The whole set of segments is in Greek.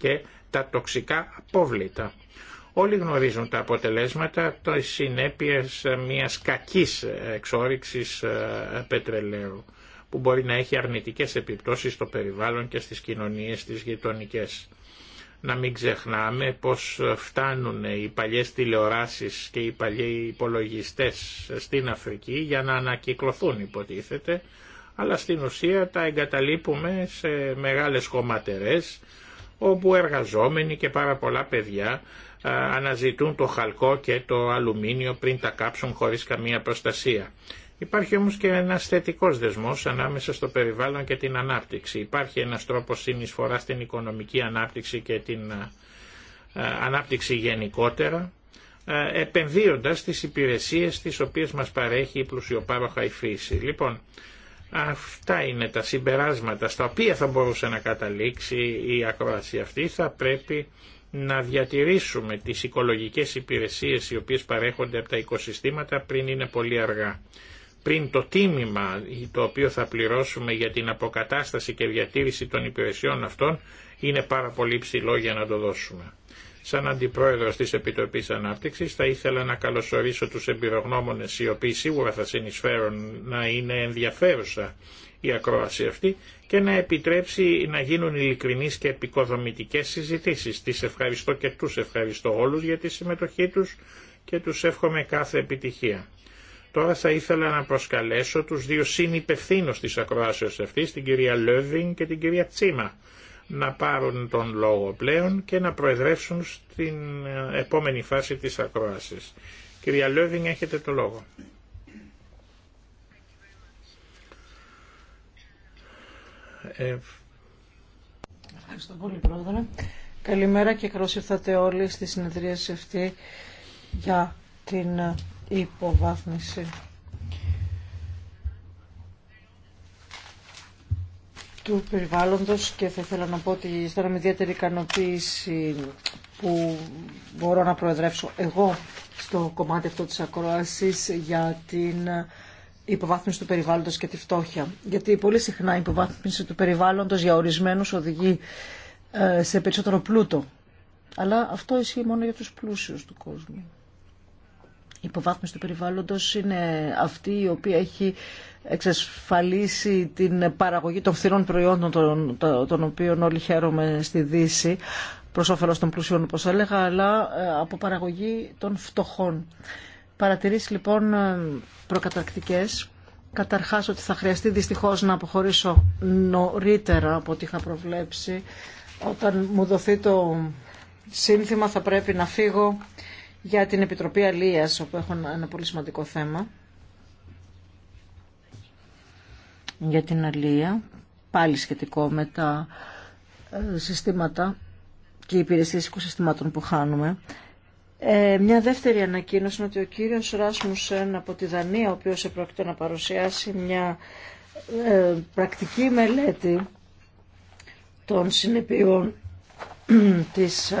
και τα τοξικά απόβλητα. Όλοι γνωρίζουν τα αποτελέσματα της συνέπειας μιας κακής εξόριξης ε, πετρελαίου που μπορεί να έχει αρνητικές επιπτώσεις στο περιβάλλον και στις κοινωνίες της γειτονικέ. Να μην ξεχνάμε πως φτάνουν οι παλιές τηλεοράσεις και οι παλιοί υπολογιστές στην Αφρική για να ανακυκλωθούν υποτίθεται, αλλά στην ουσία τα εγκαταλείπουμε σε μεγάλες χωματερές όπου εργαζόμενοι και πάρα πολλά παιδιά αναζητούν το χαλκό και το αλουμίνιο πριν τα κάψουν χωρίς καμία προστασία. Υπάρχει όμως και ένας θετικός δεσμός ανάμεσα στο περιβάλλον και την ανάπτυξη. Υπάρχει ένας τρόπος συνεισφορά στην οικονομική ανάπτυξη και την ανάπτυξη γενικότερα, επενδύοντας τις υπηρεσίες τις οποίες μας παρέχει η πλουσιοπάροχα η φύση. Λοιπόν, Αυτά είναι τα συμπεράσματα στα οποία θα μπορούσε να καταλήξει η ακρόαση αυτή. Θα πρέπει να διατηρήσουμε τις οικολογικές υπηρεσίες οι οποίες παρέχονται από τα οικοσυστήματα πριν είναι πολύ αργά. Πριν το τίμημα το οποίο θα πληρώσουμε για την αποκατάσταση και διατήρηση των υπηρεσιών αυτών είναι πάρα πολύ ψηλό για να το δώσουμε. Σαν Αντιπρόεδρος της Επιτροπής Ανάπτυξης θα ήθελα να καλωσορίσω τους εμπειρογνώμονες οι οποίοι σίγουρα θα συνεισφέρουν να είναι ενδιαφέρουσα η ακρόαση αυτή και να επιτρέψει να γίνουν ειλικρινείς και επικοδομητικές συζητήσεις. Τις ευχαριστώ και τους ευχαριστώ όλους για τη συμμετοχή τους και τους εύχομαι κάθε επιτυχία. Τώρα θα ήθελα να προσκαλέσω τους δύο συνυπευθύνους της ακροάσεως αυτής, την κυρία Λεύιν και την κυρία Τσίμα να πάρουν τον λόγο πλέον και να προεδρεύσουν στην ε, επόμενη φάση της ακρόασης. Κυρία Λόβιν, έχετε το λόγο. Ε, Ευχαριστώ πολύ, Πρόεδρε. Καλημέρα και καλώς ήρθατε όλοι στη συνεδρίαση αυτή για την ε, υποβάθμιση του περιβάλλοντος και θα ήθελα να πω ότι αισθάνομαι ιδιαίτερη ικανοποίηση που μπορώ να προεδρεύσω εγώ στο κομμάτι αυτό της ακρόασης για την υποβάθμιση του περιβάλλοντος και τη φτώχεια. Γιατί πολύ συχνά η υποβάθμιση του περιβάλλοντος για ορισμένους οδηγεί ε, σε περισσότερο πλούτο. Αλλά αυτό ισχύει μόνο για τους πλούσιους του κόσμου. Η υποβάθμιση του περιβάλλοντος είναι αυτή η οποία έχει εξασφαλίσει την παραγωγή των φθηνών προϊόντων των, των οποίων όλοι χαίρομαι στη Δύση προς όφελος των πλουσιών όπως έλεγα αλλά ε, από παραγωγή των φτωχών. Παρατηρήσει λοιπόν ε, προκαταρκτικές. Καταρχάς ότι θα χρειαστεί δυστυχώς να αποχωρήσω νωρίτερα από ό,τι είχα προβλέψει. Όταν μου δοθεί το σύνθημα θα πρέπει να φύγω για την Επιτροπή Αλίας, όπου έχω ένα πολύ σημαντικό θέμα. Για την Αλία, πάλι σχετικό με τα ε, συστήματα και οι υπηρεσίες οικοσυστημάτων που χάνουμε. Ε, μια δεύτερη ανακοίνωση είναι ότι ο κύριος Ράσμουσεν από τη Δανία, ο οποίος επρόκειτο να παρουσιάσει μια ε, πρακτική μελέτη των συνεπειών της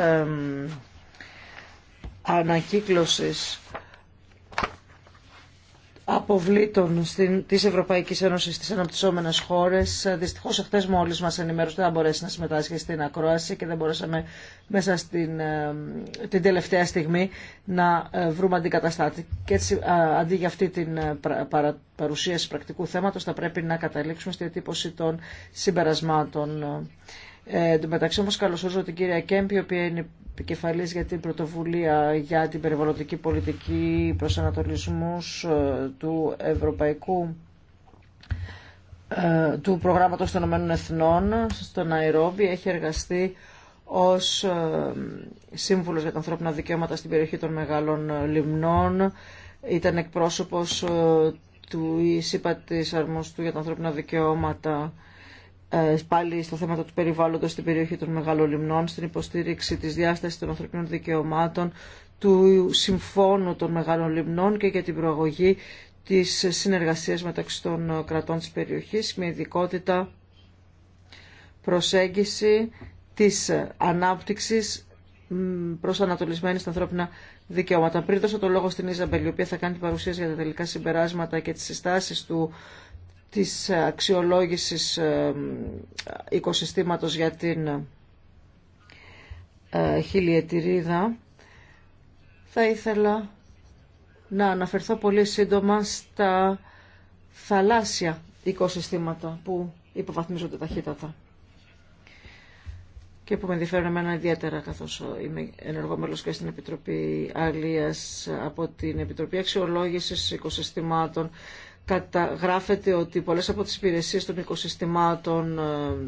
ανακύκλωσης αποβλήτων στην, της Ευρωπαϊκής Ένωσης στις αναπτυσσόμενες χώρες. Δυστυχώς χτες μόλις μας ότι δεν μπορέσει να συμμετάσχει στην ακρόαση και δεν μπορέσαμε μέσα στην ε, την τελευταία στιγμή να ε, βρούμε αντικαταστάτη. Και έτσι αντί για αυτή την ε, παρουσίαση πρακτικού θέματος θα πρέπει να καταλήξουμε στη διατύπωση των συμπερασμάτων. Ε, εν τω μεταξύ όμως καλωσορίζω την κυρία Κέμπη, η οποία είναι επικεφαλής για την πρωτοβουλία για την περιβαλλοντική πολιτική προσανατολισμούς ε, του Ευρωπαϊκού ε, του προγράμματος των Ηνωμένων Εθνών στο Ναϊρόβι. έχει εργαστεί ως ε, σύμβουλος για τα ανθρώπινα δικαιώματα στην περιοχή των Μεγάλων Λιμνών. Ήταν εκπρόσωπος του ΙΣΥΠΑ της Αρμοστού για τα ανθρώπινα δικαιώματα ε, πάλι στο θέμα του περιβάλλοντος στην περιοχή των Μεγάλων στην υποστήριξη της διάστασης των ανθρωπίνων δικαιωμάτων, του Συμφώνου των Μεγάλων και για την προαγωγή της συνεργασίας μεταξύ των ε, κρατών της περιοχής με ειδικότητα προσέγγιση της ε, ανάπτυξης ανατολισμένη στα ανθρώπινα δικαιώματα. Πριν δώσω το λόγο στην Ιζαμπελ, η οποία θα κάνει την παρουσίαση για τα τελικά συμπεράσματα και τις συστάσεις του της αξιολόγησης ε, οικοσυστήματος για την ε, χιλιετηρίδα θα ήθελα να αναφερθώ πολύ σύντομα στα θαλάσσια οικοσυστήματα που υποβαθμίζονται ταχύτατα και που με ενδιαφέρουν εμένα ιδιαίτερα καθώς είμαι ενεργό και στην Επιτροπή Αλίας από την Επιτροπή Αξιολόγησης Οικοσυστημάτων καταγράφεται ότι πολλές από τις υπηρεσίες των οικοσυστημάτων ε,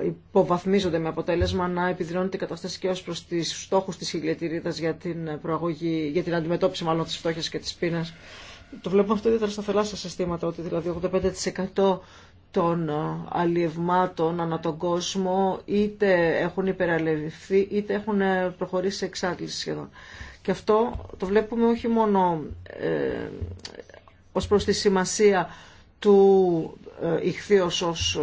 ε, υποβαθμίζονται με αποτέλεσμα να επιδεινώνεται η κατάσταση και ως προς τις στόχους της χιλιατηρίδας για την, προαγωγή, για την αντιμετώπιση μάλλον της φτώχειας και της πείνας. Το βλέπουμε αυτό ιδιαίτερα στα θελάσσια συστήματα, ότι δηλαδή 85% των ε, αλλιευμάτων ανά τον κόσμο είτε έχουν υπεραλλευθεί είτε έχουν προχωρήσει σε εξάντληση σχεδόν. Και αυτό το βλέπουμε όχι μόνο ε, ως προς τη σημασία του ε, ηχθείως ως ε,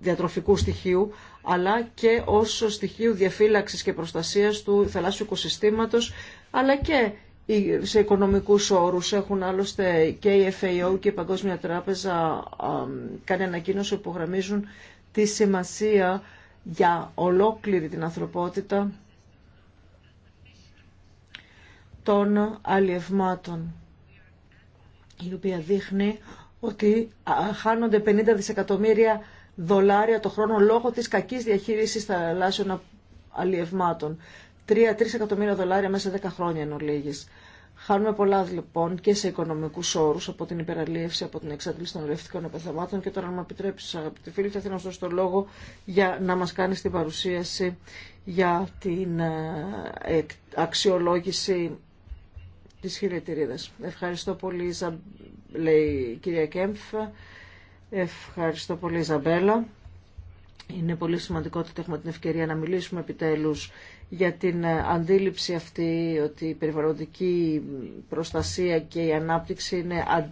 διατροφικού στοιχείου, αλλά και ως στοιχείο διαφύλαξης και προστασίας του θαλάσσιου οικοσυστήματος, αλλά και σε οικονομικούς όρους. Έχουν άλλωστε και η FAO και η Παγκόσμια Τράπεζα κάνει ανακοίνωση που γραμμίζουν τη σημασία για ολόκληρη την ανθρωπότητα των αλλιευμάτων η οποία δείχνει ότι χάνονται 50 δισεκατομμύρια δολάρια το χρόνο λόγω της κακής διαχείρισης θαλάσσιων αλλιευμάτων. 3-3 εκατομμύρια δολάρια μέσα σε 10 χρόνια εν ολίγης. Χάνουμε πολλά λοιπόν και σε οικονομικού όρου από την υπεραλίευση, από την εξάντληση των ελευθερικών επιθεμάτων Και τώρα, αν μου επιτρέψει, αγαπητοί φίλοι, θα θέλω να σα το λόγο για να μα κάνει την παρουσίαση για την ε, ε, αξιολόγηση της χειρετηρίδας. Ευχαριστώ πολύ, λέει η κυρία Κέμφ. Ευχαριστώ πολύ, Ζαμπέλα. Είναι πολύ σημαντικό ότι έχουμε την ευκαιρία να μιλήσουμε επιτέλους για την αντίληψη αυτή ότι η περιβαλλοντική προστασία και η ανάπτυξη είναι, αν...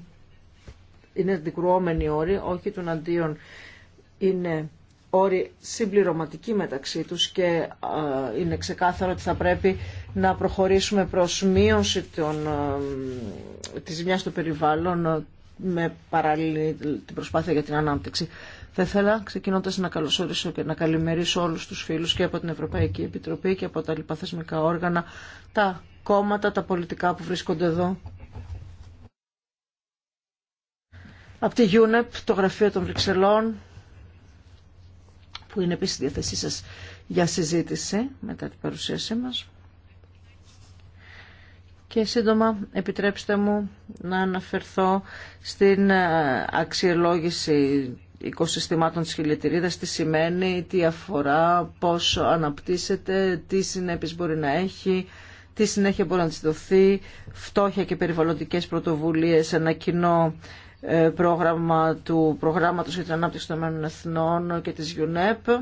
είναι αντικρουόμενοι όροι, όχι των αντίων. είναι όροι συμπληρωματικοί μεταξύ τους και είναι ξεκάθαρο ότι θα πρέπει να προχωρήσουμε προς μείωση των, ε, της ζημιάς του περιβάλλον ε, με παράλληλη την προσπάθεια για την ανάπτυξη. Θα ήθελα ξεκινώντας να καλωσορίσω και να καλημερίσω όλους τους φίλους και από την Ευρωπαϊκή Επιτροπή και από τα θεσμικά όργανα, τα κόμματα, τα πολιτικά που βρίσκονται εδώ. Από τη UNEP, το Γραφείο των Βρυξελών, που είναι επίσης στη διαθεσή σας για συζήτηση μετά την παρουσίασή μας. Και σύντομα επιτρέψτε μου να αναφερθώ στην ε, αξιολόγηση οικοσυστημάτων της χιλιετηρίδας, τι σημαίνει, τι αφορά, πώς αναπτύσσεται, τι συνέπειες μπορεί να έχει, τι συνέχεια μπορεί να της δοθεί, φτώχεια και περιβαλλοντικές πρωτοβουλίες, ένα κοινό ε, πρόγραμμα του προγράμματος για την ανάπτυξη των Εθνών και της UNEP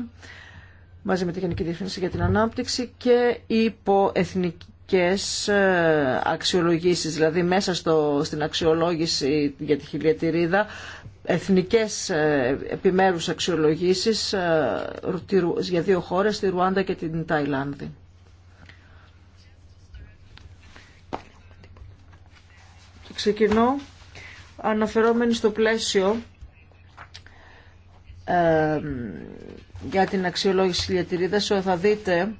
μαζί με τη Γενική Διευθύνση για την Ανάπτυξη και υποεθνική τεχνικές ε, αξιολογήσεις, δηλαδή μέσα στο, στην αξιολόγηση για τη χιλιατηρίδα, εθνικές ε, επιμέρους αξιολογήσεις ε, για δύο χώρες, τη Ρουάντα και την Ταϊλάνδη. Ξεκινώ αναφερόμενοι στο πλαίσιο για την αξιολόγηση της θα δείτε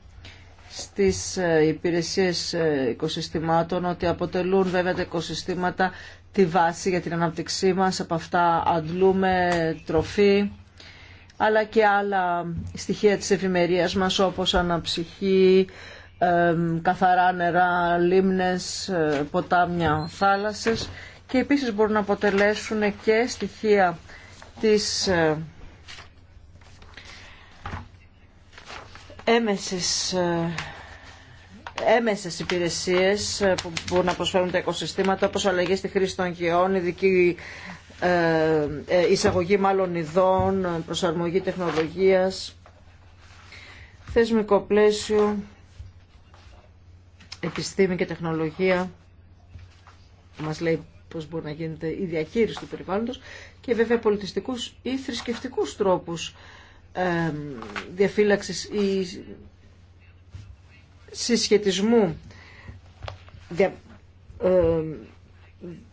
στις ε, υπηρεσίες ε, οικοσυστημάτων ότι αποτελούν βέβαια τα οικοσυστήματα τη βάση για την ανάπτυξή μας. Από αυτά αντλούμε τροφή αλλά και άλλα στοιχεία της εφημερίας μας όπως αναψυχή, καθαρά νερά, λίμνες, ε, ποτάμια, θάλασσες και επίσης μπορούν να αποτελέσουν και στοιχεία της έμεσες ε, έμεσες υπηρεσίες ε, που μπορούν να προσφέρουν τα οικοσυστήματα όπως αλλαγή στη χρήση των γεών, ειδική ε, εισαγωγή μάλλον ειδών, προσαρμογή τεχνολογίας, θεσμικό πλαίσιο, επιστήμη και τεχνολογία που μας λέει πώς μπορεί να γίνεται η διαχείριση του περιβάλλοντος και βέβαια πολιτιστικούς ή θρησκευτικού τρόπους διαφύλαξης ή συσχετισμού δια, ε,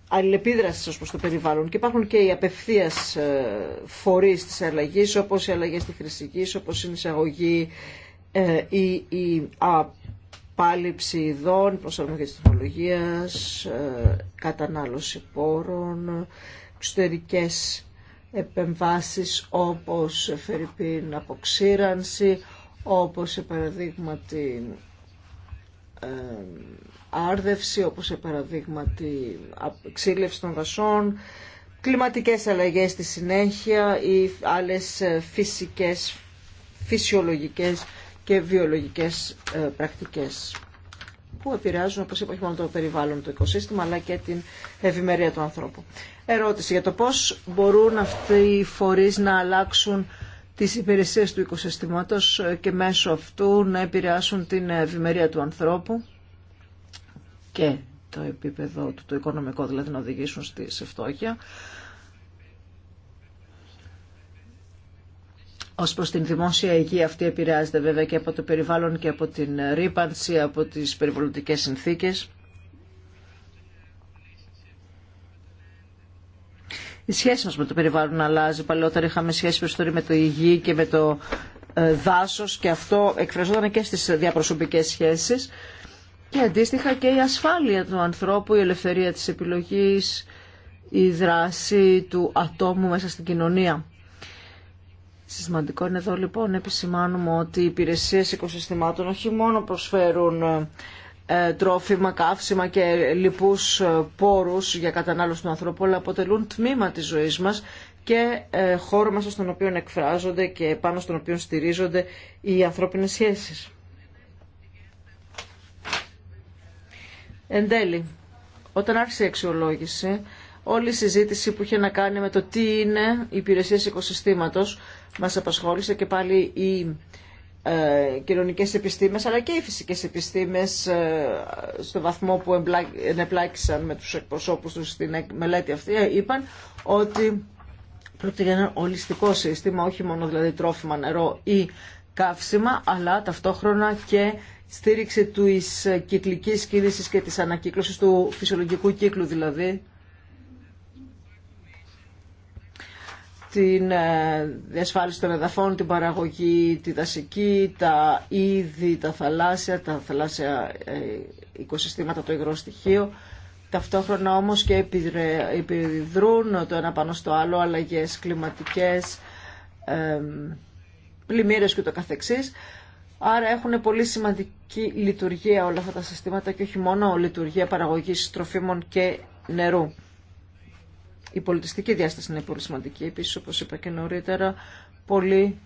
αλληλεπίδρασης το περιβάλλον και υπάρχουν και οι απευθείας ε, φορείς της αλλαγή όπως οι στη της όπως η εισαγωγή ε, η απάλληψη ειδών, προσαρμογή της τεχνολογίας, ε, κατανάλωση πόρων, εξωτερικές επεμβάσεις όπως φερειπίν αποξήρανση, όπως σε παραδείγμα άρδευση, όπως σε παραδείγμα την των δασών, κλιματικές αλλαγές στη συνέχεια ή άλλες ε, φυσικές, φυσιολογικές και βιολογικές ε, πρακτικές που επηρεάζουν, όπω είπα, όχι μόνο το περιβάλλον, το οικοσύστημα, αλλά και την ευημερία του ανθρώπου. Ερώτηση για το πώς μπορούν αυτοί οι φορείς να αλλάξουν τις υπηρεσίες του οικοσυστήματος και μέσω αυτού να επηρεάσουν την ευημερία του ανθρώπου και το επίπεδο του, το οικονομικό δηλαδή να οδηγήσουν στη φτώχεια. Ω προ την δημόσια υγεία αυτή επηρεάζεται βέβαια και από το περιβάλλον και από την ρήπανση, από τις περιβαλλοντικές συνθήκες. Η σχέση μας με το περιβάλλον αλλάζει. Παλαιότερα είχαμε σχέση περισσότερο με το υγιή και με το ε, δάσος και αυτό εκφραζόταν και στις διαπροσωπικές σχέσεις. Και αντίστοιχα και η ασφάλεια του ανθρώπου, η ελευθερία τη επιλογή, η δράση του ατόμου μέσα στην κοινωνία. Σημαντικό είναι εδώ λοιπόν να επισημάνουμε ότι οι υπηρεσίες οικοσυστημάτων όχι μόνο προσφέρουν ε, ε, τρόφιμα, καύσιμα και λοιπούς ε, πόρους για κατανάλωση του ανθρώπου, αλλά αποτελούν τμήμα της ζωής μας και χώρο μέσα στον οποίο εκφράζονται και πάνω στον οποίο στηρίζονται οι ανθρώπινες σχέσεις. Εν τέλει, όταν άρχισε η αξιολόγηση, όλη η συζήτηση που είχε να κάνει με το τι είναι οι υπηρεσίες οικοσυστήματος μας απασχόλησε και πάλι οι ε, κοινωνικές επιστήμες αλλά και οι φυσικές επιστήμες ε, στο βαθμό που ενεπλάκησαν με τους εκπροσώπους τους στην μελέτη αυτή ε, είπαν ότι πρόκειται για ένα ολιστικό σύστημα όχι μόνο δηλαδή τρόφιμα, νερό ή καύσιμα αλλά ταυτόχρονα και στήριξη του ε, κυκλικής κίνησης και της ανακύκλωσης του φυσιολογικού κύκλου δηλαδή την ε, διασφάλιση των εδαφών, την παραγωγή, τη δασική, τα είδη, τα θαλάσσια, τα θαλάσσια ε, οικοσυστήματα, το υγρό στοιχείο. Ταυτόχρονα όμως και επιδρούν το ένα πάνω στο άλλο αλλαγές κλιματικές, πλημμύρες και το καθεξής. Άρα έχουν πολύ σημαντική λειτουργία όλα αυτά τα συστήματα και όχι μόνο λειτουργία παραγωγής τροφίμων και νερού. Η πολιτιστική διάσταση είναι πολύ σημαντική. Επίσης, όπως είπα και νωρίτερα, Πολλοί,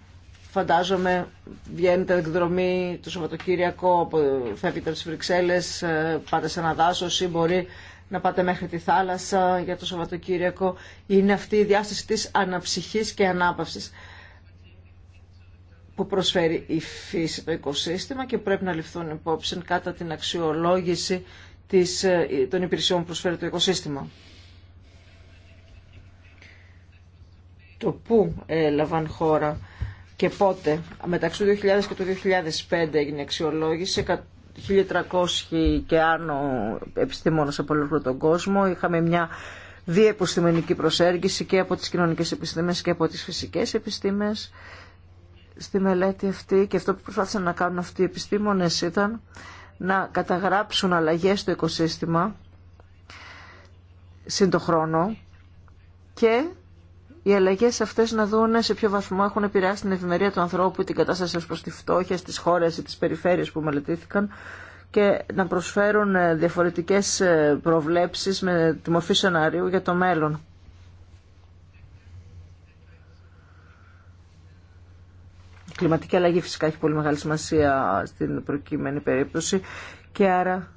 φαντάζομαι βγαίνετε εκδρομή το Σαββατοκύριακο, φεύγετε από τι Βρυξέλλες, ε, πάτε σε ένα δάσο ή μπορεί να πάτε μέχρι τη θάλασσα για το Σαββατοκύριακο. Είναι αυτή η διάσταση της αναψυχής και ανάπαυσης που προσφέρει η φύση το οικοσύστημα και πρέπει να ληφθούν υπόψη κατά την αξιολόγηση της, ε, των υπηρεσιών που προσφέρει το οικοσύστημα. το πού έλαβαν ε, χώρα και πότε. Μεταξύ του 2000 και του 2005 έγινε αξιολόγηση. 1.300 και άνω επιστήμονες από όλο τον κόσμο. Είχαμε μια διεπιστημονική προσέγγιση και από τις κοινωνικές επιστήμες και από τις φυσικές επιστήμες στη μελέτη αυτή και αυτό που προσπάθησαν να κάνουν αυτοί οι επιστήμονες ήταν να καταγράψουν αλλαγές στο οικοσύστημα σύντο και οι αλλαγέ αυτές να δουν σε ποιο βαθμό έχουν επηρεάσει την ευημερία του ανθρώπου, την κατάσταση προ προς τη φτώχεια στις χώρες ή τι περιφέρειες που μελετήθηκαν και να προσφέρουν ε, διαφορετικές ε, προβλέψεις με τη μορφή σενάριου για το μέλλον. Η κλιματική αλλαγή φυσικά έχει πολύ μεγάλη σημασία στην προκειμένη περίπτωση και άρα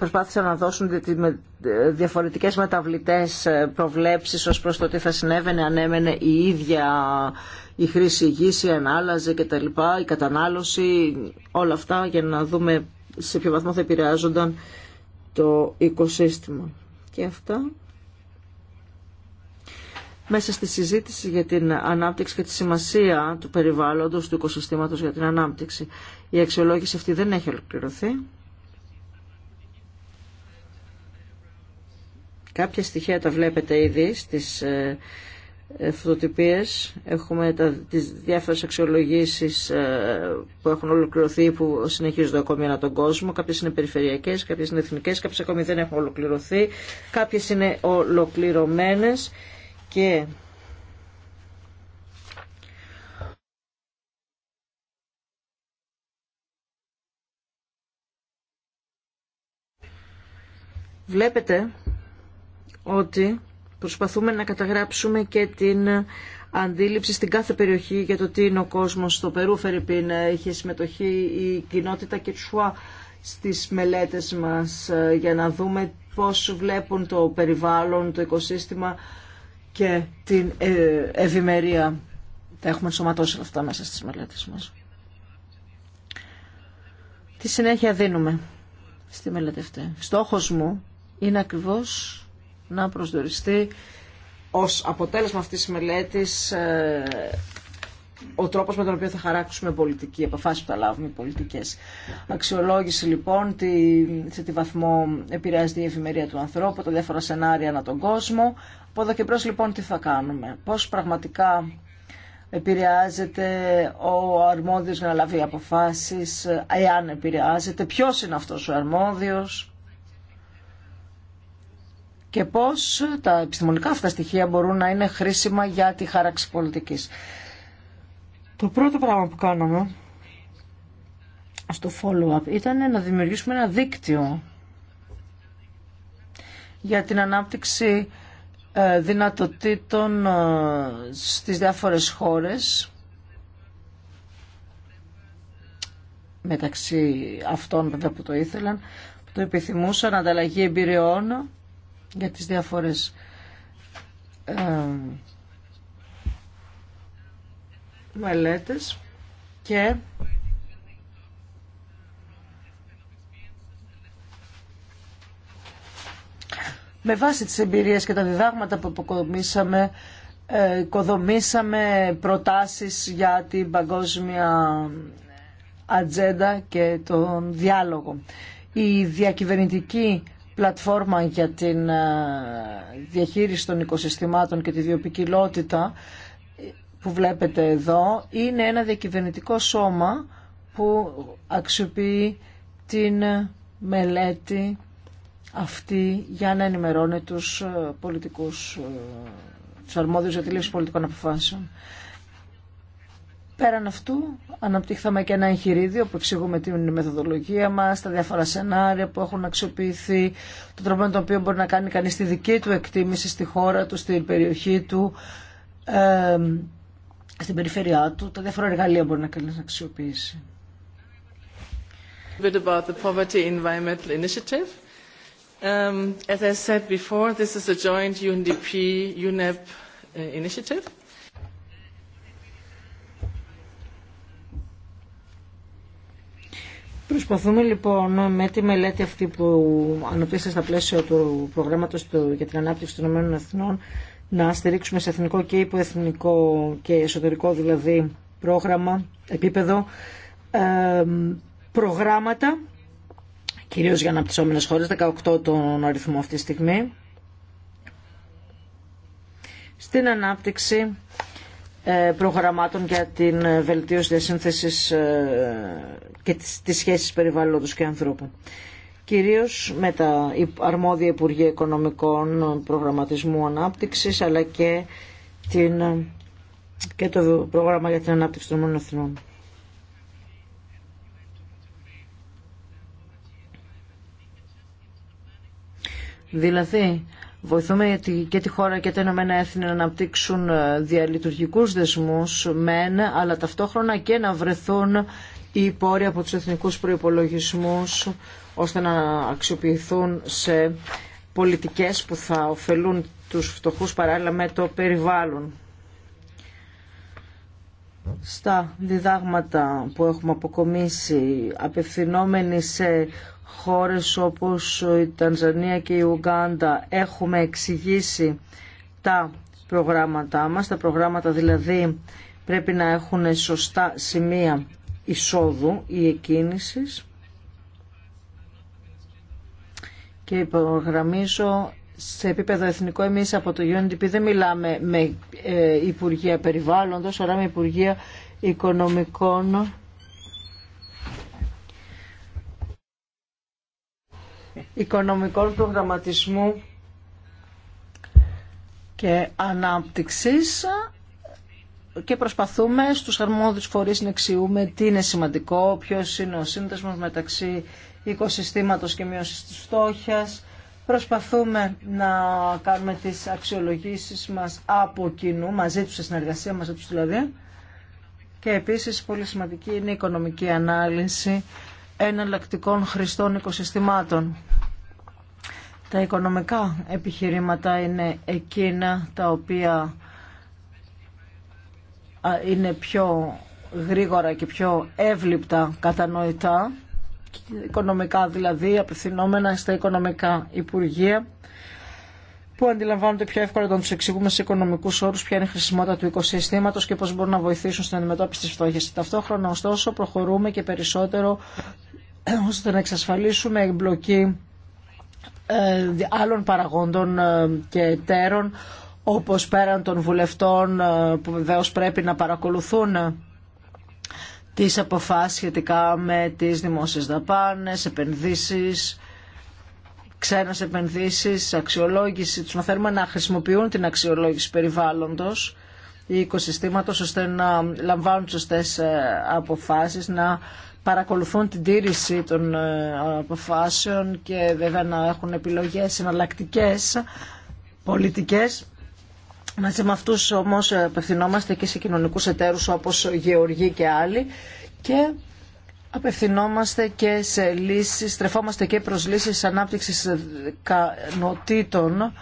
προσπάθησαν να δώσουν διαφορετικές μεταβλητές ε, προβλέψεις ως προς το τι θα συνέβαινε αν έμενε η ίδια η χρήση γης, η ανάλαζε και τα λοιπά, η κατανάλωση, όλα αυτά για να δούμε σε ποιο βαθμό θα επηρεάζονταν το οικοσύστημα. Και αυτά μέσα στη συζήτηση για την ανάπτυξη και τη σημασία του περιβάλλοντος του οικοσυστήματος για την ανάπτυξη. Η αξιολόγηση αυτή δεν έχει ολοκληρωθεί. Κάποια στοιχεία τα βλέπετε ήδη στις ε, ε, φωτοτυπίες. Έχουμε τα, τις διάφορες αξιολογήσεις ε, που έχουν ολοκληρωθεί που συνεχίζονται ακόμη ανά τον κόσμο. Κάποιες είναι περιφερειακές, κάποιες είναι εθνικές, κάποιες ακόμη δεν έχουν ολοκληρωθεί. Κάποιες είναι ολοκληρωμένες και... Βλέπετε ότι προσπαθούμε να καταγράψουμε και την αντίληψη στην κάθε περιοχή για το τι είναι ο κόσμος. Στο Περού, Φερρυπίν, είχε συμμετοχή η κοινότητα Κιτσουά στις μελέτες μας ε, για να δούμε πώς βλέπουν το περιβάλλον, το οικοσύστημα και την ε, ευημερία. Τα έχουμε ενσωματώσει αυτά μέσα στις μελέτες μας. Τι συνέχεια δίνουμε στη μελέτη αυτή. Στόχος μου είναι ακριβώς να προσδιοριστεί ως αποτέλεσμα αυτής της μελέτης ε, ο τρόπος με τον οποίο θα χαράξουμε πολιτική, επαφάσεις που θα λάβουμε πολιτικές. Αξιολόγηση λοιπόν τι, σε τι βαθμό επηρεάζεται η εφημερία του ανθρώπου, τα διάφορα σενάρια ανά τον κόσμο. Από εδώ και μπρος λοιπόν τι θα κάνουμε, πώς πραγματικά επηρεάζεται ο αρμόδιος να λάβει αποφάσεις, εάν επηρεάζεται, ποιος είναι αυτός ο αρμόδιος, και πώς τα επιστημονικά αυτά στοιχεία μπορούν να είναι χρήσιμα για τη χάραξη πολιτικής. Το πρώτο πράγμα που κάναμε στο follow-up ήταν να δημιουργήσουμε ένα δίκτυο για την ανάπτυξη ε, δυνατοτήτων ε, στις διάφορες χώρες μεταξύ αυτών που το ήθελαν, που το επιθυμούσαν, ανταλλαγή εμπειριών για τις διάφορες ε, μελέτες και με βάση τις εμπειρίες και τα διδάγματα που αποκομίσαμε ε, οικοδομήσαμε προτάσεις για την παγκόσμια ατζέντα και τον διάλογο. Η διακυβερνητική πλατφόρμα για την ε, διαχείριση των οικοσυστημάτων και τη διοπικιλότητα που βλέπετε εδώ είναι ένα διακυβερνητικό σώμα που αξιοποιεί την μελέτη αυτή για να ενημερώνει τους ε, πολιτικούς, ε, τους αρμόδιους για τη λήψη πολιτικών αποφάσεων. Πέραν αυτού, αναπτύχθαμε και ένα εγχειρίδιο που εξηγούμε την μεθοδολογία μα, τα διάφορα σενάρια που έχουν αξιοποιηθεί, τον τρόπο με τον οποίο μπορεί να κάνει κανεί τη δική του εκτίμηση στη χώρα του, στην περιοχή του, στην περιφέρειά του, τα διάφορα εργαλεία μπορεί να κανεί να αξιοποιήσει. bit about the Poverty Environmental Initiative. Um, as I said before, this is UNDP UNEP uh, initiative. Προσπαθούμε λοιπόν με τη μελέτη αυτή που αναπτύσσεται στα πλαίσια του προγράμματος για την ανάπτυξη των Ηνωμένων Εθνών να στηρίξουμε σε εθνικό και υποεθνικό και εσωτερικό δηλαδή πρόγραμμα, επίπεδο, προγράμματα, κυρίως για αναπτυσσόμενες χώρες, 18 τον αριθμό αυτή τη στιγμή, στην ανάπτυξη ε, προγραμμάτων για την ε, βελτίωση σύνθεσης ε, και της σχέσης περιβάλλοντος και ανθρώπων. Κυρίως με τα αρμόδια Υπουργεία Οικονομικών Προγραμματισμού Ανάπτυξης αλλά και, την, το πρόγραμμα για την ανάπτυξη των Εθνών. Δηλαδή, Βοηθούμε και τη χώρα και τα Ηνωμένα Έθνη να αναπτύξουν ε, διαλειτουργικούς δεσμούς μεν, αλλά ταυτόχρονα και να βρεθούν οι πόροι από τους εθνικούς προϋπολογισμούς ώστε να αξιοποιηθούν σε πολιτικές που θα ωφελούν τους φτωχούς παράλληλα με το περιβάλλον. Στα διδάγματα που έχουμε αποκομίσει απευθυνόμενοι σε χώρες όπως η Τανζανία και η Ουγκάντα έχουμε εξηγήσει τα προγράμματά μας. Τα προγράμματα δηλαδή πρέπει να έχουν σωστά σημεία εισόδου ή εκκίνησης και υπογραμμίζω σε επίπεδο εθνικό εμείς από το UNDP δεν μιλάμε με ε, Υπουργεία Περιβάλλοντος αλλά με Υπουργεία Οικονομικών οικονομικών προγραμματισμού και ανάπτυξης και προσπαθούμε στους αρμόδιους φορείς να εξηγούμε τι είναι σημαντικό, ποιος είναι ο σύνδεσμος μεταξύ οικοσυστήματος και μείωσης της φτώχειας. Προσπαθούμε να κάνουμε τις αξιολογήσεις μας από κοινού, μαζί τους, σε συνεργασία μαζί τους δηλαδή. Και επίσης πολύ σημαντική είναι η οικονομική ανάλυση εναλλακτικών χρηστών οικοσυστημάτων. Τα οικονομικά επιχειρήματα είναι εκείνα τα οποία είναι πιο γρήγορα και πιο εύληπτα κατανοητά, οικονομικά δηλαδή, απευθυνόμενα στα οικονομικά υπουργεία, που αντιλαμβάνονται πιο εύκολα όταν του εξηγούμε σε οικονομικού όρου ποια είναι η χρησιμότητα του οικοσυστήματο και πώ μπορούν να βοηθήσουν στην αντιμετώπιση τη φτώχεια. Ταυτόχρονα, ωστόσο, προχωρούμε και περισσότερο ώστε να εξασφαλίσουμε εμπλοκή ε, άλλων παραγόντων ε, και εταίρων όπως πέραν των βουλευτών ε, που βεβαίως πρέπει να παρακολουθούν τις αποφάσεις σχετικά με τις δημόσιες δαπάνες, επενδύσεις, ξένες επενδύσεις, αξιολόγηση. Τους μαθαίνουμε να χρησιμοποιούν την αξιολόγηση περιβάλλοντος ή οικοσυστήματος ώστε να λαμβάνουν σωστές αποφάσεις, να παρακολουθούν την τήρηση των ε, αποφάσεων και βέβαια να έχουν επιλογές εναλλακτικέ πολιτικές. Μαζί με αυτούς όμως απευθυνόμαστε και σε κοινωνικούς εταίρους όπως Γεωργοί και άλλοι και απευθυνόμαστε και σε λύσεις, στρεφόμαστε και προς λύσεις ανάπτυξης νοτήτων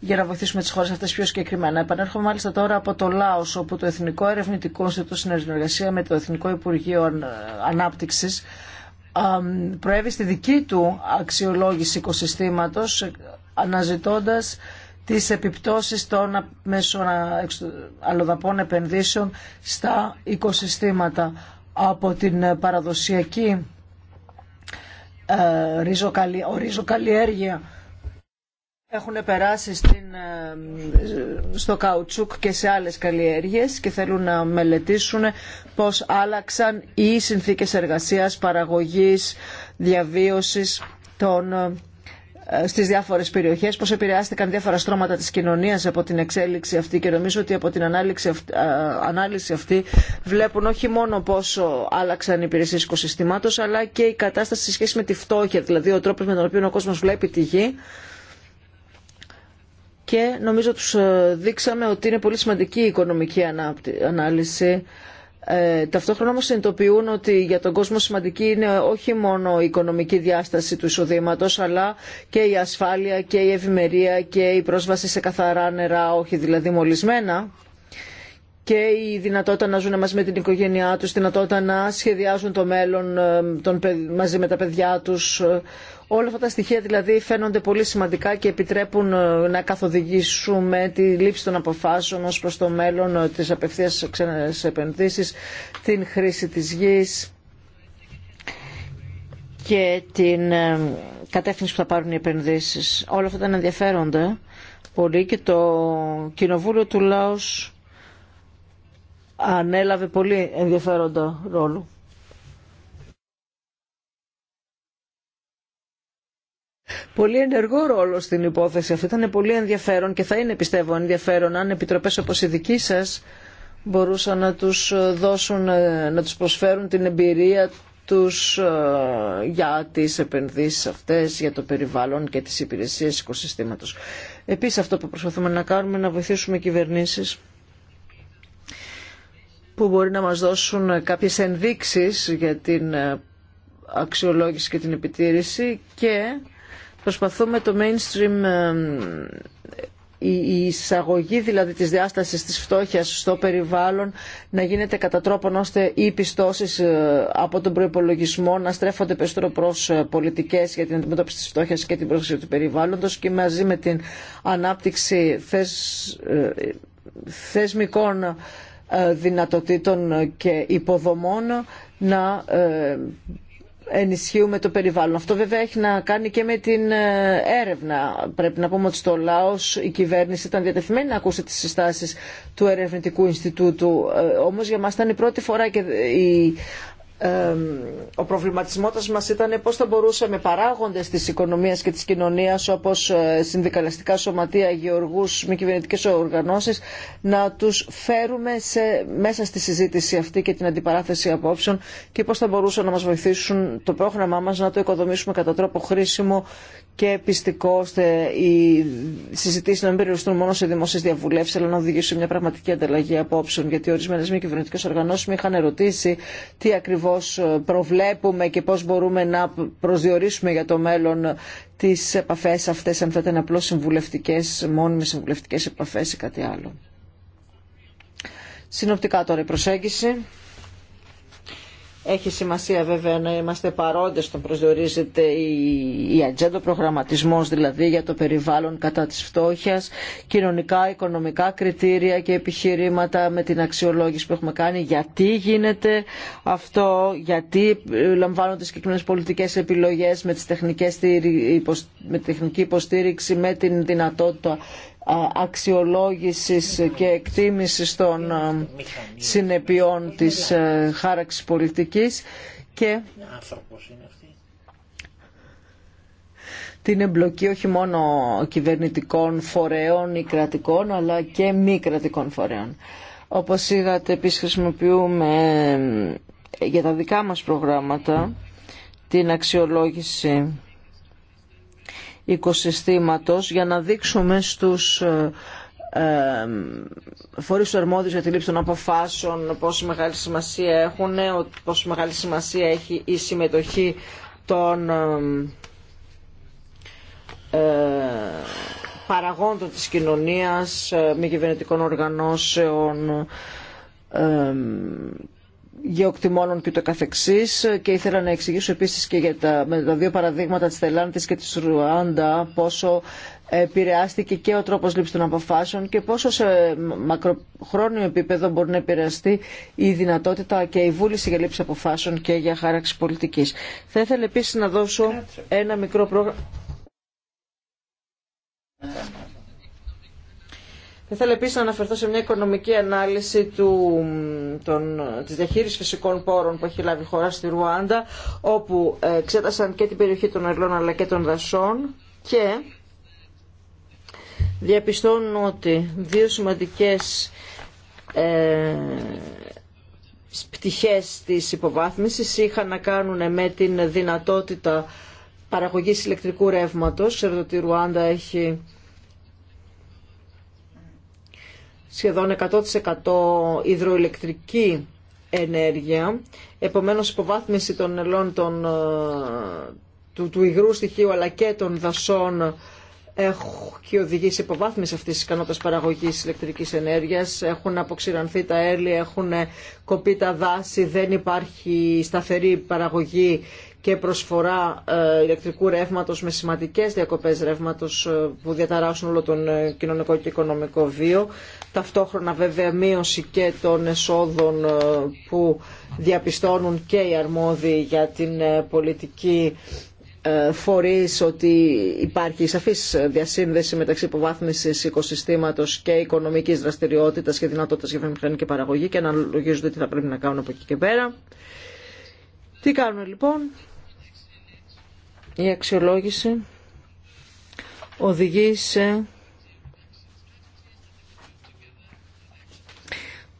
για να βοηθήσουμε τις χώρες αυτές πιο συγκεκριμένα. Επανέρχομαι μάλιστα τώρα από το ΛΑΟΣ, όπου το Εθνικό Ερευνητικό Ινστιτούτο Συνεργασία με το Εθνικό Υπουργείο Ανάπτυξης προέβη στη δική του αξιολόγηση οικοσυστήματος, αναζητώντας τις επιπτώσεις των μέσων αλλοδαπών επενδύσεων στα οικοσυστήματα από την παραδοσιακή ε, ορίζοκαλλιέργεια έχουν περάσει ε, στο καουτσούκ και σε άλλες καλλιέργειες και θέλουν να μελετήσουν πώς άλλαξαν οι συνθήκες εργασίας, παραγωγής, διαβίωσης των ε, στις διάφορες περιοχές, πώς επηρεάστηκαν διάφορα στρώματα της κοινωνίας από την εξέλιξη αυτή και νομίζω ότι από την ε, ανάλυση αυτή βλέπουν όχι μόνο πόσο άλλαξαν οι υπηρεσίες οικοσυστημάτων αλλά και η κατάσταση σε σχέση με τη φτώχεια, δηλαδή ο τρόπος με τον οποίο ο κόσμος βλέπει τη γη και νομίζω τους ε, δείξαμε ότι είναι πολύ σημαντική η οικονομική ανάλυση. Ε, ταυτόχρονα όμως συνειδητοποιούν ότι για τον κόσμο σημαντική είναι όχι μόνο η οικονομική διάσταση του εισοδήματο, αλλά και η ασφάλεια και η ευημερία και η πρόσβαση σε καθαρά νερά, όχι δηλαδή μολυσμένα και η δυνατότητα να ζουν μαζί με την οικογένειά τους, η δυνατότητα να σχεδιάζουν το μέλλον ε, μαζί με τα παιδιά τους. Όλα αυτά τα στοιχεία δηλαδή φαίνονται πολύ σημαντικά και επιτρέπουν ε, να καθοδηγήσουμε τη λήψη των αποφάσεων ως προς το μέλλον, ε, της απευθείας ξένες επενδύσεις, την χρήση της γης και την ε, κατεύθυνση που θα πάρουν οι επενδύσεις. Όλα αυτά τα ενδιαφέροντα πολύ και το Κοινοβούλιο του λαού ανέλαβε πολύ ενδιαφέροντα ρόλο. πολύ ενεργό ρόλο στην υπόθεση αυτή. Ήταν πολύ ενδιαφέρον και θα είναι πιστεύω ενδιαφέρον αν επιτροπές όπως η δική σας μπορούσαν να τους ε, δώσουν, ε, να τους προσφέρουν την εμπειρία τους ε, για τις επενδύσεις αυτές, για το περιβάλλον και τις υπηρεσίες οικοσυστήματος. Επίσης αυτό που προσπαθούμε να κάνουμε είναι να βοηθήσουμε κυβερνήσεις που μπορεί να μας δώσουν κάποιες ενδείξεις για την αξιολόγηση και την επιτήρηση και προσπαθούμε το mainstream, ε, η εισαγωγή δηλαδή της διάστασης της φτώχειας στο περιβάλλον να γίνεται κατά τρόπον ώστε οι πιστώσεις ε, από τον προϋπολογισμό να στρέφονται περισσότερο προς ε, πολιτικές για την αντιμετώπιση της φτώχειας και την πρόσκληση του περιβάλλοντος και μαζί με την ανάπτυξη θεσμικών δυνατοτήτων και υποδομών να ενισχύουμε το περιβάλλον. Αυτό βέβαια έχει να κάνει και με την ε, έρευνα. Πρέπει να πούμε ότι στο Λάος η κυβέρνηση ήταν διατεθειμένη να ακούσει τις συστάσεις του Ερευνητικού Ινστιτούτου. Ε, όμως για μας ήταν η πρώτη φορά και η ο προβληματισμός μας ήταν πώς θα μπορούσαμε παράγοντες της οικονομίας και της κοινωνίας όπως ε, συνδικαλιστικά σωματεία, γεωργούς, μη κυβερνητικέ οργανώσεις να τους φέρουμε σε, μέσα στη συζήτηση αυτή και την αντιπαράθεση απόψεων και πώς θα μπορούσαν να μας βοηθήσουν το πρόγραμμά μας να το οικοδομήσουμε κατά τρόπο χρήσιμο και πιστικό ώστε οι συζητήσει να μην περιοριστούν μόνο σε δημόσιε διαβουλεύσει, αλλά να οδηγήσουν μια πραγματική ανταλλαγή απόψεων. Γιατί ορισμένε μη κυβερνητικέ οργανώσει με είχαν ερωτήσει τι ακριβώ ε, προβλέπουμε και πώ μπορούμε να προσδιορίσουμε για το μέλλον τι επαφέ αυτέ, αν θα ήταν απλώ συμβουλευτικέ, μόνιμε συμβουλευτικέ επαφέ ή κάτι άλλο. Συνοπτικά τώρα η προσέγγιση. Έχει σημασία βέβαια να είμαστε παρόντες στον προσδιορίζεται η, η ατζέντα προγραμματισμός δηλαδή για το περιβάλλον κατά της φτώχειας, κοινωνικά, οικονομικά κριτήρια και επιχειρήματα με την αξιολόγηση που έχουμε κάνει, γιατί γίνεται αυτό, γιατί ε, λαμβάνονται συγκεκριμένες πολιτικές επιλογές με, τις τεχνικές, με τεχνική υποστήριξη, με την δυνατότητα αξιολόγησης και εκτίμησης των συνεπειών της χάραξης πολιτικής και την εμπλοκή όχι μόνο κυβερνητικών φορέων ή κρατικών αλλά και μη κρατικών φορέων. Όπως είδατε επίση χρησιμοποιούμε ε, για τα δικά μας προγράμματα την αξιολόγηση οικοσυστήματος για να δείξουμε στους ε, ε, φορείς του αρμόδιου για τη λήψη των αποφάσεων, πόσο μεγάλη σημασία έχουν, ε, πόσο μεγάλη σημασία έχει η συμμετοχή των παραγόντων της κοινωνίας, μη κυβερνητικών οργανώσεων, γεωκτημόνων και το καθεξής και ήθελα να εξηγήσω επίσης και για τα, με τα δύο παραδείγματα της Θελάντης και της Ρουάντα πόσο επηρεάστηκε και ο τρόπος λήψης των αποφάσεων και πόσο σε μακροχρόνιο επίπεδο μπορεί να επηρεαστεί η δυνατότητα και η βούληση για λήψη αποφάσεων και για χάραξη πολιτικής. Θα ήθελα επίσης να δώσω ένα μικρό πρόγραμμα θα ήθελα επίσης να αναφερθώ σε μια οικονομική ανάλυση του, διαχείριση της διαχείρισης φυσικών πόρων που έχει λάβει η χώρα στη Ρουάντα, όπου εξέτασαν και την περιοχή των Ελλών αλλά και των δασών και διαπιστώνουν ότι δύο σημαντικέ ε, πτυχές της υποβάθμισης είχαν να κάνουν με την δυνατότητα παραγωγής ηλεκτρικού ρεύματος. Ξέρετε ότι η Ρουάντα έχει σχεδόν 100% υδροηλεκτρική ενέργεια. Επομένως, υποβάθμιση των ελών των, ε, του, του υγρού στοιχείου αλλά και των δασών έχει οδηγήσει υποβάθμιση αυτής της ικανότητας παραγωγής ηλεκτρικής ενέργειας. Έχουν αποξηρανθεί τα έλλη, έχουν κοπεί τα δάση, δεν υπάρχει σταθερή παραγωγή και προσφορά ε, ηλεκτρικού ρεύματο με σημαντικές διακοπές ρεύματο ε, που διαταράσσουν όλο τον ε, κοινωνικό και οικονομικό βίο. Ταυτόχρονα βέβαια μείωση και των εσόδων που διαπιστώνουν και οι αρμόδιοι για την πολιτική φορείς ότι υπάρχει σαφής διασύνδεση μεταξύ υποβάθμισης οικοσυστήματος και οικονομικής δραστηριότητας και δυνατότητας για βιομηχανική παραγωγή και αναλογίζονται τι θα πρέπει να κάνουν από εκεί και πέρα. Τι κάνουμε λοιπόν, η αξιολόγηση οδηγεί σε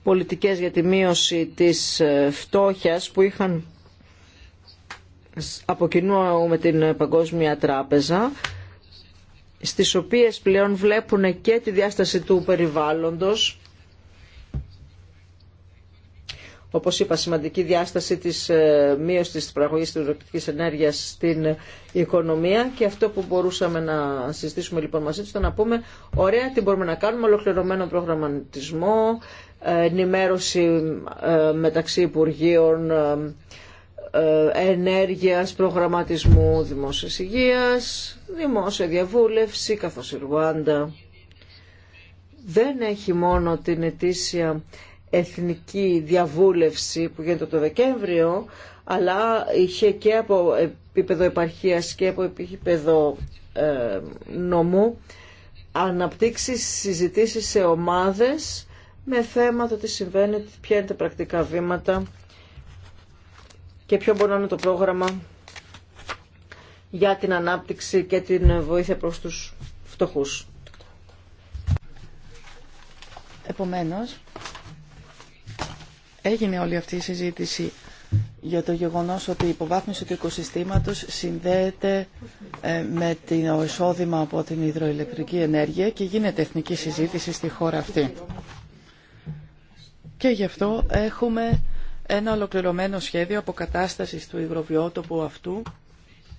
πολιτικές για τη μείωση της φτώχειας που είχαν από κοινού με την Παγκόσμια Τράπεζα στις οποίες πλέον βλέπουν και τη διάσταση του περιβάλλοντος όπως είπα, σημαντική διάσταση της ε, μείωση της παραγωγής της ροπητικής ενέργειας στην οικονομία και αυτό που μπορούσαμε να συζητήσουμε λοιπόν μαζί τους ήταν να πούμε ωραία τι μπορούμε να κάνουμε, ολοκληρωμένο προγραμματισμό, ενημέρωση ε, μεταξύ Υπουργείων ε, ενέργειας, προγραμματισμού δημόσιας υγείας, δημόσια διαβούλευση, καθώς η Ρουάντα δεν έχει μόνο την ετήσια εθνική διαβούλευση που γίνεται το Δεκέμβριο, αλλά είχε και από επίπεδο επαρχίας και από επίπεδο ε, νομού αναπτύξει συζητήσεις σε ομάδες με θέμα το τι συμβαίνει, ποια είναι τα πρακτικά βήματα και ποιο μπορεί να είναι το πρόγραμμα για την ανάπτυξη και την βοήθεια προς τους φτωχούς. Επομένως, Έγινε όλη αυτή η συζήτηση για το γεγονός ότι η υποβάθμιση του οικοσυστήματος συνδέεται ε, με το εισόδημα από την υδροηλεκτρική ενέργεια και γίνεται εθνική συζήτηση στη χώρα αυτή. Και γι' αυτό έχουμε ένα ολοκληρωμένο σχέδιο αποκατάστασης του υγροβιότοπου αυτού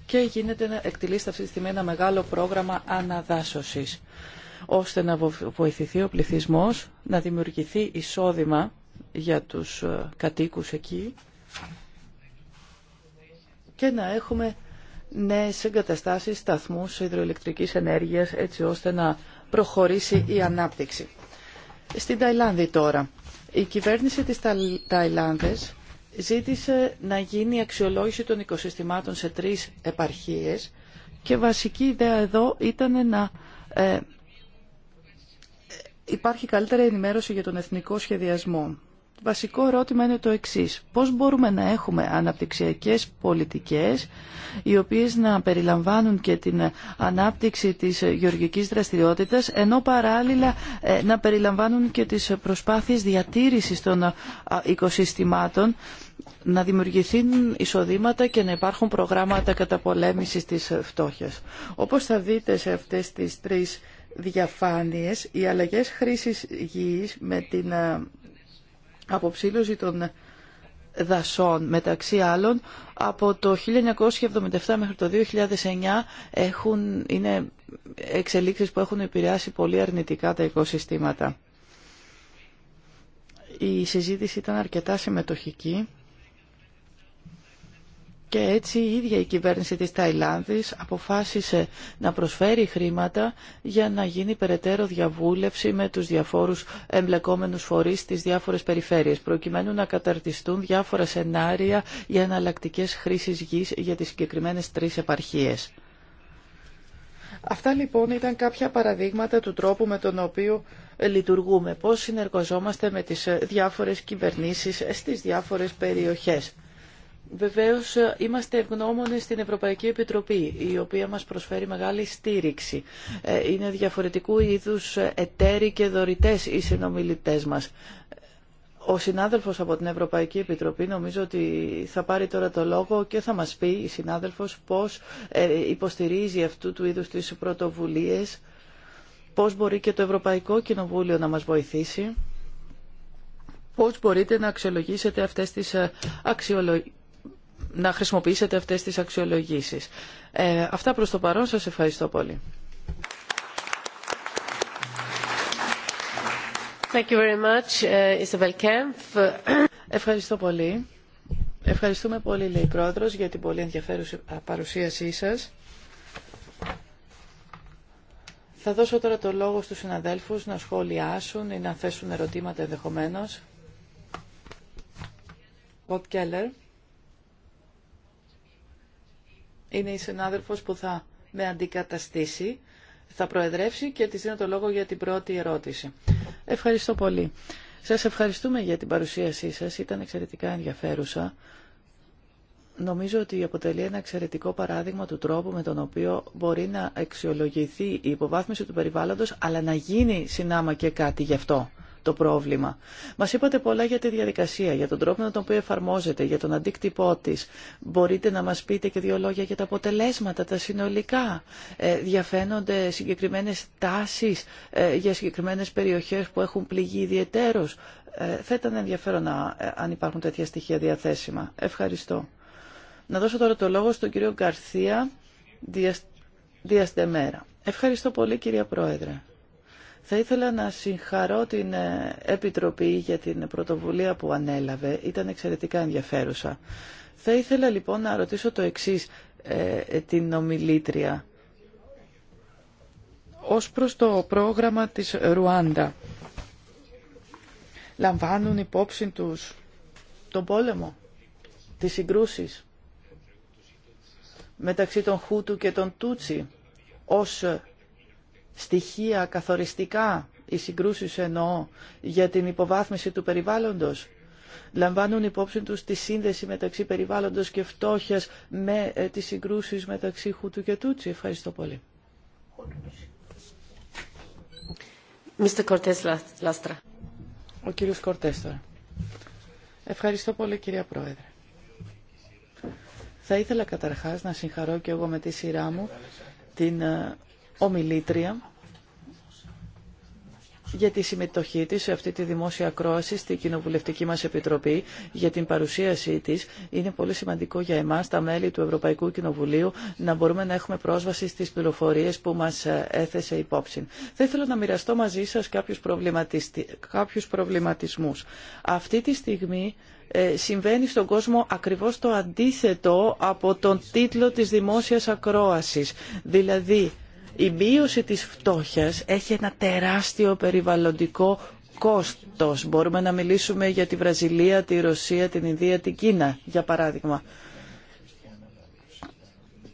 και γίνεται εκτελείστε αυτή τη στιγμή ένα μεγάλο πρόγραμμα αναδάσωσης ώστε να βοηθηθεί ο πληθυσμός να δημιουργηθεί εισόδημα για τους ε, κατοίκους εκεί και να έχουμε νέες εγκαταστάσεις, σταθμούς υδροελεκτρικής ενέργειας έτσι ώστε να προχωρήσει η ανάπτυξη. Στην Ταϊλάνδη τώρα. Η κυβέρνηση της Ταϊλάνδης ζήτησε να γίνει αξιολόγηση των οικοσυστημάτων σε τρεις επαρχίες και βασική ιδέα εδώ ήταν να ε, υπάρχει καλύτερη ενημέρωση για τον εθνικό σχεδιασμό βασικό ερώτημα είναι το εξής. Πώς μπορούμε να έχουμε αναπτυξιακές πολιτικές οι οποίες να περιλαμβάνουν και την ανάπτυξη της γεωργικής δραστηριότητας ενώ παράλληλα ε, να περιλαμβάνουν και τις προσπάθειες διατήρησης των οικοσυστημάτων να δημιουργηθούν εισοδήματα και να υπάρχουν προγράμματα καταπολέμησης της φτώχειας. Όπως θα δείτε σε αυτές τις τρεις διαφάνειες, οι αλλαγές χρήσης γης με την αποψήλωση των δασών. Μεταξύ άλλων, από το 1977 μέχρι το 2009 έχουν, είναι εξελίξεις που έχουν επηρεάσει πολύ αρνητικά τα οικοσυστήματα. Η συζήτηση ήταν αρκετά συμμετοχική και έτσι η ίδια η κυβέρνηση της Ταϊλάνδης αποφάσισε να προσφέρει χρήματα για να γίνει περαιτέρω διαβούλευση με τους διαφόρους εμπλεκόμενους φορείς στις διάφορες περιφέρειες, προκειμένου να καταρτιστούν διάφορα σενάρια για εναλλακτικέ χρήσεις γης για τις συγκεκριμένες τρεις επαρχίες. Αυτά λοιπόν ήταν κάποια παραδείγματα του τρόπου με τον οποίο λειτουργούμε, πώς συνεργοζόμαστε με τις διάφορες κυβερνήσεις στις διάφορες περιοχές. Βεβαίως ε, είμαστε ευγνώμονες στην Ευρωπαϊκή Επιτροπή, η οποία μας προσφέρει μεγάλη στήριξη. Ε, είναι διαφορετικού είδους ε, εταίροι και δωρητές οι συνομιλητές μας. Ο συνάδελφος από την Ευρωπαϊκή Επιτροπή νομίζω ότι θα πάρει τώρα το λόγο και θα μας πει η συνάδελφος πώς υποστηρίζει αυτού του είδους τις πρωτοβουλίες, πώς μπορεί και το Ευρωπαϊκό Κοινοβούλιο να μας βοηθήσει πώς μπορείτε να αξιολογήσετε αυτές τις αξιολογίες να χρησιμοποιήσετε αυτές τις αξιολογήσεις. Ε, αυτά προς το παρόν. Σας ευχαριστώ πολύ. Thank you very much, uh, Isabel Kempf. Ευχαριστώ πολύ. Ευχαριστούμε πολύ, λέει η Πρόεδρος, για την πολύ ενδιαφέρουσα παρουσίασή σας. Θα δώσω τώρα το λόγο στους συναδέλφους να σχολιάσουν ή να θέσουν ερωτήματα ενδεχομένως. Bob Keller. είναι η συνάδελφος που θα με αντικαταστήσει, θα προεδρεύσει και τη δίνω το λόγο για την πρώτη ερώτηση. Ευχαριστώ πολύ. Σας ευχαριστούμε για την παρουσίασή σας, ήταν εξαιρετικά ενδιαφέρουσα. Νομίζω ότι αποτελεί ένα εξαιρετικό παράδειγμα του τρόπου με τον οποίο μπορεί να αξιολογηθεί η υποβάθμιση του περιβάλλοντος, αλλά να γίνει συνάμα και κάτι γι' αυτό το πρόβλημα. Μα είπατε πολλά για τη διαδικασία, για τον τρόπο με τον οποίο εφαρμόζεται, για τον αντίκτυπό τη. Μπορείτε να μα πείτε και δύο λόγια για τα αποτελέσματα, τα συνολικά. Ε, διαφαίνονται συγκεκριμένες τάσεις ε, για συγκεκριμένε περιοχέ που έχουν πληγεί ιδιαιτέρω. Ε, θα ήταν ενδιαφέρον ε, αν υπάρχουν τέτοια στοιχεία διαθέσιμα. Ευχαριστώ. Να δώσω τώρα το λόγο στον κύριο Γκαρθία Διαστεμέρα. Ευχαριστώ πολύ κυρία Πρόεδρε. Θα ήθελα να συγχαρώ την ε, Επιτροπή για την πρωτοβουλία που ανέλαβε. Ήταν εξαιρετικά ενδιαφέρουσα. Θα ήθελα λοιπόν να ρωτήσω το εξής ε, ε, την ομιλήτρια. Ως προς το πρόγραμμα της Ρουάντα, λαμβάνουν υπόψη τους τον πόλεμο, τις συγκρούσεις μεταξύ των Χούτου και των Τούτσι ως στοιχεία καθοριστικά, οι συγκρούσεις εννοώ, για την υποβάθμιση του περιβάλλοντος. Λαμβάνουν υπόψη τους τη σύνδεση μεταξύ περιβάλλοντος και φτώχειας με ε, τις συγκρούσεις μεταξύ Χούτου και Τούτσι. Ευχαριστώ πολύ. Mr. Cortés Lastra. Ο κύριος Κορτές τώρα. Ευχαριστώ πολύ κυρία Πρόεδρε. Θα ήθελα καταρχάς να συγχαρώ και εγώ με τη σειρά μου την ε, ομιλήτρια για τη συμμετοχή της σε αυτή τη δημόσια ακρόαση στη Κοινοβουλευτική μας Επιτροπή, για την παρουσίασή της. Είναι πολύ σημαντικό για εμάς, τα μέλη του Ευρωπαϊκού Κοινοβουλίου, να μπορούμε να έχουμε πρόσβαση στις πληροφορίες που μας ε, έθεσε υπόψη. Θα ήθελα να μοιραστώ μαζί σας κάποιους, προβληματιστι... κάποιους προβληματισμούς. Αυτή τη στιγμή ε, συμβαίνει στον κόσμο ακριβώς το αντίθετο από τον τίτλο της δημόσιας ακρόασης. Δηλαδή, η μείωση της φτώχειας έχει ένα τεράστιο περιβαλλοντικό κόστος. Μπορούμε να μιλήσουμε για τη Βραζιλία, τη Ρωσία, την Ινδία, την Κίνα, για παράδειγμα.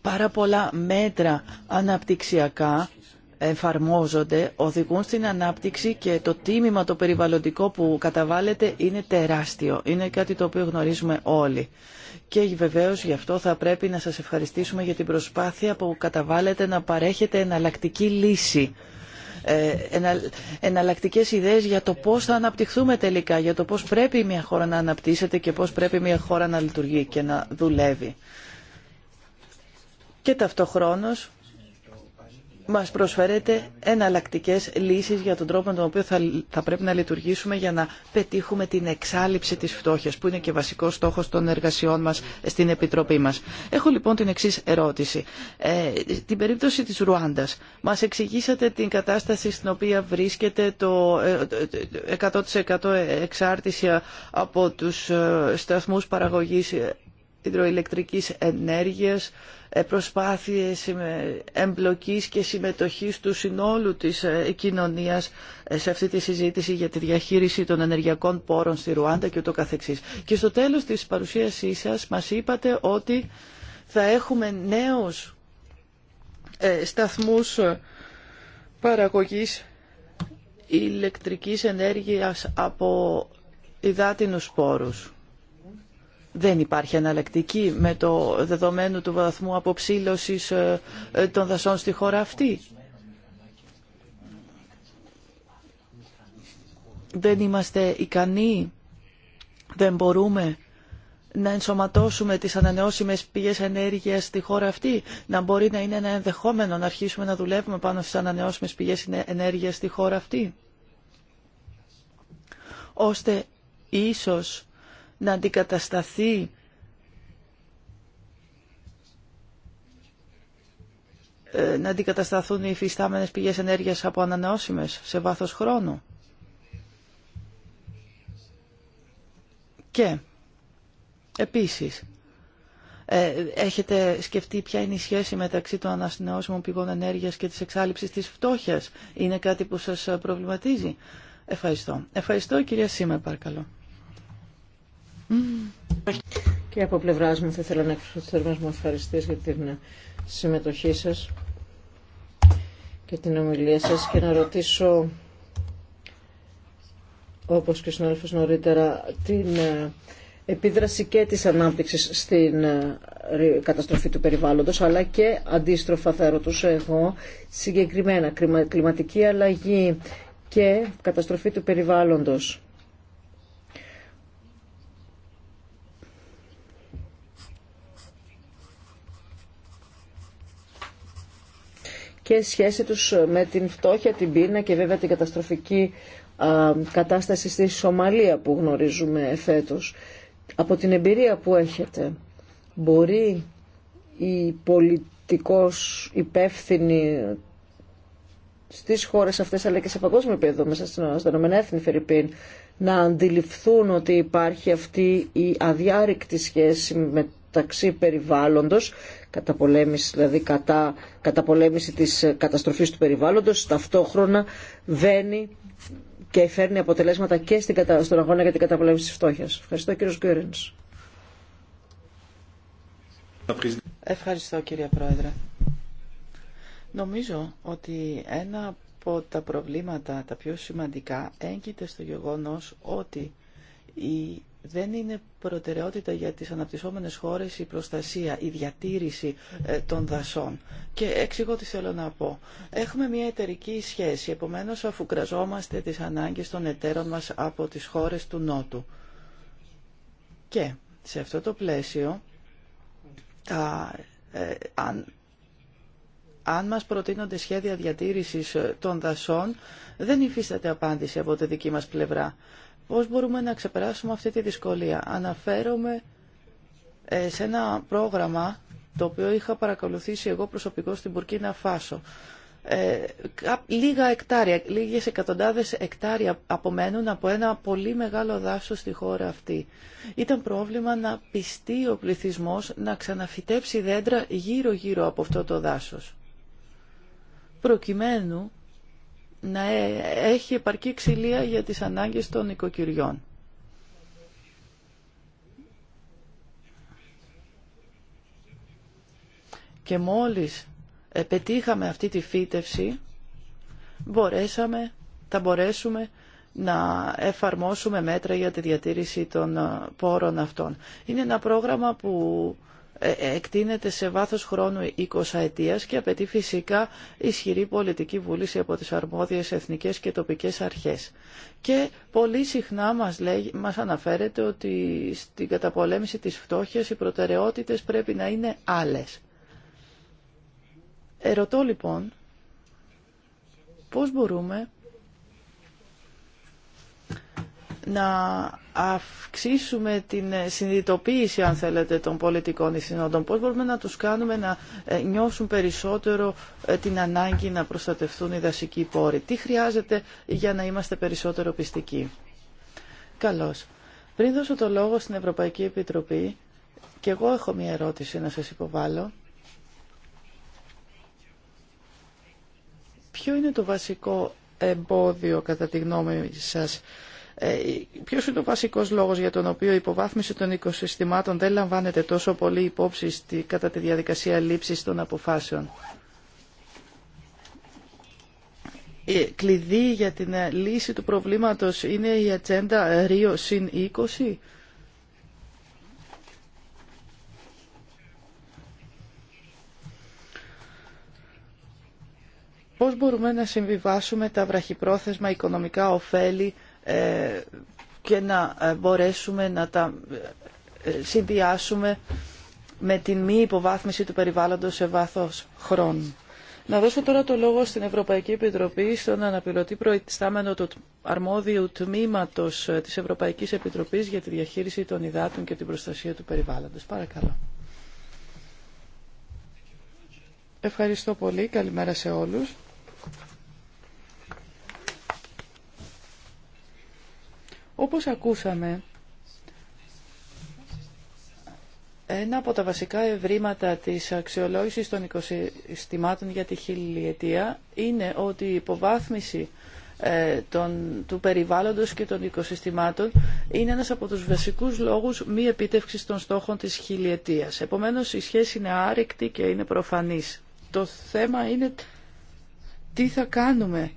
Πάρα πολλά μέτρα αναπτυξιακά εφαρμόζονται οδηγούν στην ανάπτυξη και το τίμημα το περιβαλλοντικό που καταβάλλεται είναι τεράστιο. Είναι κάτι το οποίο γνωρίζουμε όλοι. Και βεβαίω γι' αυτό θα πρέπει να σα ευχαριστήσουμε για την προσπάθεια που καταβάλλετε να παρέχετε εναλλακτική λύση ε, εναλλακτικέ ιδέες για το πώς θα αναπτυχθούμε τελικά, για το πώς πρέπει μια χώρα να αναπτύσσεται και πώς πρέπει μια χώρα να λειτουργεί και να δουλεύει. Και ταυτοχρόνως μας προσφέρετε εναλλακτικέ λύσεις για τον τρόπο με τον οποίο θα, πρέπει να λειτουργήσουμε για να πετύχουμε την εξάλληψη της φτώχειας που είναι και βασικός στόχος των εργασιών μας στην Επιτροπή μας. Έχω λοιπόν την εξής ερώτηση. Ε, την περίπτωση της Ρουάντας. Μας εξηγήσατε την κατάσταση στην οποία βρίσκεται το 100% ε, ε, ε, εξάρτηση από τους σταθμούς παραγωγής υδροηλεκτρικής ενέργειας, ε, προσπάθειες εμπλοκής και συμμετοχής του συνόλου της ε, κοινωνίας ε, σε αυτή τη συζήτηση για τη διαχείριση των ενεργειακών πόρων στη Ρουάντα και ούτω καθεξής. Και στο τέλος της παρουσίασής σας μας είπατε ότι θα έχουμε νέους σταθμούς παραγωγής ηλεκτρικής ενέργειας από υδάτινους πόρους δεν υπάρχει αναλεκτική με το δεδομένο του βαθμού αποψήλωσης ε, ε, των δασών στη χώρα αυτή. Δεν είμαστε ικανοί, δεν μπορούμε να ενσωματώσουμε τις ανανεώσιμες πηγές ενέργειας στη χώρα αυτή, να μπορεί να είναι ένα ενδεχόμενο να αρχίσουμε να δουλεύουμε πάνω στις ανανεώσιμες πηγές ενέργειας στη χώρα αυτή, ώστε ίσως να αντικατασταθεί ε, να αντικατασταθούν οι υφιστάμενες πηγές ενέργειας από ανανεώσιμες σε βάθος χρόνου. Και, επίσης, ε, έχετε σκεφτεί ποια είναι η σχέση μεταξύ των ανανεώσιμων πηγών ενέργειας και της εξάλληψης της φτώχειας. Είναι κάτι που σας προβληματίζει. Ευχαριστώ. Ευχαριστώ κυρία Σίμερ παρακαλώ. Και από πλευρά μου θα ήθελα να εκφράσω τι θερμέ μου για την συμμετοχή σα και την ομιλία σα και να ρωτήσω, όπω και ο νωρίτερα, την ε, επίδραση και της ανάπτυξης στην ε, καταστροφή του περιβάλλοντος, αλλά και αντίστροφα θα ρωτούσα εγώ, συγκεκριμένα κλιματική αλλαγή και καταστροφή του περιβάλλοντος και σχέση τους με την φτώχεια, την πείνα και βέβαια την καταστροφική κατάσταση στη Σομαλία που γνωρίζουμε φέτος. Από την εμπειρία που έχετε, μπορεί η πολιτικός υπεύθυνη στις χώρες αυτές αλλά και σε παγκόσμιο επίπεδο μέσα στην ΕΕ να αντιληφθούν ότι υπάρχει αυτή η αδιάρρηκτη σχέση μεταξύ περιβάλλοντος καταπολέμηση, δηλαδή κατά, καταπολέμηση της καταστροφής του περιβάλλοντος, ταυτόχρονα βαίνει και φέρνει αποτελέσματα και στην, στον αγώνα για την καταπολέμηση της φτώχειας. Ευχαριστώ κύριο Γκέρενς. Ευχαριστώ κύριε Πρόεδρε. Νομίζω ότι ένα από τα προβλήματα τα πιο σημαντικά έγκυται στο γεγονός ότι η δεν είναι προτεραιότητα για τις αναπτυσσόμενες χώρες η προστασία, η διατήρηση ε, των δασών. Και εξηγώ τι θέλω να πω. Έχουμε μια εταιρική σχέση, επομένως αφού κραζόμαστε τις ανάγκες των εταίρων μας από τις χώρες του Νότου. Και σε αυτό το πλαίσιο, ε, αν, αν μας προτείνονται σχέδια διατήρησης ε, των δασών, δεν υφίσταται απάντηση από τη δική μας πλευρά. Πώς μπορούμε να ξεπεράσουμε αυτή τη δυσκολία. Αναφέρομαι ε, σε ένα πρόγραμμα το οποίο είχα παρακολουθήσει εγώ προσωπικό στην Μπουρκίνα Φάσο. Ε, λίγα εκτάρια, λίγες εκατοντάδες εκτάρια απομένουν από ένα πολύ μεγάλο δάσος στη χώρα αυτή. Ήταν πρόβλημα να πιστεί ο πληθυσμός να ξαναφυτέψει δέντρα γύρω-γύρω από αυτό το δάσος. Προκειμένου να ε, έχει επαρκή ξυλία για τις ανάγκες των οικοκυριών. Και μόλις ε, πετύχαμε αυτή τη φύτευση, μπορέσαμε, θα μπορέσουμε να εφαρμόσουμε μέτρα για τη διατήρηση των ε, πόρων αυτών. Είναι ένα πρόγραμμα που ε, ε, εκτείνεται σε βάθος χρόνου 20 ετίας και απαιτεί φυσικά ισχυρή πολιτική βούληση από τις αρμόδιες εθνικές και τοπικές αρχές. Και πολύ συχνά μας, λέει, μας αναφέρεται ότι στην καταπολέμηση της φτώχειας οι προτεραιότητες πρέπει να είναι άλλες. Ερωτώ λοιπόν πώς μπορούμε να αυξήσουμε την συνειδητοποίηση, αν θέλετε, των πολιτικών ηθινόντων. Πώς μπορούμε να τους κάνουμε να ε, νιώσουν περισσότερο ε, την ανάγκη να προστατευτούν οι δασικοί πόροι. Τι χρειάζεται για να είμαστε περισσότερο πιστικοί. Καλώς. Πριν δώσω το λόγο στην Ευρωπαϊκή Επιτροπή, και εγώ έχω μια ερώτηση να σας υποβάλω. Ποιο είναι το βασικό εμπόδιο, κατά τη γνώμη σας, ε, ποιος είναι ο βασικός λόγος για τον οποίο η υποβάθμιση των οικοσυστημάτων δεν λαμβάνεται τόσο πολύ υπόψη στη, κατά τη διαδικασία λήψης των αποφάσεων. Η ε, κλειδί για την ε, λύση του προβλήματος είναι η ατζέντα Ρίο συν Πώς μπορούμε να συμβιβάσουμε τα βραχυπρόθεσμα οικονομικά ωφέλη ε, και να ε, μπορέσουμε να τα ε, συνδυάσουμε με την μη υποβάθμιση του περιβάλλοντος σε βάθος χρόνου. Να δώσω τώρα το λόγο στην Ευρωπαϊκή Επιτροπή, στον αναπληρωτή προϊστάμενο του αρμόδιου τμήματος της Ευρωπαϊκής Επιτροπής για τη διαχείριση των υδάτων και την προστασία του περιβάλλοντος. Παρακαλώ. Ευχαριστώ πολύ. Καλημέρα σε όλους. Όπως ακούσαμε, ένα από τα βασικά ευρήματα της αξιολόγησης των οικοσυστημάτων για τη χιλιετία είναι ότι η υποβάθμιση ε, των, του περιβάλλοντος και των οικοσυστημάτων είναι ένας από τους βασικούς λόγους μη επίτευξης των στόχων της χιλιετίας. Επομένως η σχέση είναι άρρηκτη και είναι προφανής. Το θέμα είναι τι θα κάνουμε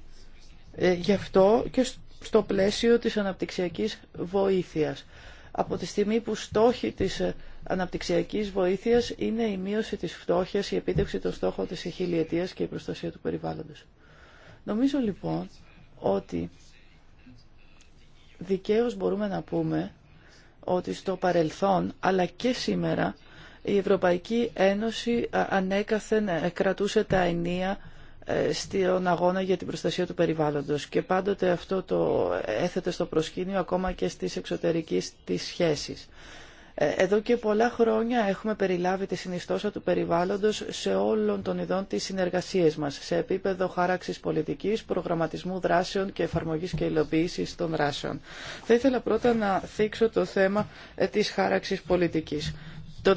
ε, γι' αυτό και στο πλαίσιο της αναπτυξιακής βοήθειας. Από τη στιγμή που στόχη της ε, αναπτυξιακής βοήθειας είναι η μείωση της φτώχειας, η επίτευξη των στόχων της εχιλιετίας και η προστασία του περιβάλλοντος. Νομίζω λοιπόν ότι δικαίως μπορούμε να πούμε ότι στο παρελθόν αλλά και σήμερα η Ευρωπαϊκή Ένωση ανέκαθεν ε, κρατούσε τα ενία ε, στον αγώνα για την προστασία του περιβάλλοντος και πάντοτε αυτό το έθετε στο προσκήνιο ακόμα και στις εξωτερικές της σχέσεις. Ε, εδώ και πολλά χρόνια έχουμε περιλάβει τη συνιστόσα του περιβάλλοντος σε όλων των ειδών της συνεργασίας μας, σε επίπεδο χάραξης πολιτικής, προγραμματισμού δράσεων και εφαρμογής και υλοποίησης των δράσεων. Θα ήθελα πρώτα να θίξω το θέμα ε, της χάραξης πολιτικής. Το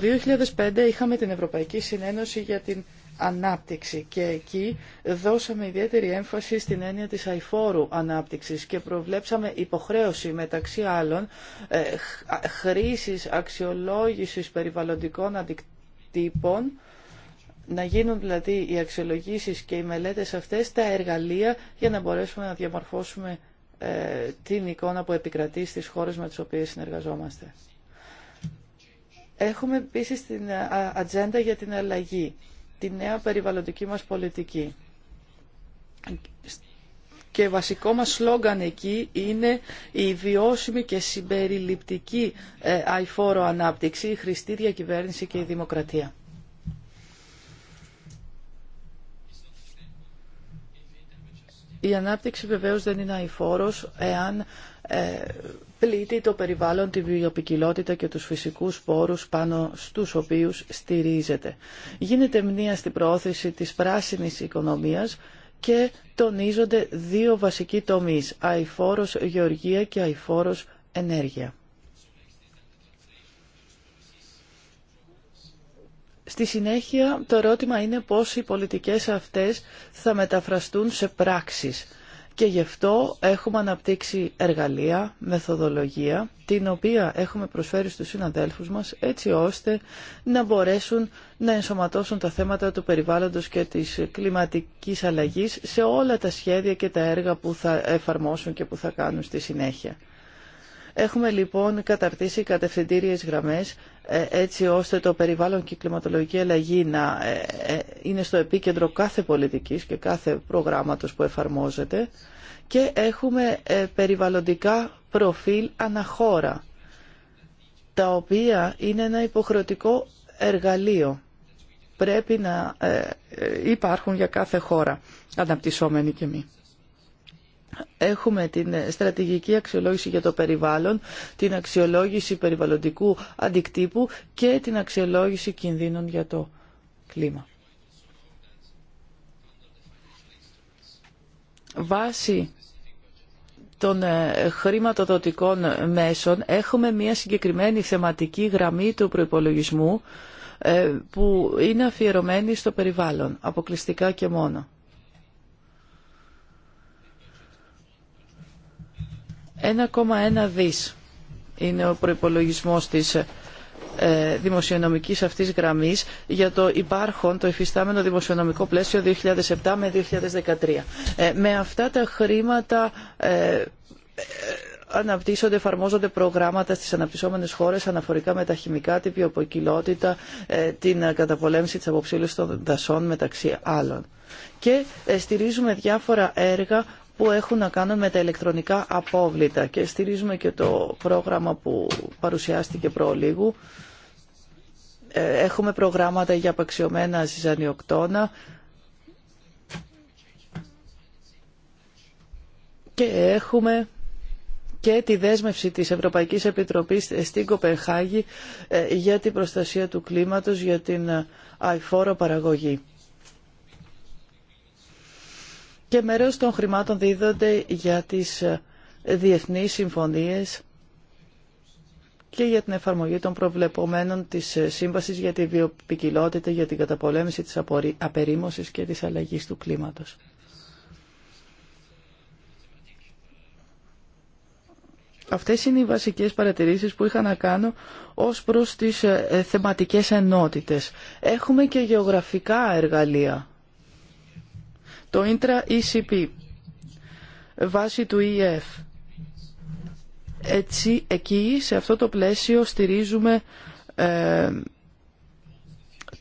2005 είχαμε την Ευρωπαϊκή Συνένωση για την ανάπτυξη και εκεί δώσαμε ιδιαίτερη έμφαση στην έννοια της αηφόρου ανάπτυξης και προβλέψαμε υποχρέωση μεταξύ άλλων ε, χρήσης αξιολόγησης περιβαλλοντικών αντικτύπων να γίνουν δηλαδή οι αξιολογήσεις και οι μελέτες αυτές τα εργαλεία για να μπορέσουμε να διαμορφώσουμε ε, την εικόνα που επικρατεί στις χώρες με τις οποίες συνεργαζόμαστε. Έχουμε επίσης την ε, ατζέντα για την αλλαγή τη νέα περιβαλλοντική μας πολιτική. Και βασικό μας σλόγγαν εκεί είναι η βιώσιμη και συμπεριληπτική ε, αηφόρο ανάπτυξη, η χρηστή διακυβέρνηση και η δημοκρατία. Η ανάπτυξη βεβαίως δεν είναι αηφόρος εάν ε, πλήττει το περιβάλλον, τη βιοποικιλότητα και τους φυσικούς πόρους πάνω στους οποίους στηρίζεται. Γίνεται μνήα στην προώθηση της πράσινης οικονομίας και τονίζονται δύο βασικοί τομείς, αηφόρος γεωργία και αηφόρος ενέργεια. Στη συνέχεια το ερώτημα είναι πώς οι πολιτικές αυτές θα μεταφραστούν σε πράξεις. Και γι' αυτό έχουμε αναπτύξει εργαλεία, μεθοδολογία, την οποία έχουμε προσφέρει στους συναδέλφους μας, έτσι ώστε να μπορέσουν να ενσωματώσουν τα θέματα του περιβάλλοντος και της κλιματικής αλλαγής σε όλα τα σχέδια και τα έργα που θα εφαρμόσουν και που θα κάνουν στη συνέχεια. Έχουμε λοιπόν καταρτήσει κατευθυντήριες γραμμές ε, έτσι ώστε το περιβάλλον και η κλιματολογική αλλαγή να ε, ε, είναι στο επίκεντρο κάθε πολιτικής και κάθε προγράμματος που εφαρμόζεται και έχουμε περιβαλλοντικά προφίλ αναχώρα τα οποία είναι ένα υποχρεωτικό εργαλείο πρέπει να υπάρχουν για κάθε χώρα αναπτυσσόμενοι και μη. Έχουμε την στρατηγική αξιολόγηση για το περιβάλλον, την αξιολόγηση περιβαλλοντικού αντικτύπου και την αξιολόγηση κινδύνων για το κλίμα. Βάσει των ε, χρηματοδοτικών μέσων έχουμε μια συγκεκριμένη θεματική γραμμή του προϋπολογισμού ε, που είναι αφιερωμένη στο περιβάλλον, αποκλειστικά και μόνο. 1,1 δις είναι ο προϋπολογισμός της ε, δημοσιονομικής αυτής γραμμής για το υπάρχον, το υφιστάμενο δημοσιονομικό πλαίσιο 2007 με 2013. Ε, με αυτά τα χρήματα ε, αναπτύσσονται, εφαρμόζονται προγράμματα στις αναπτυσσόμενες χώρες αναφορικά με τα χημικά, την ποιοποικιλότητα, την καταπολέμηση της αποψήλωσης των δασών μεταξύ άλλων. Και στηρίζουμε διάφορα έργα που έχουν να κάνουν με τα ηλεκτρονικά απόβλητα και στηρίζουμε και το πρόγραμμα που παρουσιάστηκε προλίγου. Ε, έχουμε προγράμματα για απαξιωμένα ζυζανιοκτώνα και έχουμε και τη δέσμευση της Ευρωπαϊκής Επιτροπής στην Κοπεχάγη ε, για την προστασία του κλίματος, για την ε, αηφόρο παραγωγή και μέρος των χρημάτων δίδονται για τις ε, διεθνείς συμφωνίες και για την εφαρμογή των προβλεπωμένων της ε, Σύμβασης για τη Βιοπικιλότητα, για την καταπολέμηση της απερίμωσης και της αλλαγής του κλίματος. Αυτές είναι οι βασικές παρατηρήσεις που είχα να κάνω ως προς τις ε, θεματικές ενότητες. Έχουμε και γεωγραφικά εργαλεία το Ίντρα ECP, βάση του EF. Έτσι, εκεί, σε αυτό το πλαίσιο, στηρίζουμε ε,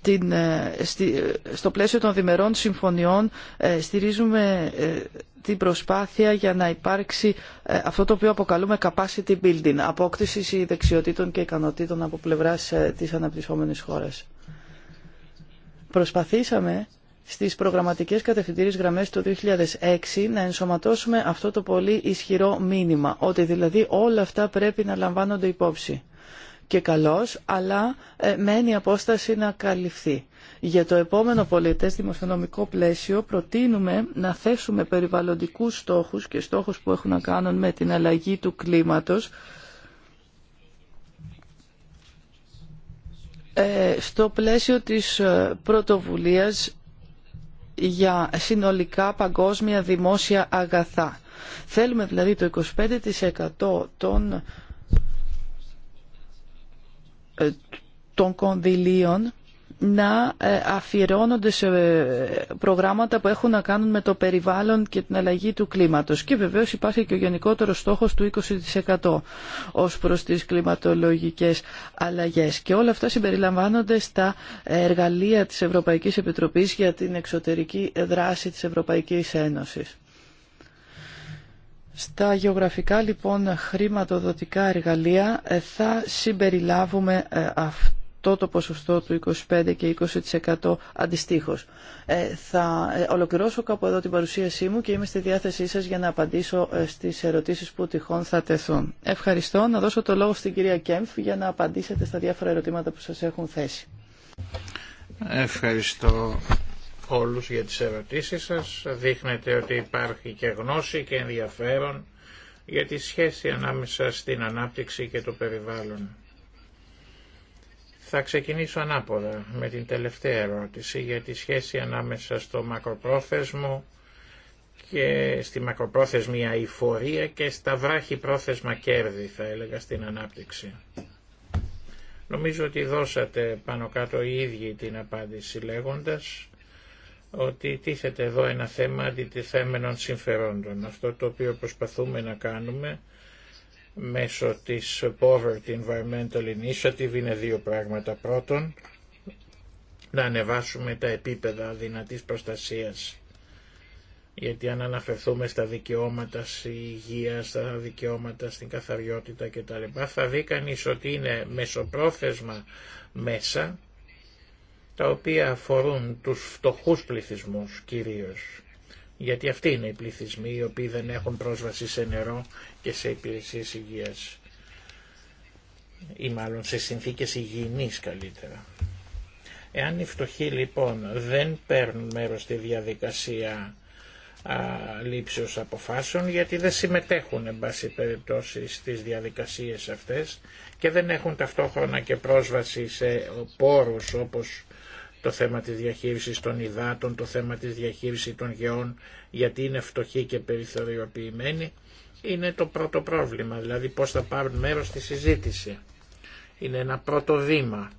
την, ε, ε, στο πλαίσιο των διμερών συμφωνιών, στηρίζουμε την προσπάθεια για να υπάρξει αυτό το οποίο αποκαλούμε capacity building, απόκτηση δεξιοτήτων και ικανοτήτων από πλευράς της αναπτυσσόμενης χώρας. Προσπαθήσαμε στις προγραμματικές κατευθυντήριες γραμμές του 2006 να ενσωματώσουμε αυτό το πολύ ισχυρό μήνυμα, ότι δηλαδή όλα αυτά πρέπει να λαμβάνονται υπόψη. Και καλώς, αλλά ε, μένει η απόσταση να καλυφθεί. Για το επόμενο πολιτές δημοσιονομικό πλαίσιο προτείνουμε να θέσουμε περιβαλλοντικούς στόχους και στόχους που έχουν να κάνουν με την αλλαγή του κλίματος, ε, στο πλαίσιο της ε, πρωτοβουλίας για συνολικά παγκόσμια δημόσια αγαθά. Θέλουμε δηλαδή το 25% των, ε, των κονδυλίων να ε, αφιερώνονται σε ε, προγράμματα που έχουν να κάνουν με το περιβάλλον και την αλλαγή του κλίματος. Και βεβαίως υπάρχει και ο γενικότερος στόχος του 20% ως προς τις κλιματολογικές αλλαγές. Και όλα αυτά συμπεριλαμβάνονται στα εργαλεία της Ευρωπαϊκής Επιτροπής για την εξωτερική δράση της Ευρωπαϊκής Ένωσης. Στα γεωγραφικά λοιπόν χρηματοδοτικά εργαλεία ε, θα συμπεριλάβουμε αυτό αυτό το ποσοστό του 25% και 20% αντιστοίχως. Ε, θα ε, ολοκληρώσω κάπου εδώ την παρουσίασή μου και είμαι στη διάθεσή σας για να απαντήσω ε, στις ερωτήσεις που τυχόν θα τεθούν. Ευχαριστώ. Να δώσω το λόγο στην κυρία Κέμφ για να απαντήσετε στα διάφορα ερωτήματα που σας έχουν θέσει. Ευχαριστώ όλους για τις ερωτήσεις σας. Δείχνετε ότι υπάρχει και γνώση και ενδιαφέρον για τη σχέση ανάμεσα στην ανάπτυξη και το περιβάλλον. Θα ξεκινήσω ανάποδα με την τελευταία ερώτηση για τη σχέση ανάμεσα στο μακροπρόθεσμο και στη μακροπρόθεσμη αηφορία και στα βράχη πρόθεσμα κέρδη θα έλεγα στην ανάπτυξη. Νομίζω ότι δώσατε πάνω κάτω οι ίδιοι την απάντηση λέγοντας ότι τίθεται εδώ ένα θέμα αντιτιθέμενων συμφερόντων. Αυτό το οποίο προσπαθούμε να κάνουμε μέσω της Poverty Environmental Initiative είναι δύο πράγματα. Πρώτον, να ανεβάσουμε τα επίπεδα δυνατής προστασίας. Γιατί αν αναφερθούμε στα δικαιώματα στη υγεία, στα δικαιώματα στην καθαριότητα κτλ. θα δει κανεί ότι είναι μεσοπρόθεσμα μέσα τα οποία αφορούν τους φτωχούς πληθυσμούς κυρίως γιατί αυτοί είναι οι πληθυσμοί οι οποίοι δεν έχουν πρόσβαση σε νερό και σε υπηρεσίες υγείας ή μάλλον σε συνθήκες υγιεινής καλύτερα. Εάν οι φτωχοί λοιπόν δεν παίρνουν μέρος στη διαδικασία α, λήψεως αποφάσεων γιατί δεν συμμετέχουν εν πάση περιπτώσει στις διαδικασίες αυτές και δεν έχουν ταυτόχρονα και πρόσβαση σε πόρους όπως το θέμα της διαχείρισης των υδάτων, το θέμα της διαχείρισης των γεών, γιατί είναι φτωχοί και περιθωριοποιημένοι, είναι το πρώτο πρόβλημα, δηλαδή πώς θα πάρουν μέρος στη συζήτηση. Είναι ένα πρώτο βήμα.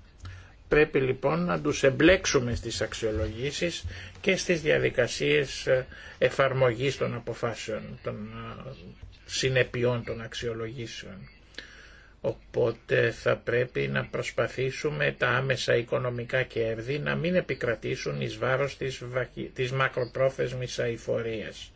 Πρέπει λοιπόν να τους εμπλέξουμε στις αξιολογήσεις και στις διαδικασίες ε, εφαρμογής των αποφάσεων, των ε, συνεπειών των αξιολογήσεων. Οπότε θα πρέπει να προσπαθήσουμε τα άμεσα οικονομικά κέρδη να μην επικρατήσουν εις βάρος της, της μακροπρόθεσμης αηφορίας.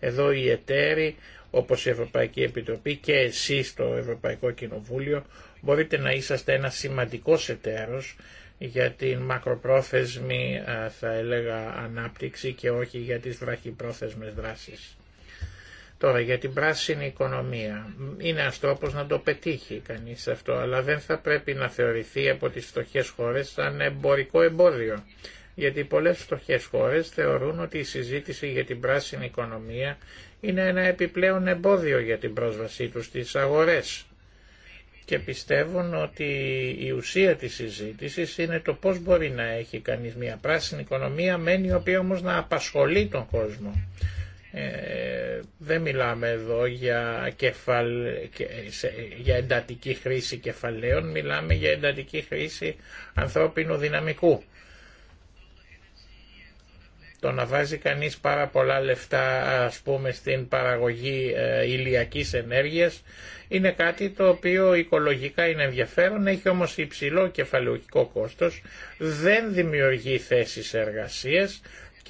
Εδώ οι εταίροι όπως η Ευρωπαϊκή Επιτροπή και εσείς το Ευρωπαϊκό Κοινοβούλιο μπορείτε να είσαστε ένα σημαντικός εταίρος για την μακροπρόθεσμη θα έλεγα ανάπτυξη και όχι για τις βραχυπρόθεσμες δράσεις. Τώρα για την πράσινη οικονομία. Είναι αυτό τρόπος να το πετύχει κανείς αυτό, αλλά δεν θα πρέπει να θεωρηθεί από τις φτωχές χώρες σαν εμπορικό εμπόδιο. Γιατί πολλές φτωχές χώρες θεωρούν ότι η συζήτηση για την πράσινη οικονομία είναι ένα επιπλέον εμπόδιο για την πρόσβασή τους στις αγορές. Και πιστεύουν ότι η ουσία της συζήτησης είναι το πώς μπορεί να έχει κανείς μια πράσινη οικονομία, μένει η οποία όμως να απασχολεί τον κόσμο ε, δεν μιλάμε εδώ για, κεφαλ, για εντατική χρήση κεφαλαίων, μιλάμε για εντατική χρήση ανθρώπινου δυναμικού. Το να βάζει κανείς πάρα πολλά λεφτά ας πούμε στην παραγωγή ε, ηλιακής ενέργειας είναι κάτι το οποίο οικολογικά είναι ενδιαφέρον, έχει όμως υψηλό κεφαλαιοκικό κόστος, δεν δημιουργεί θέσεις εργασίας,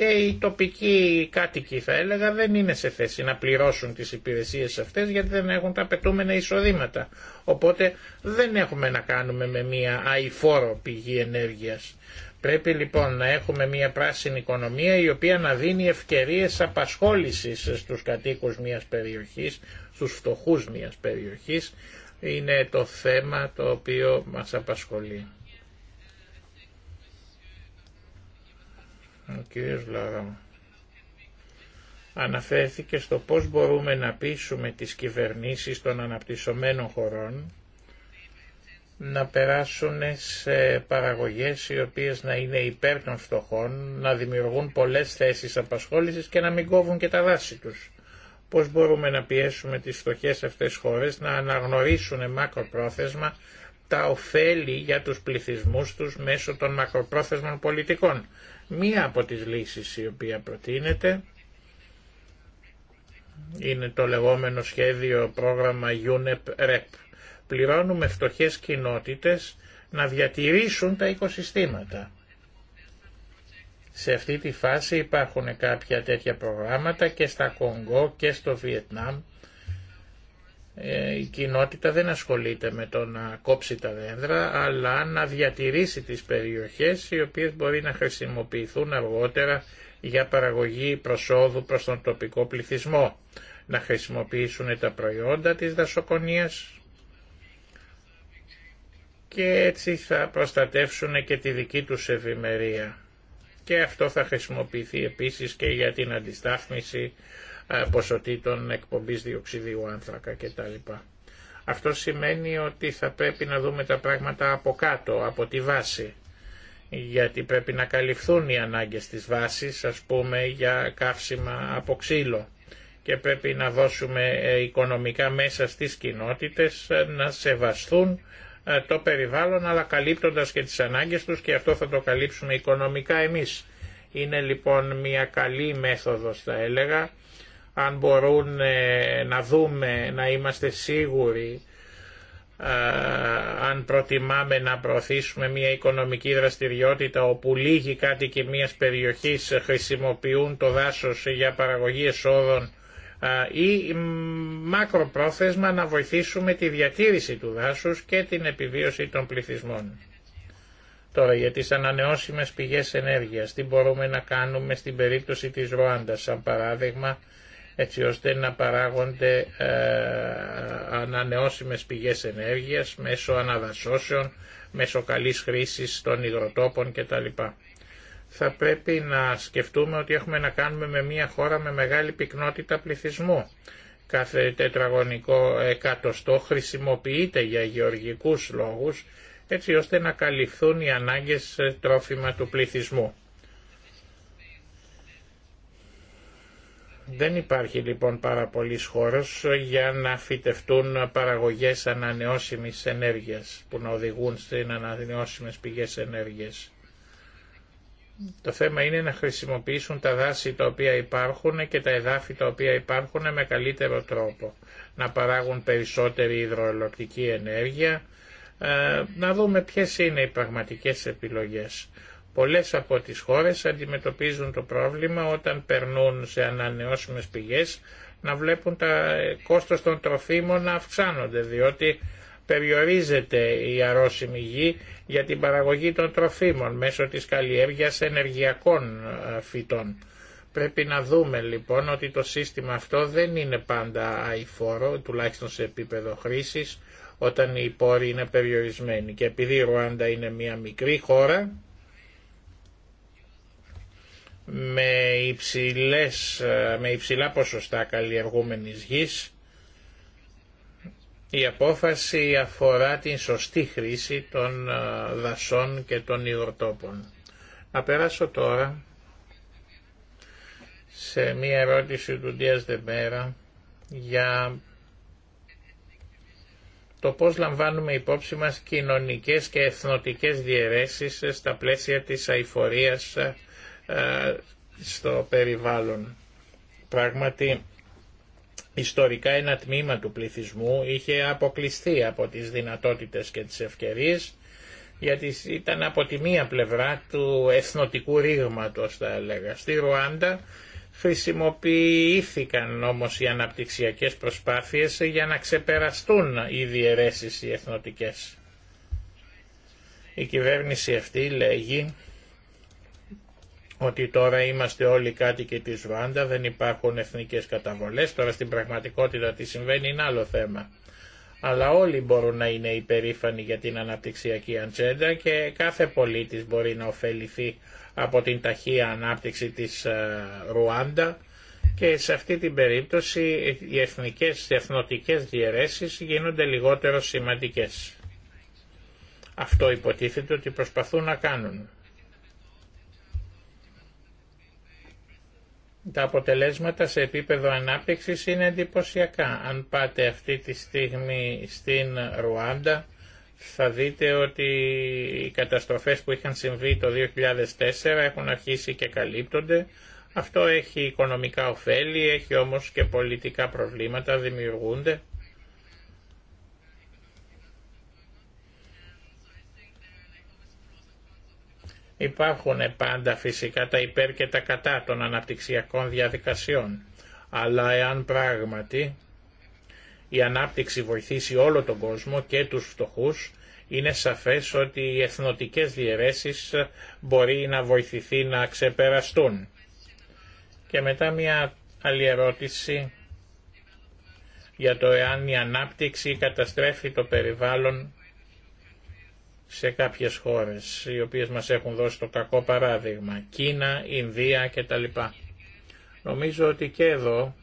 και οι τοπικοί κάτοικοι θα έλεγα δεν είναι σε θέση να πληρώσουν τις υπηρεσίες αυτές γιατί δεν έχουν τα απαιτούμενα εισοδήματα. Οπότε δεν έχουμε να κάνουμε με μια αηφόρο πηγή ενέργειας. Πρέπει λοιπόν να έχουμε μια πράσινη οικονομία η οποία να δίνει ευκαιρίες απασχόλησης στους κατοίκους μιας περιοχής, στους φτωχούς μιας περιοχής. Είναι το θέμα το οποίο μας απασχολεί. Ο κύριος αναφέρθηκε στο πώς μπορούμε να πείσουμε τις κυβερνήσεις των αναπτυσσομένων χωρών να περάσουν σε παραγωγές οι οποίες να είναι υπέρ των φτωχών, να δημιουργούν πολλές θέσεις απασχόλησης και να μην κόβουν και τα δάση τους. Πώς μπορούμε να πιέσουμε τις φτωχές αυτές χώρες να αναγνωρίσουν μακροπρόθεσμα τα ωφέλη για τους πληθυσμούς τους μέσω των μακροπρόθεσμων πολιτικών. Μία από τις λύσεις η οποία προτείνεται είναι το λεγόμενο σχέδιο πρόγραμμα UNEP-REP. Πληρώνουμε φτωχές κοινότητες να διατηρήσουν τα οικοσυστήματα. Σε αυτή τη φάση υπάρχουν κάποια τέτοια προγράμματα και στα Κονγκό και στο Βιετνάμ ε, η κοινότητα δεν ασχολείται με το να κόψει τα δέντρα, αλλά να διατηρήσει τις περιοχές οι οποίες μπορεί να χρησιμοποιηθούν αργότερα για παραγωγή προσόδου προς τον τοπικό πληθυσμό, να χρησιμοποιήσουν τα προϊόντα της δασοκονίας και έτσι θα προστατεύσουν και τη δική τους ευημερία. Και αυτό θα χρησιμοποιηθεί επίσης και για την αντιστάθμιση ε, ποσοτήτων εκπομπής διοξιδίου άνθρακα κτλ. Αυτό σημαίνει ότι θα πρέπει να δούμε τα πράγματα από κάτω, από τη βάση, γιατί πρέπει να καλυφθούν οι ανάγκες της βάσης, ας πούμε, για καύσιμα από ξύλο και πρέπει να δώσουμε ε, οικονομικά μέσα στις κοινότητες ε, να σεβαστούν το περιβάλλον αλλά καλύπτοντας και τις ανάγκες τους και αυτό θα το καλύψουμε οικονομικά εμείς. Είναι λοιπόν μια καλή μέθοδος θα έλεγα αν μπορούν ε, να δούμε, να είμαστε σίγουροι ε, αν προτιμάμε να προωθήσουμε μια οικονομική δραστηριότητα όπου λίγοι κάτοικοι μιας περιοχής χρησιμοποιούν το δάσος για παραγωγή εσόδων ε, ή μακροπρόθεσμα να βοηθήσουμε τη διατήρηση του δάσους και την επιβίωση των πληθυσμών. Τώρα για τις ανανεώσιμες πηγές ενέργειας, τι μπορούμε να κάνουμε στην περίπτωση της Ρουάντας σαν παράδειγμα έτσι ώστε να παράγονται ε, ανανεώσιμες πηγές ενέργειας μέσω αναδασώσεων, μέσω καλής χρήσης των υδροτόπων κτλ. Θα πρέπει να σκεφτούμε ότι έχουμε να κάνουμε με μια χώρα με μεγάλη πυκνότητα πληθυσμού. Κάθε τετραγωνικό εκατοστό χρησιμοποιείται για γεωργικούς λόγους έτσι ώστε να καλυφθούν οι ανάγκες ε, τρόφιμα του πληθυσμού. Δεν υπάρχει λοιπόν πάρα πολλής χώρος για να φυτευτούν παραγωγές ανανεώσιμης ενέργειας που να οδηγούν στην ανανεώσιμες πηγές ενέργειας. Το θέμα είναι να χρησιμοποιήσουν τα δάση τα οποία υπάρχουν και τα εδάφη τα οποία υπάρχουν με καλύτερο τρόπο. Να παράγουν περισσότερη υδροελοκτική ενέργεια, ε, να δούμε ποιες είναι οι πραγματικές επιλογές. Πολλές από τις χώρες αντιμετωπίζουν το πρόβλημα όταν περνούν σε ανανεώσιμες πηγές να βλέπουν τα κόστος των τροφίμων να αυξάνονται διότι περιορίζεται η αρρώσιμη γη για την παραγωγή των τροφίμων μέσω της καλλιέργειας ενεργειακών ε, φυτών. Πρέπει να δούμε λοιπόν ότι το σύστημα αυτό δεν είναι πάντα αηφόρο, τουλάχιστον σε επίπεδο χρήσης, όταν οι πόροι είναι περιορισμένοι. Και επειδή η Ρουάντα είναι μια μικρή χώρα, με, υψηλές, ε, με υψηλά ποσοστά καλλιεργούμενης γης. Η απόφαση αφορά την σωστή χρήση των ε, δασών και των υγροτόπων. Να περάσω τώρα σε μία ερώτηση του Ντίας Δεμέρα για το πώς λαμβάνουμε υπόψη μας κοινωνικές και εθνοτικές διαιρέσεις στα πλαίσια της αηφορίας ε, στο περιβάλλον. Πράγματι, ιστορικά ένα τμήμα του πληθυσμού είχε αποκλειστεί από τις δυνατότητες και τις ευκαιρίες γιατί ήταν από τη μία πλευρά του εθνοτικού ρήγματος θα έλεγα. Στη Ρουάντα χρησιμοποιήθηκαν όμως οι αναπτυξιακές προσπάθειες για να ξεπεραστούν οι διαιρέσεις οι εθνοτικές. Η κυβέρνηση αυτή λέγει ότι τώρα είμαστε όλοι κάτοικοι της Ρουάντα, δεν υπάρχουν εθνικές καταβολές, τώρα στην πραγματικότητα τι συμβαίνει είναι άλλο θέμα. Αλλά όλοι μπορούν να είναι υπερήφανοι για την αναπτυξιακή ατζέντα και κάθε πολίτης μπορεί να ωφεληθεί από την ταχεία ανάπτυξη της ε, Ρουάντα και σε αυτή την περίπτωση οι εθνικέ οι εθνοτικές διαιρέσεις γίνονται λιγότερο σημαντικές. Αυτό υποτίθεται ότι προσπαθούν να κάνουν. τα αποτελέσματα σε επίπεδο ανάπτυξης είναι εντυπωσιακά. Αν πάτε αυτή τη στιγμή στην Ρουάντα, θα δείτε ότι οι καταστροφές που είχαν συμβεί το 2004 έχουν αρχίσει και καλύπτονται. Αυτό έχει οικονομικά ωφέλη, έχει όμως και πολιτικά προβλήματα, δημιουργούνται Υπάρχουν πάντα φυσικά τα υπέρ και τα κατά των αναπτυξιακών διαδικασιών, αλλά εάν πράγματι η ανάπτυξη βοηθήσει όλο τον κόσμο και τους φτωχούς, είναι σαφές ότι οι εθνοτικές διαιρέσεις μπορεί να βοηθηθεί να ξεπεραστούν. Και μετά μια άλλη ερώτηση για το εάν η ανάπτυξη καταστρέφει το περιβάλλον σε κάποιες χώρες οι οποίες μας έχουν δώσει το κακό παράδειγμα, Κίνα, Ινδία κτλ. Νομίζω ότι και εδώ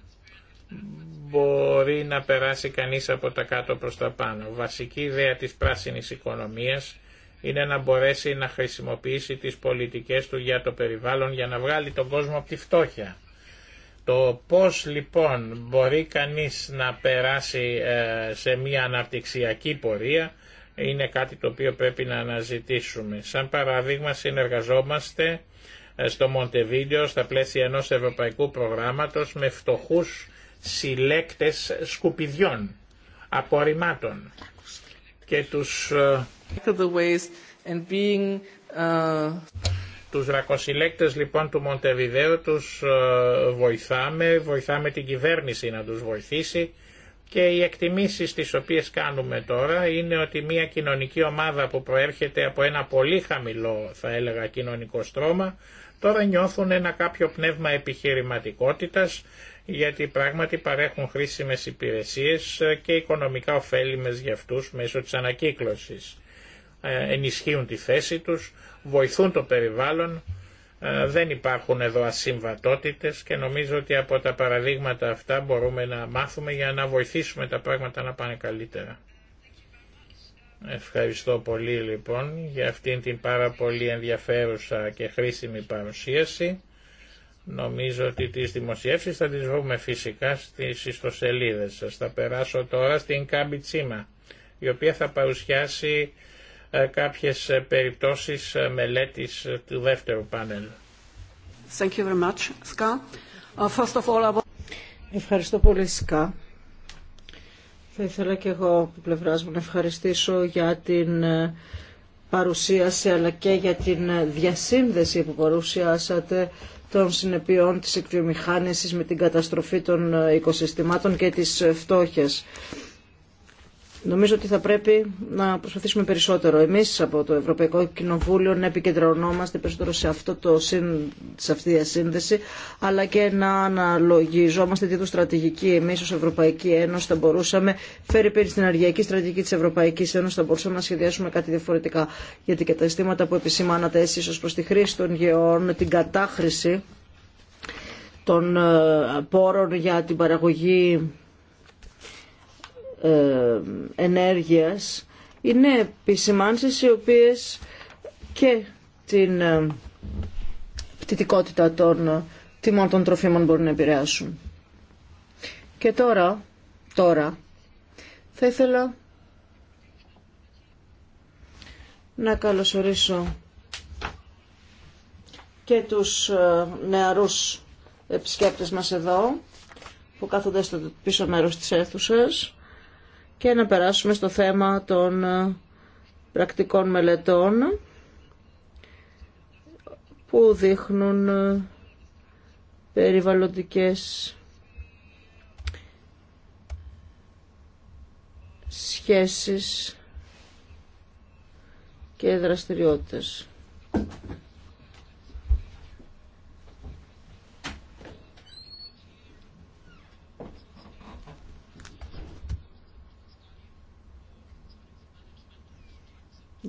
μπορεί να περάσει κανείς από τα κάτω προς τα πάνω. Βασική ιδέα της πράσινης οικονομίας είναι να μπορέσει να χρησιμοποιήσει τις πολιτικές του για το περιβάλλον για να βγάλει τον κόσμο από τη φτώχεια. Το πώς λοιπόν μπορεί κανείς να περάσει ε, σε μια αναπτυξιακή πορεία είναι κάτι το οποίο πρέπει να αναζητήσουμε. Σαν παράδειγμα συνεργαζόμαστε ε, στο Μοντεβίντεο στα πλαίσια ενός ευρωπαϊκού προγράμματος με φτωχούς συλλέκτες σκουπιδιών, απορριμμάτων και τους, ε, ε, ρακοσυλλέκτες λοιπόν του Μοντεβιδέου τους βοηθάμε, βοηθάμε την κυβέρνηση να τους βοηθήσει και οι εκτιμήσεις τις οποίες κάνουμε τώρα είναι ότι μια κοινωνική ομάδα που προέρχεται από ένα πολύ χαμηλό θα έλεγα κοινωνικό στρώμα τώρα νιώθουν ένα κάποιο πνεύμα επιχειρηματικότητας γιατί πράγματι παρέχουν χρήσιμες υπηρεσίες και οικονομικά ωφέλιμες για αυτούς μέσω της ανακύκλωσης. Ε, ενισχύουν τη θέση τους, βοηθούν το περιβάλλον ε, δεν υπάρχουν εδώ ασυμβατότητες και νομίζω ότι από τα παραδείγματα αυτά μπορούμε να μάθουμε για να βοηθήσουμε τα πράγματα να πάνε καλύτερα. Ευχαριστώ πολύ λοιπόν για αυτήν την πάρα πολύ ενδιαφέρουσα και χρήσιμη παρουσίαση. Νομίζω ότι τις δημοσιεύσεις θα τις βρούμε φυσικά στις ιστοσελίδες σας. Θα περάσω τώρα στην Κάμπι Τσίμα, η οποία θα παρουσιάσει ε, κάποιες ε, περιπτώσεις ε, μελέτης του δεύτερου πάνελ. Thank you very much, Ska. Uh, first of all, Ευχαριστώ πολύ, Σκά. Θα ήθελα και εγώ από πλευρά μου να ευχαριστήσω για την παρουσίαση αλλά και για την διασύνδεση που παρουσιάσατε των συνεπειών της εκβιομηχάνησης με την καταστροφή των οικοσυστημάτων και της φτώχειας. Νομίζω ότι θα πρέπει να προσπαθήσουμε περισσότερο εμείς από το Ευρωπαϊκό Κοινοβούλιο να επικεντρωνόμαστε περισσότερο σε, αυτό το, σε αυτή τη σύνδεση αλλά και να αναλογιζόμαστε τι του στρατηγική εμείς ως Ευρωπαϊκή Ένωση θα μπορούσαμε φέρει πέρι στην αργιακή στρατηγική της Ευρωπαϊκής Ένωσης θα μπορούσαμε να σχεδιάσουμε κάτι διαφορετικά γιατί και τα αισθήματα που επισημάνατε εσείς προς τη χρήση των γεών, την κατάχρηση των ε, πόρων για την παραγωγή ε, ενέργειας είναι επισημάνσεις οι οποίες και την ε, πτυτικότητα των ε, τιμών των τροφίμων μπορούν να επηρεάσουν. Και τώρα, τώρα θα ήθελα να καλωσορίσω και τους νεαρούς επισκέπτες μας εδώ που κάθονται στο πίσω μέρος της αίθουσας και να περάσουμε στο θέμα των ε, πρακτικών μελετών που δείχνουν ε, περιβαλλοντικές σχέσεις και δραστηριότητες.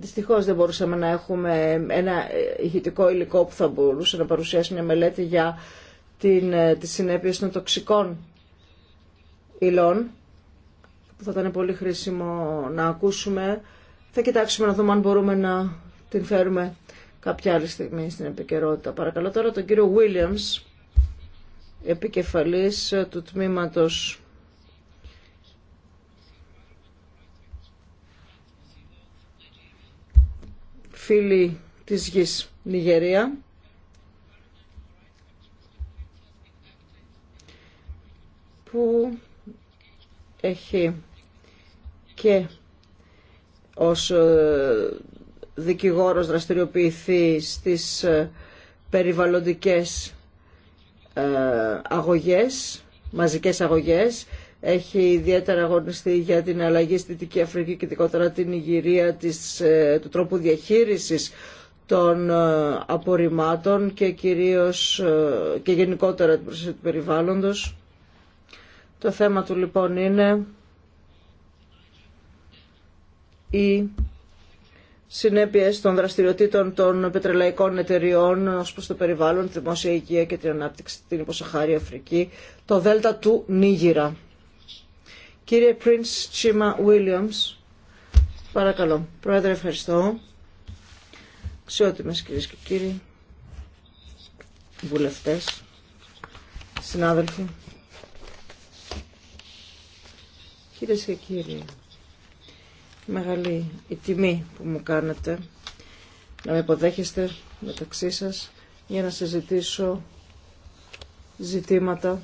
Δυστυχώ δεν μπορούσαμε να έχουμε ένα ηχητικό υλικό που θα μπορούσε να παρουσιάσει μια μελέτη για την, ε, τις συνέπειες των τοξικών υλών που θα ήταν πολύ χρήσιμο να ακούσουμε. Θα κοιτάξουμε να δούμε αν μπορούμε να την φέρουμε κάποια άλλη στιγμή στην επικαιρότητα. Παρακαλώ τώρα τον κύριο Williams, επικεφαλής ε, του τμήματος φίλη της γης Νιγερία. που έχει και ως ε, δικηγόρος δραστηριοποιηθεί στις ε, περιβαλλοντικές ε, αγωγές, μαζικές αγωγές έχει ιδιαίτερα αγωνιστεί για την αλλαγή στη Δυτική Αφρική και ειδικότερα την Ιγυρία της, ε, του τρόπου διαχείρισης των ε, απορριμμάτων και κυρίως ε, και γενικότερα την προσέγγιση του περιβάλλοντος. Το θέμα του λοιπόν είναι η συνέπειες των δραστηριοτήτων των πετρελαϊκών εταιριών ως προς το περιβάλλον, τη δημόσια υγεία και την ανάπτυξη στην υποσαχάρη Αφρική, το δέλτα του Νίγηρα. Κύριε Πρίνς Τσίμα Βίλιαμς, παρακαλώ. Πρόεδρε, ευχαριστώ. Ξιότιμες κυρίες και κύριοι, βουλευτές, συνάδελφοι. Κυρίες και κύριοι, μεγάλη η τιμή που μου κάνετε να με υποδέχεστε μεταξύ σας για να συζητήσω ζητήματα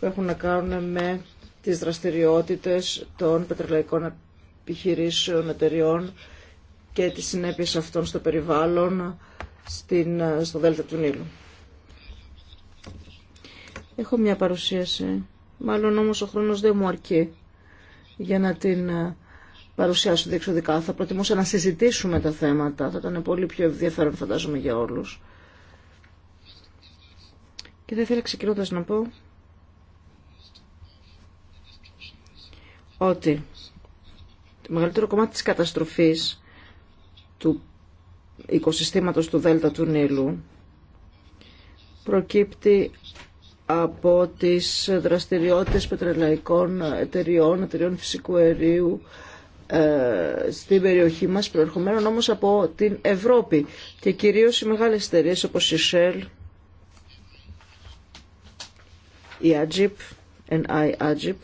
που έχουν να κάνουν με τις δραστηριότητες των πετρελαϊκών επιχειρήσεων, εταιριών και τις συνέπειες αυτών στο περιβάλλον στην, στο Δέλτα του Νείλου. Έχω μια παρουσίαση, μάλλον όμως ο χρόνος δεν μου αρκεί για να την ε, παρουσιάσω διεξοδικά. Θα προτιμούσα να συζητήσουμε τα θέματα, θα ήταν πολύ πιο ενδιαφέρον φαντάζομαι για όλους. Και δεν ήθελα ξεκινώντας να πω ότι το μεγαλύτερο κομμάτι της καταστροφής του οικοσυστήματος του Δέλτα του Νείλου προκύπτει από τις δραστηριότητες πετρελαϊκών εταιριών, εταιριών φυσικού αερίου ε, στην περιοχή μας, προερχομένων όμως από την Ευρώπη και κυρίως οι μεγάλες εταιρείε όπως η Shell, η Agip, NI Agip,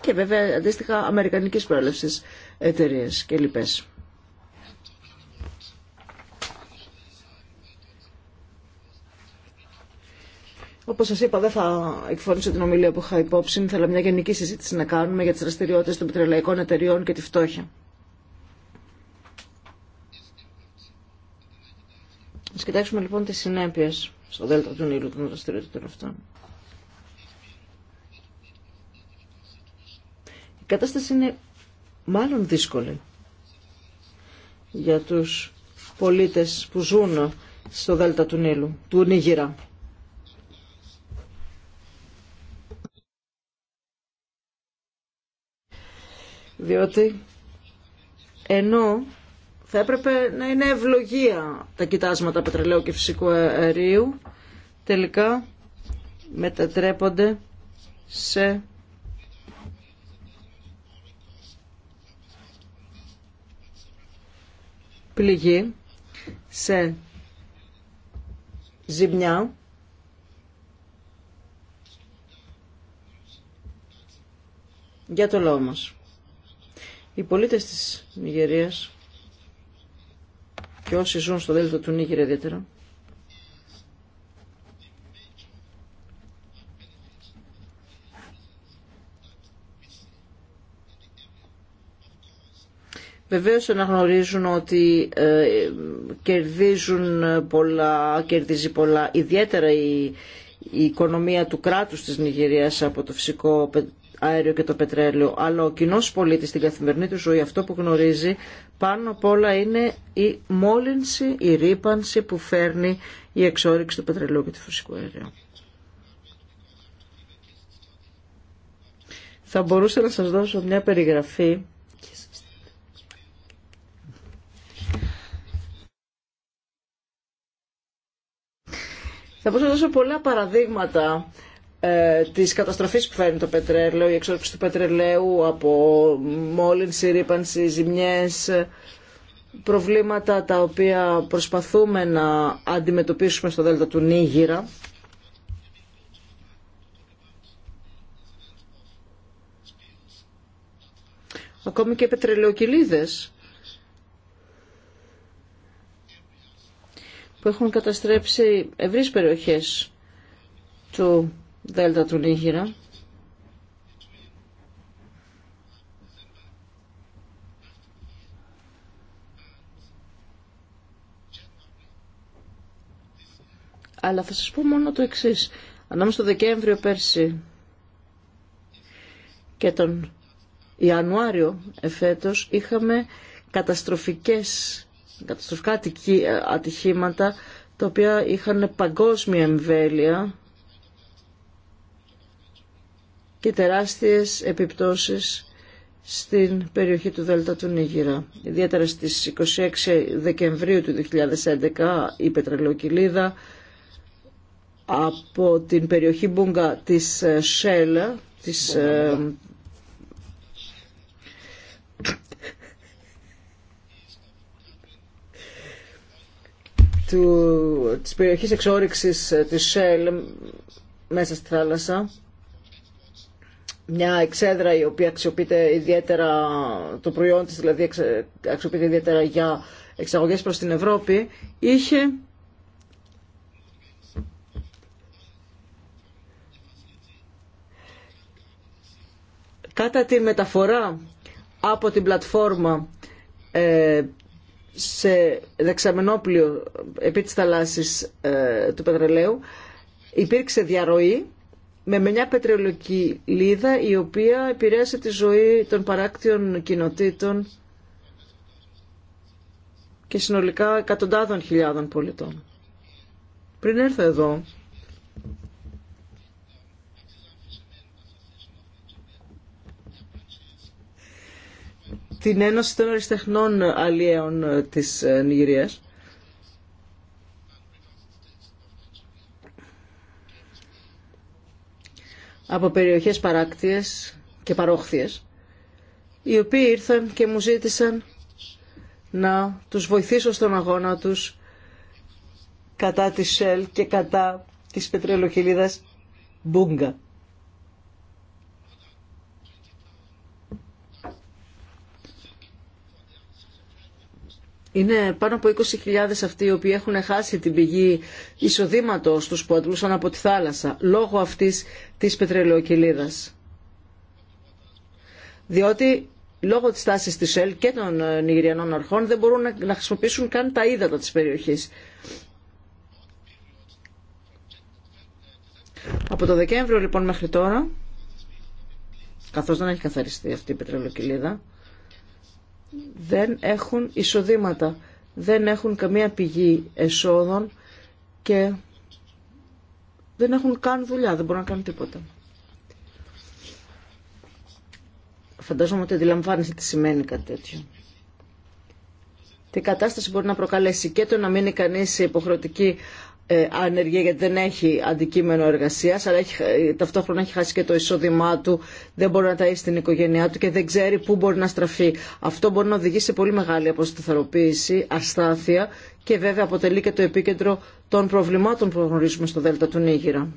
και βέβαια αντίστοιχα αμερικανικής πρόλευσης εταιρείε και λοιπές. Όπως σας είπα, δεν θα εκφωνήσω την ομιλία που είχα υπόψη. Θέλω μια γενική συζήτηση να κάνουμε για τις δραστηριότητες των πετρελαϊκών εταιριών και τη φτώχεια. Ας κοιτάξουμε λοιπόν τις συνέπειες στο Δέλτα του Νείλου των δραστηριότητων αυτών. κατάσταση είναι μάλλον δύσκολη για τους πολίτες που ζουν στο Δέλτα του Νίλου του Νίγηρα. Διότι ενώ θα έπρεπε να είναι ευλογία τα κοιτάσματα πετρελαίου και φυσικού αερίου, τελικά μετατρέπονται σε πληγή σε ζημιά για το λαό μας. Οι πολίτες της Νιγερίας και όσοι ζουν στο Δέλτο του Νίγηρα ιδιαίτερα Βεβαίως αναγνωρίζουν ότι ε, κερδίζουν πολλά, κερδίζει πολλά, ιδιαίτερα η, η οικονομία του κράτους της Νιγηρίας από το φυσικό αέριο και το πετρέλαιο, αλλά ο κοινός πολίτης στην καθημερινή του ζωή, αυτό που γνωρίζει, πάνω απ' όλα είναι η μόλυνση, η ρήπανση που φέρνει η εξόριξη του πετρελαίου και του φυσικού αέριου. Θα μπορούσα να σας δώσω μια περιγραφή Θα μπορούσα να δώσω πολλά παραδείγματα ε, της καταστροφής που φέρνει το πετρέλαιο, η εξόρυξη του πετρελαίου από μόλυνση, ρήπανση, ζημιές, προβλήματα τα οποία προσπαθούμε να αντιμετωπίσουμε στο Δέλτα του Νίγηρα. Ακόμη και πετρελαιοκυλίδες που έχουν καταστρέψει ευρείς περιοχές του Δέλτα του Νίγηρα. Αλλά θα σας πω μόνο το εξής. Ανάμεσα στο Δεκέμβριο πέρσι και τον Ιανουάριο εφέτος είχαμε καταστροφικές καταστροφικά ε, ατυχήματα τα οποία είχαν παγκόσμια εμβέλεια και τεράστιες επιπτώσεις στην περιοχή του Δέλτα του Νίγηρα. Ιδιαίτερα στις 26 Δεκεμβρίου του 2011 η πετρελοκυλίδα από την περιοχή Μπούγκα της ε, Σέλα, της ε, του, της περιοχής εξόρυξης ε, της Shell μέσα στη θάλασσα. Μια εξέδρα η οποία αξιοποιείται ιδιαίτερα, το προϊόν της δηλαδή αξιοποιείται ιδιαίτερα για εξαγωγές προς την Ευρώπη, είχε κατά τη μεταφορά από την πλατφόρμα ε, σε δεξαμενόπλιο επί της θαλάσσης ε, του πετρελαίου υπήρξε διαρροή με μια πετρελοκυλίδα λίδα η οποία επηρέασε τη ζωή των παράκτιων κοινοτήτων και συνολικά εκατοντάδων χιλιάδων πολιτών. Πριν έρθω εδώ, την Ένωση των Αριστεχνών Αλλιέων της ε, Νιγηρίας. από περιοχές παράκτιες και παρόχθιες, οι οποίοι ήρθαν και μου ζήτησαν να τους βοηθήσω στον αγώνα τους κατά της ΣΕΛ και κατά της πετρελοκυλίδας Μπούγκα. Είναι πάνω από 20.000 αυτοί οι οποίοι έχουν χάσει την πηγή εισοδήματος τους που αντλούσαν από τη θάλασσα λόγω αυτής της πετρελαιοκυλίδας. Διότι λόγω της τάσης της ΣΕΛ και των ε, Νιγηριανών αρχών δεν μπορούν να χρησιμοποιήσουν καν τα ύδατα της περιοχής. Από το Δεκέμβριο λοιπόν μέχρι τώρα, καθώς δεν έχει καθαριστεί αυτή η πετρελαιοκυλίδα, δεν έχουν εισοδήματα, δεν έχουν καμία πηγή εσόδων και δεν έχουν καν δουλειά, δεν μπορούν να κάνουν τίποτα. Φαντάζομαι ότι αντιλαμβάνεστε τι σημαίνει κάτι τέτοιο. Τι κατάσταση μπορεί να προκαλέσει και το να μείνει κανεί σε υποχρεωτική ε, ανεργία γιατί δεν έχει αντικείμενο εργασία, αλλά έχει, ε, ταυτόχρονα έχει χάσει και το εισόδημά του, δεν μπορεί να ταΐσει την οικογένειά του και δεν ξέρει πού μπορεί να στραφεί. Αυτό μπορεί να οδηγήσει σε πολύ μεγάλη αποσταθεροποίηση, αστάθεια και βέβαια αποτελεί και το επίκεντρο των προβλημάτων που γνωρίζουμε στο Δέλτα του Νίγηρα.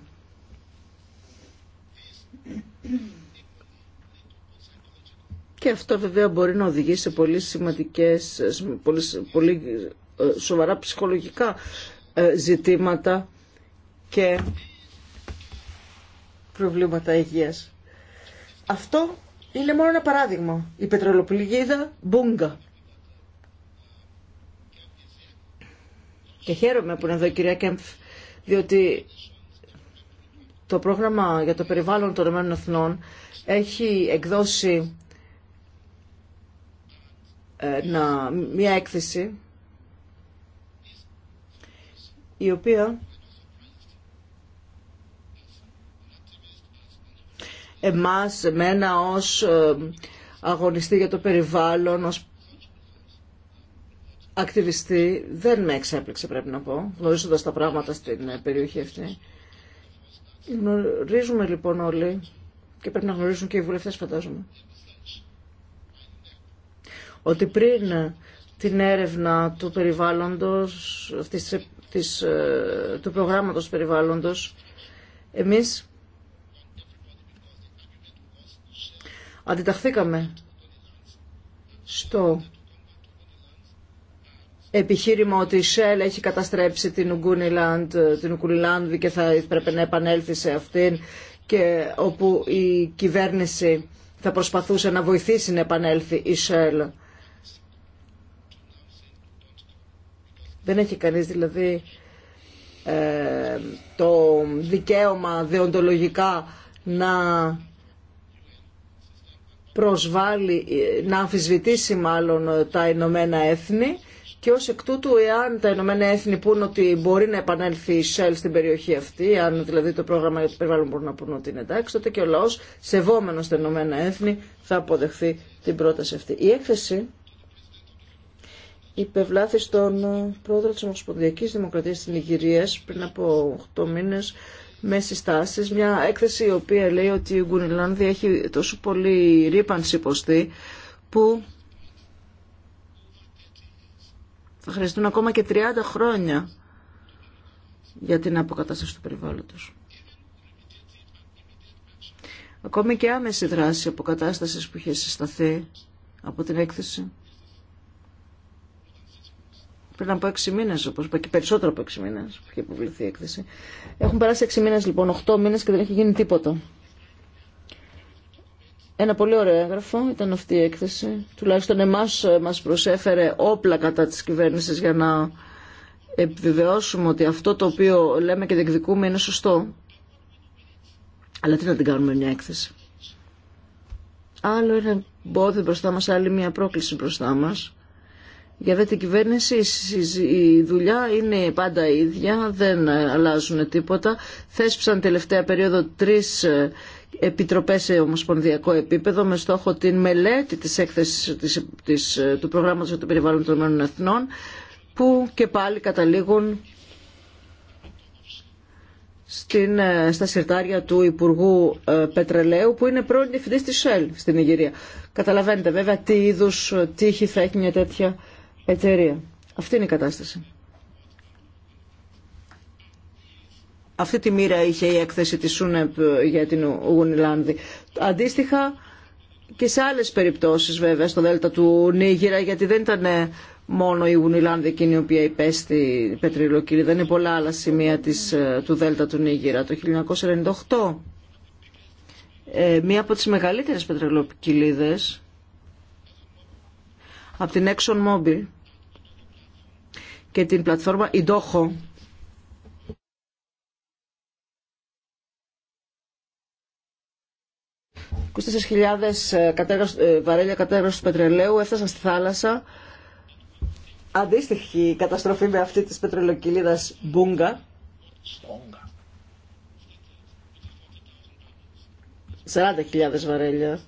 Και αυτό βέβαια μπορεί να οδηγήσει σε πολύ σημαντικές, πολύ, πολύ ε, σοβαρά ψυχολογικά ε, ζητήματα και προβλήματα υγείας. Αυτό είναι μόνο ένα παράδειγμα. Η πετρελοπληγίδα Μπούγκα. Και χαίρομαι που είναι εδώ η κυρία Κέμφ, διότι το πρόγραμμα για το περιβάλλον των Ηνωμένων έχει εκδώσει μια ε, έκθεση η οποία εμάς, εμένα ως ε, αγωνιστή για το περιβάλλον, ως ακτιβιστή, δεν με εξέπληξε πρέπει να πω, γνωρίζοντα τα πράγματα στην ε, περιοχή αυτή. Γνωρίζουμε λοιπόν όλοι και πρέπει να γνωρίζουν και οι βουλευτές φαντάζομαι ότι πριν την έρευνα του περιβάλλοντος αυτής της της, ε, του προγράμματος περιβάλλοντος, εμείς αντιταχθήκαμε στο επιχείρημα ότι η Shell έχει καταστρέψει την Ουγκούνιλάντ, ε, την Ουκουλιλάνδη και θα έπρεπε να επανέλθει σε αυτήν και όπου η κυβέρνηση θα προσπαθούσε να βοηθήσει να επανέλθει η Shell. Δεν έχει κανείς δηλαδή ε, το δικαίωμα δεοντολογικά να προσβάλλει, να αμφισβητήσει μάλλον τα Ηνωμένα Έθνη και ως εκ τούτου εάν τα Ηνωμένα Έθνη πούν ότι μπορεί να επανέλθει η Shell στην περιοχή αυτή, αν δηλαδή το πρόγραμμα για το περιβάλλον μπορούν να πούν ότι είναι εντάξει, τότε και ο λαός σεβόμενος τα Ηνωμένα Έθνη θα αποδεχθεί την πρόταση αυτή. Η έκθεση υπευλάθη στον ε, πρόεδρο της Ομοσπονδιακής Δημοκρατίας της Νιγηρίας πριν από 8 μήνες με συστάσεις. Μια έκθεση η οποία λέει ότι η Γκουνιλάνδη έχει τόσο πολύ ρήπανση υποστεί που θα χρειαστούν ακόμα και 30 χρόνια για την αποκατάσταση του περιβάλλοντος. Ακόμη και άμεση δράση αποκατάστασης που είχε συσταθεί από την έκθεση πριν από έξι μήνε, όπω είπα, και περισσότερο από έξι μήνε που είχε υποβληθεί η έκθεση. Έχουν περάσει 6 μήνε λοιπόν, 8 μήνε και δεν έχει γίνει τίποτα. Ένα πολύ ωραίο έγγραφο ήταν αυτή η έκθεση. Τουλάχιστον εμά ε, μα προσέφερε όπλα κατά τη κυβέρνηση για να επιβεβαιώσουμε ότι αυτό το οποίο λέμε και διεκδικούμε είναι σωστό. Αλλά τι να την κάνουμε μια έκθεση. Άλλο ένα μπόδι μπροστά μας, άλλη μια πρόκληση μπροστά μας για δε την κυβέρνηση η δουλειά είναι πάντα ίδια, δεν αλλάζουν τίποτα. Θέσπισαν τελευταία περίοδο τρεις ε, επιτροπές σε ομοσπονδιακό επίπεδο με στόχο την μελέτη της έκθεσης ε, του προγράμματος για το περιβάλλον των Ηνωμένων Εθνών που και πάλι καταλήγουν στην, ε, στα συρτάρια του Υπουργού Πετρελαίου που είναι πρώην διευθυντής της ΣΕΛ στην Ιγυρία. Καταλαβαίνετε βέβαια τι είδους τύχη θα έχει μια τέτοια εταιρεία. Αυτή είναι η κατάσταση. Αυτή τη μοίρα είχε η έκθεση της ΣΟΝΕΠ ε, για την Ουγουνιλάνδη. Αντίστοιχα και σε άλλες περιπτώσεις βέβαια στο Δέλτα του Νίγηρα γιατί δεν ήταν ε, μόνο η Ουγουνιλάνδη εκείνη η οποία υπέστη πετρελοκύλη. Δεν είναι πολλά άλλα σημεία της, ε, του Δέλτα του Νίγηρα. Το 1998 ε, μία από τις μεγαλύτερες πετρελοκυλίδες από την Exxon Mobil και την πλατφόρμα Ιντόχο. ...24.000 ε, ε, βαρέλια κατέργασης του πετρελαίου έφτασαν στη θάλασσα. Αντίστοιχη καταστροφή με αυτή της πετρελοκυλίδας Μπούγκα. 40.000 βαρέλια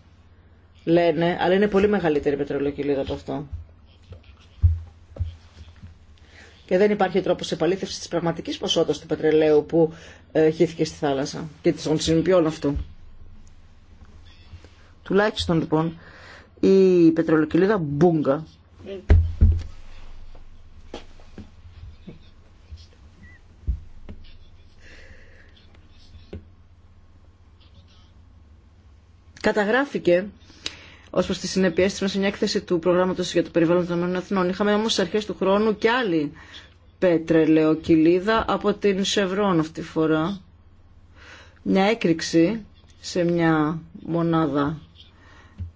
λένε, αλλά είναι πολύ μεγαλύτερη πετρελοκυλίδα από αυτό και δεν υπάρχει τρόπος επαλήθευση της πραγματικής ποσότητας του πετρελαίου που ε, χύθηκε στη θάλασσα και των συνεπειών αυτού. Τουλάχιστον λοιπόν η πετρελοκυλίδα Μπούγκα καταγράφηκε ω προ τι συνέπειε τη μέσα μια έκθεση του προγράμματο για το περιβάλλον των Εθνών. Είχαμε όμω στι αρχέ του χρόνου και άλλη κοιλίδα από την Σευρών αυτή τη φορά. Μια έκρηξη σε μια μονάδα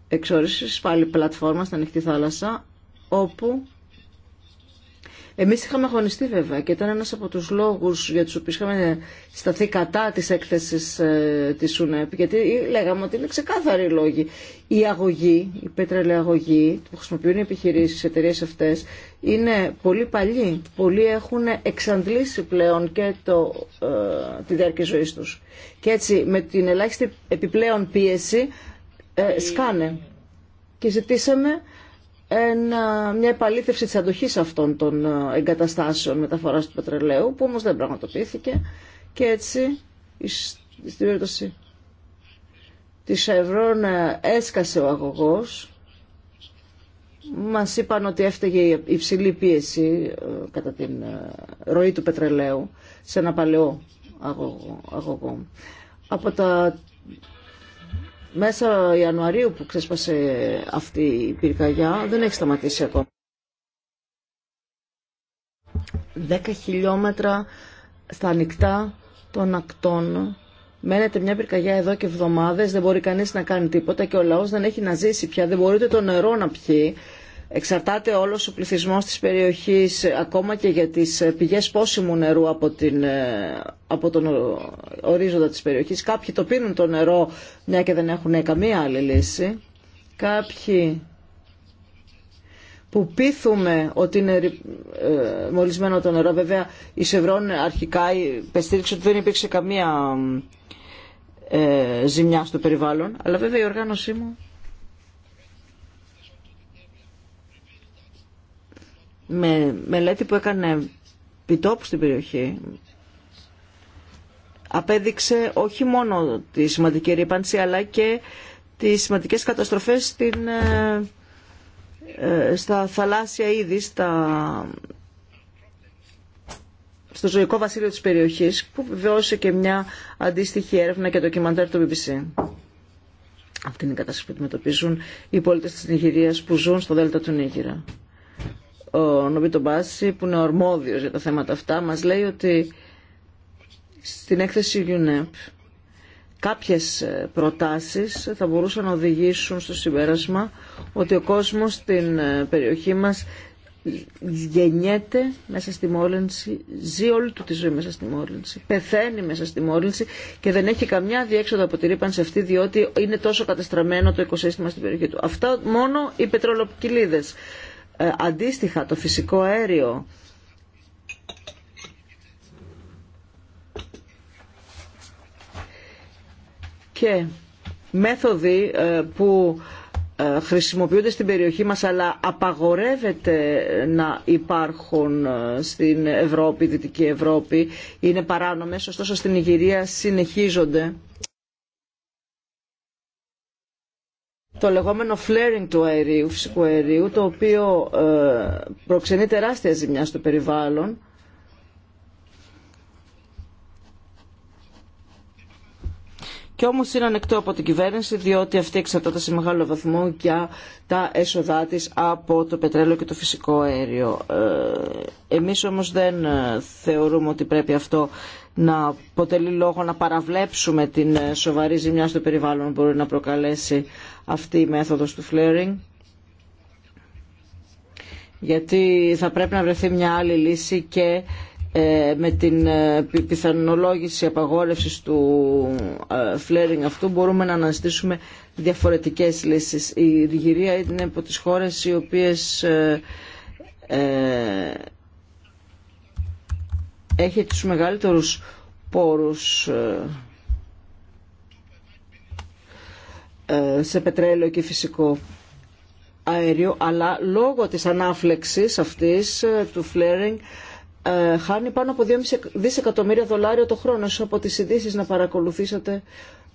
εξόρισης, πάλι πλατφόρμα στην ανοιχτή θάλασσα, όπου εμείς είχαμε αγωνιστεί βέβαια και ήταν ένας από τους λόγους για τους οποίου είχαμε σταθεί κατά της έκθεσης ε, τη ΣΟΝΕΠ γιατί λέγαμε ότι είναι ξεκάθαροι λόγοι. Η αγωγή, η πετρελαιοαγωγή που χρησιμοποιούν οι επιχειρήσεις, οι εταιρείε αυτές είναι πολύ παλιοί. Πολλοί έχουν εξαντλήσει πλέον και το, ε, τη διάρκεια ζωή του. Και έτσι με την ελάχιστη επιπλέον πίεση ε, σκάνε. Και ζητήσαμε μια επαλήθευση της αντοχής αυτών των ε, εγκαταστάσεων μεταφοράς του πετρελαίου που όμως δεν πραγματοποιήθηκε και έτσι στην περίπτωση της Ευρών ε, έσκασε ο αγωγός μας είπαν ότι έφταιγε η υψηλή πίεση ε, κατά την ροή του πετρελαίου σε ένα παλαιό αγωγό. Από τα μέσα Ιανουαρίου που ξέσπασε αυτή η πυρκαγιά δεν έχει σταματήσει ακόμα. 10 χιλιόμετρα στα ανοιχτά των ακτών. Μένεται μια πυρκαγιά εδώ και εβδομάδες, δεν μπορεί κανείς να κάνει τίποτα και ο λαός δεν έχει να ζήσει πια, δεν μπορείτε το νερό να πιει. Εξαρτάται όλος ο πληθυσμός της περιοχής ακόμα και για τις ε, πηγές πόσιμου νερού από, την, ε, από τον ε, ορίζοντα της περιοχής. Κάποιοι το πίνουν το νερό μια και δεν έχουν καμία άλλη λύση. Κάποιοι που πείθουμε ότι είναι μολυσμένο το νερό. Βέβαια η Σευρών αρχικά υπεστήριξε ότι δεν υπήρξε καμία ε, ζημιά στο περιβάλλον. Αλλά βέβαια η οργάνωσή μου με μελέτη που έκανε πιτόπου στην περιοχή απέδειξε όχι μόνο τη σημαντική ρήπανση αλλά και τις σημαντικές καταστροφές στην, ε, ε, στα θαλάσσια είδη, στα, στο ζωικό βασίλειο της περιοχής που βεβαιώσε και μια αντίστοιχη έρευνα και ντοκιμαντέρ του BBC. Αυτή είναι η κατάσταση που αντιμετωπίζουν οι πολίτες της Νιγηρίας που ζουν στο Δέλτα του Νίγηρα ο Νομπίτο Μπάση που είναι ορμόδιο για τα θέματα αυτά Μα λέει ότι στην έκθεση UNEP κάποιε προτάσει θα μπορούσαν να οδηγήσουν στο συμπέρασμα ότι ο κόσμο στην ε, περιοχή μα γεννιέται μέσα στη μόλυνση, ζει όλη του τη ζωή μέσα στη μόλυνση, πεθαίνει μέσα στη μόλυνση και δεν έχει καμιά διέξοδο από τη ρήπανση αυτή διότι είναι τόσο κατεστραμμένο το οικοσύστημα στην περιοχή του. Αυτά μόνο οι πετρολοκυλίδες. Ε, αντίστοιχα το φυσικό αέριο και μέθοδοι ε, που ε, χρησιμοποιούνται στην περιοχή μας αλλά απαγορεύεται να υπάρχουν στην Ευρώπη, Δυτική Ευρώπη είναι παράνομες, ωστόσο στην Ιγυρία συνεχίζονται το λεγόμενο flaring του αερίου, φυσικού αερίου, το οποίο ε, προξενεί τεράστια ζημιά στο περιβάλλον. Και όμω είναι ανεκτό από την κυβέρνηση, διότι αυτή εξαρτάται σε μεγάλο βαθμό για τα έσοδά τη από το πετρέλαιο και το φυσικό αέριο. Ε, Εμεί όμω δεν ε, θεωρούμε ότι πρέπει αυτό να αποτελεί λόγο να παραβλέψουμε την ε, σοβαρή ζημιά στο περιβάλλον που μπορεί να προκαλέσει αυτή η μέθοδος του flaring. Γιατί θα πρέπει να βρεθεί μια άλλη λύση και ε, με την ε, πιθανολόγηση απαγόρευσης του φλέρινγκ αυτού μπορούμε να αναστήσουμε διαφορετικές λύσεις. Η Ιγυρία είναι από τις χώρες οι οποίες έχει τους μεγαλύτερους πόρους ε, ε, σε πετρέλαιο και φυσικό αέριο, αλλά λόγω της ανάφλεξης αυτής ε, του flaring χάνει πάνω από 2,5 δισεκατομμύρια δολάρια το χρόνο. από τις ειδήσει να παρακολουθήσατε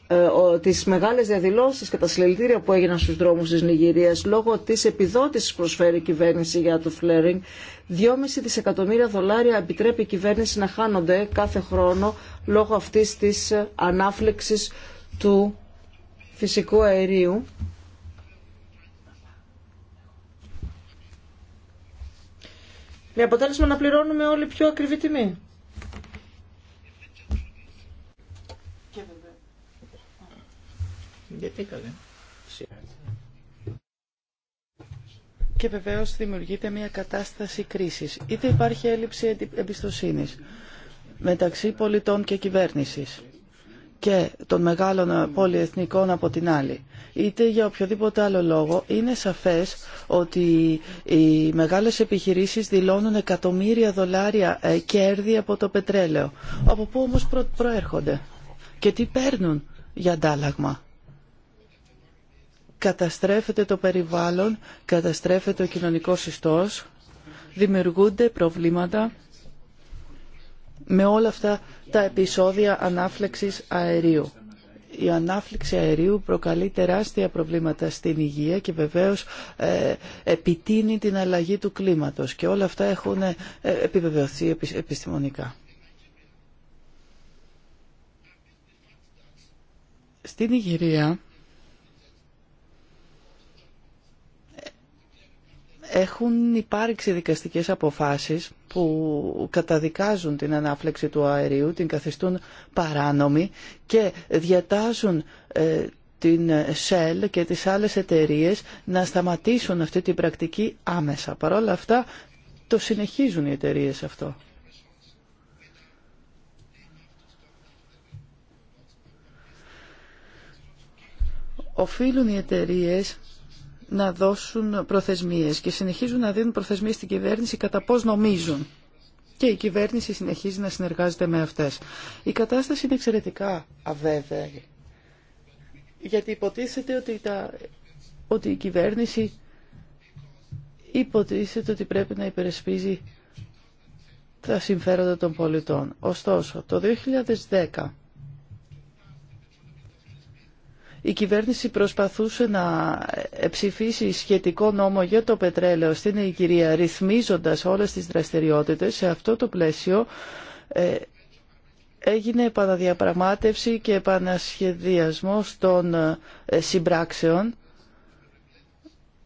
ε, Τι μεγάλες διαδηλώσει και τα συλλαλητήρια που έγιναν στους δρόμους της Νιγηρίας λόγω τη επιδότησης που προσφέρει η κυβέρνηση για το φλερινγκ 2,5 δισεκατομμύρια δολάρια επιτρέπει η κυβέρνηση να χάνονται κάθε χρόνο λόγω αυτής της ανάφλεξη του φυσικού αερίου με αποτέλεσμα να πληρώνουμε όλοι πιο ακριβή τιμή. Και βεβαίω δημιουργείται μια κατάσταση κρίσης. Είτε υπάρχει έλλειψη εμπιστοσύνη μεταξύ πολιτών και κυβέρνησης και των μεγάλων ε, πολιεθνικών από την άλλη, είτε για οποιοδήποτε άλλο λόγο, είναι σαφές ότι οι μεγάλες επιχειρήσεις δηλώνουν εκατομμύρια δολάρια ε, κέρδη από το πετρέλαιο. Από πού όμως προέρχονται και τι παίρνουν για αντάλλαγμα καταστρέφεται το περιβάλλον, καταστρέφεται ο κοινωνικός ιστός, δημιουργούνται προβλήματα με όλα αυτά τα επεισόδια ανάφλεξης αερίου. Η ανάφλεξη αερίου προκαλεί τεράστια προβλήματα στην υγεία και βεβαίως ε, επιτείνει την αλλαγή του κλίματος και όλα αυτά έχουν ε, επιβεβαιωθεί επιστημονικά. Στην Ιγυρία Έχουν υπάρξει δικαστικές αποφάσεις που καταδικάζουν την ανάφλεξη του αερίου, την καθιστούν παράνομη και διατάζουν ε, την Shell και τις άλλες εταιρείες να σταματήσουν αυτή την πρακτική άμεσα. Παρ' όλα αυτά το συνεχίζουν οι εταιρείες αυτό. Οφείλουν οι εταιρείες να δώσουν προθεσμίες και συνεχίζουν να δίνουν προθεσμίες στην κυβέρνηση κατά πώς νομίζουν. Και η κυβέρνηση συνεχίζει να συνεργάζεται με αυτές. Η κατάσταση είναι εξαιρετικά αβέβαιη, Γιατί υποτίθεται ότι, τα... ότι η κυβέρνηση υποτίθεται ότι πρέπει να υπερασπίζει τα συμφέροντα των πολιτών. Ωστόσο, το 2010 η κυβέρνηση προσπαθούσε να ψηφίσει σχετικό νόμο για το πετρέλαιο στην Ιγυρία, ρυθμίζοντας όλες τις δραστηριότητες. Σε αυτό το πλαίσιο ε, έγινε επαναδιαπραγμάτευση και επανασχεδιασμός των ε, συμπράξεων,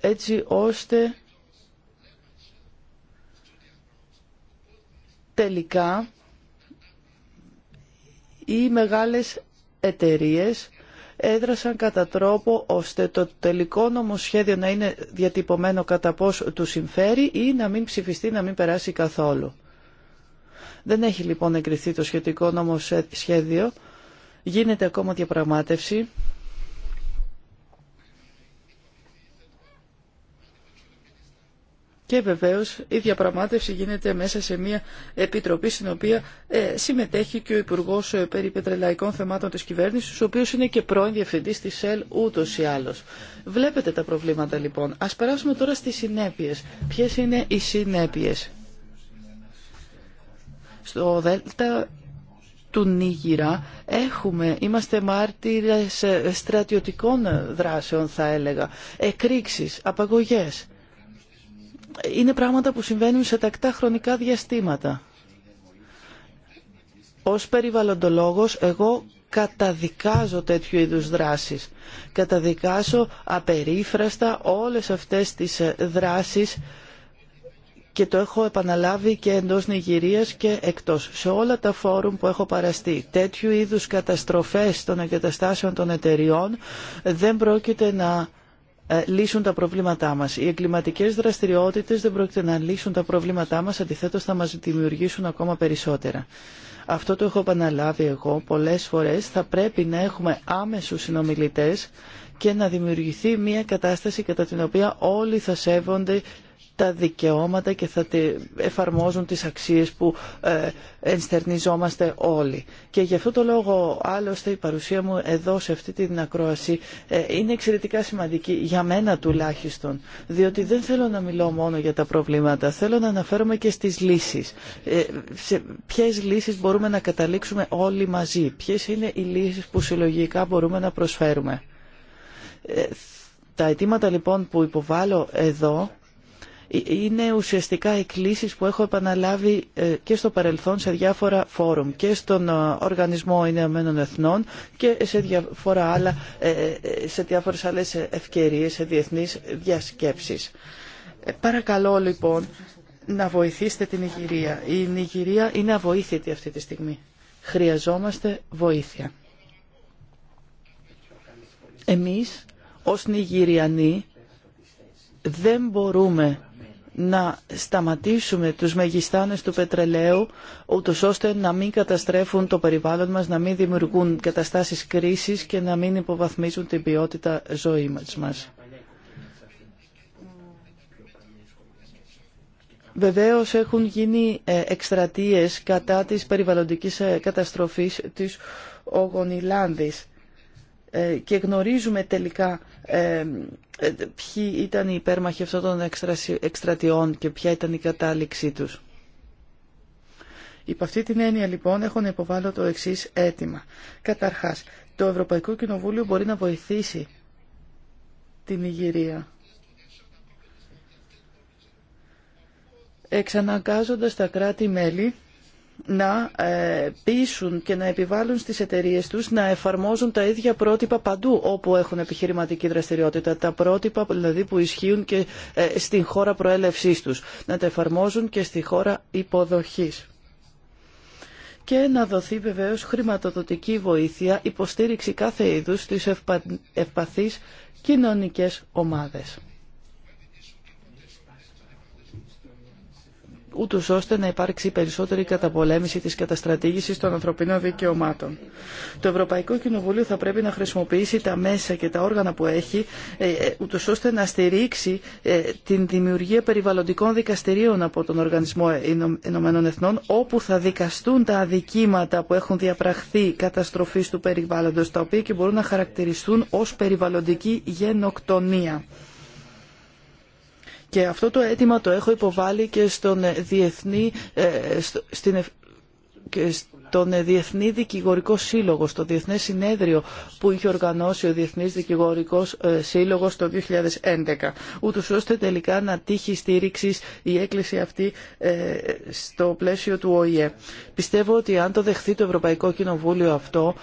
έτσι ώστε τελικά οι μεγάλες εταιρείες έδρασαν κατά τρόπο ώστε το τελικό νομοσχέδιο να είναι διατυπωμένο κατά πώς του συμφέρει ή να μην ψηφιστεί, να μην περάσει καθόλου. Δεν έχει λοιπόν εγκριθεί το σχετικό νομοσχέδιο. Γίνεται ακόμα διαπραγμάτευση Και βεβαίως η διαπραγμάτευση γίνεται μέσα σε μια επιτροπή στην οποία ε, συμμετέχει και ο Υπουργό ε, περί πετρελαϊκών θεμάτων τη κυβέρνηση, ο οποίο είναι και πρώην διευθυντή τη ΣΕΛ ούτω ή άλλω. Βλέπετε τα προβλήματα λοιπόν. Ας περάσουμε τώρα στις συνέπειες. Ποιε είναι οι συνέπειες. Στο Δέλτα του Νίγηρα έχουμε, είμαστε μάρτυρες ε, στρατιωτικών δράσεων θα έλεγα, εκρήξεις, απαγωγές είναι πράγματα που συμβαίνουν σε τακτά χρονικά διαστήματα. Ως περιβαλλοντολόγος εγώ καταδικάζω τέτοιου είδους δράσεις. Καταδικάζω απερίφραστα όλες αυτές τις ε, δράσεις και το έχω επαναλάβει και εντός Νιγηρίας και εκτός. Σε όλα τα φόρουμ που έχω παραστεί, τέτοιου είδους καταστροφές των εγκαταστάσεων των εταιριών δεν πρόκειται να ε, λύσουν τα προβλήματά μας. Οι εγκληματικές δραστηριότητες δεν πρόκειται να λύσουν τα προβλήματά μας, αντιθέτως θα μας δημιουργήσουν ακόμα περισσότερα. Αυτό το έχω επαναλάβει εγώ πολλές φορές. Θα πρέπει να έχουμε άμεσους συνομιλητές και να δημιουργηθεί μια κατάσταση κατά την οποία όλοι θα σέβονται τα δικαιώματα και θα εφαρμόζουν τις αξίες που ε, ενστερνιζόμαστε όλοι. Και γι' αυτό το λόγο άλλωστε η παρουσία μου εδώ σε αυτή την ακρόαση ε, είναι εξαιρετικά σημαντική για μένα τουλάχιστον διότι δεν θέλω να μιλώ μόνο για τα προβλήματα θέλω να αναφέρομαι και στις λύσεις. Ε, σε ποιες λύσεις μπορούμε να καταλήξουμε όλοι μαζί. Ποιες είναι οι λύσεις που συλλογικά μπορούμε να προσφέρουμε. Τα αιτήματα λοιπόν που υποβάλλω εδώ ε, είναι ουσιαστικά εκκλήσεις που έχω επαναλάβει ε, και στο παρελθόν σε διάφορα φόρουμ και στον ε, Οργανισμό Ηνωμένων Εθνών και σε, διάφορα άλλα, σε διάφορες άλλες ευκαιρίες σε διεθνείς διασκέψεις. Παρακαλώ λοιπόν να βοηθήσετε την Ιγυρία. Η Ιγυρία είναι αβοήθητη αυτή τη στιγμή. Χρειαζόμαστε βοήθεια. Εμείς ως Νιγηριανοί δεν μπορούμε να σταματήσουμε τους μεγιστάνες του πετρελαίου ούτως ώστε να μην καταστρέφουν το περιβάλλον μας, να μην δημιουργούν καταστάσεις κρίσης και να μην υποβαθμίζουν την ποιότητα ζωής μας. Βεβαίως έχουν γίνει ε, εκστρατείες κατά της περιβαλλοντικής ε, καταστροφής της Ογονιλάνδης ε, και γνωρίζουμε τελικά ε, ε, ποιοι ήταν οι υπέρμαχοι αυτών των εκστρατιών και ποια ήταν η κατάληξή τους. Υπ' αυτή την έννοια λοιπόν έχω να υποβάλω το εξή αίτημα. Καταρχάς, το Ευρωπαϊκό Κοινοβούλιο μπορεί να βοηθήσει την Ιγυρία. Εξαναγκάζοντας τα κράτη-μέλη να ε, πείσουν και να επιβάλλουν στις εταιρείες τους να εφαρμόζουν τα ίδια πρότυπα παντού όπου έχουν επιχειρηματική δραστηριότητα. Τα πρότυπα δηλαδή που ισχύουν και ε, στην χώρα προέλευσής τους. Να τα εφαρμόζουν και στη χώρα υποδοχής και να δοθεί βεβαίως χρηματοδοτική βοήθεια υποστήριξη κάθε είδους στις ευπαθείς κοινωνικές ομάδες. ούτως ώστε να υπάρξει περισσότερη καταπολέμηση της καταστρατήγησης των ανθρωπίνων δικαιωμάτων. Το Ευρωπαϊκό Κοινοβούλιο θα πρέπει να χρησιμοποιήσει τα μέσα και τα όργανα που έχει, ε, ε, ούτως ώστε να στηρίξει ε, την δημιουργία περιβαλλοντικών δικαστηρίων από τον Οργανισμό Ηνωμένων Εθνών, όπου θα δικαστούν τα αδικήματα που έχουν διαπραχθεί καταστροφής του περιβάλλοντος, τα οποία και μπορούν να χαρακτηριστούν ως περιβαλλοντική γενοκτονία. Και αυτό το αίτημα το έχω υποβάλει και στον ε, διεθνή, ε, στην, και τον ε, Διεθνή Δικηγορικό Σύλλογο, στο Διεθνές Συνέδριο που είχε οργανώσει ο Διεθνής Δικηγορικός ε, Σύλλογος το 2011, Ούτω ώστε τελικά να τύχει στήριξη η έκκληση αυτή ε, στο πλαίσιο του ΟΗΕ. Πιστεύω ότι αν το δεχθεί το Ευρωπαϊκό Κοινοβούλιο αυτό,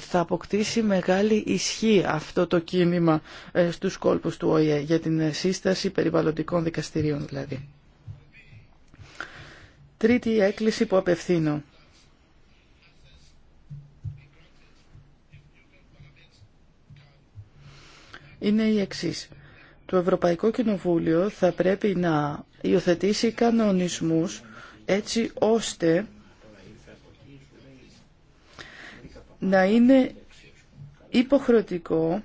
θα αποκτήσει μεγάλη ισχύ αυτό το κίνημα στους κόλπους του ΟΗΕ για την σύσταση περιβαλλοντικών δικαστηρίων δηλαδή. Τρίτη έκκληση που απευθύνω. είναι η εξής. Το Ευρωπαϊκό Κοινοβούλιο θα πρέπει να υιοθετήσει κανονισμούς έτσι ώστε να είναι υποχρεωτικό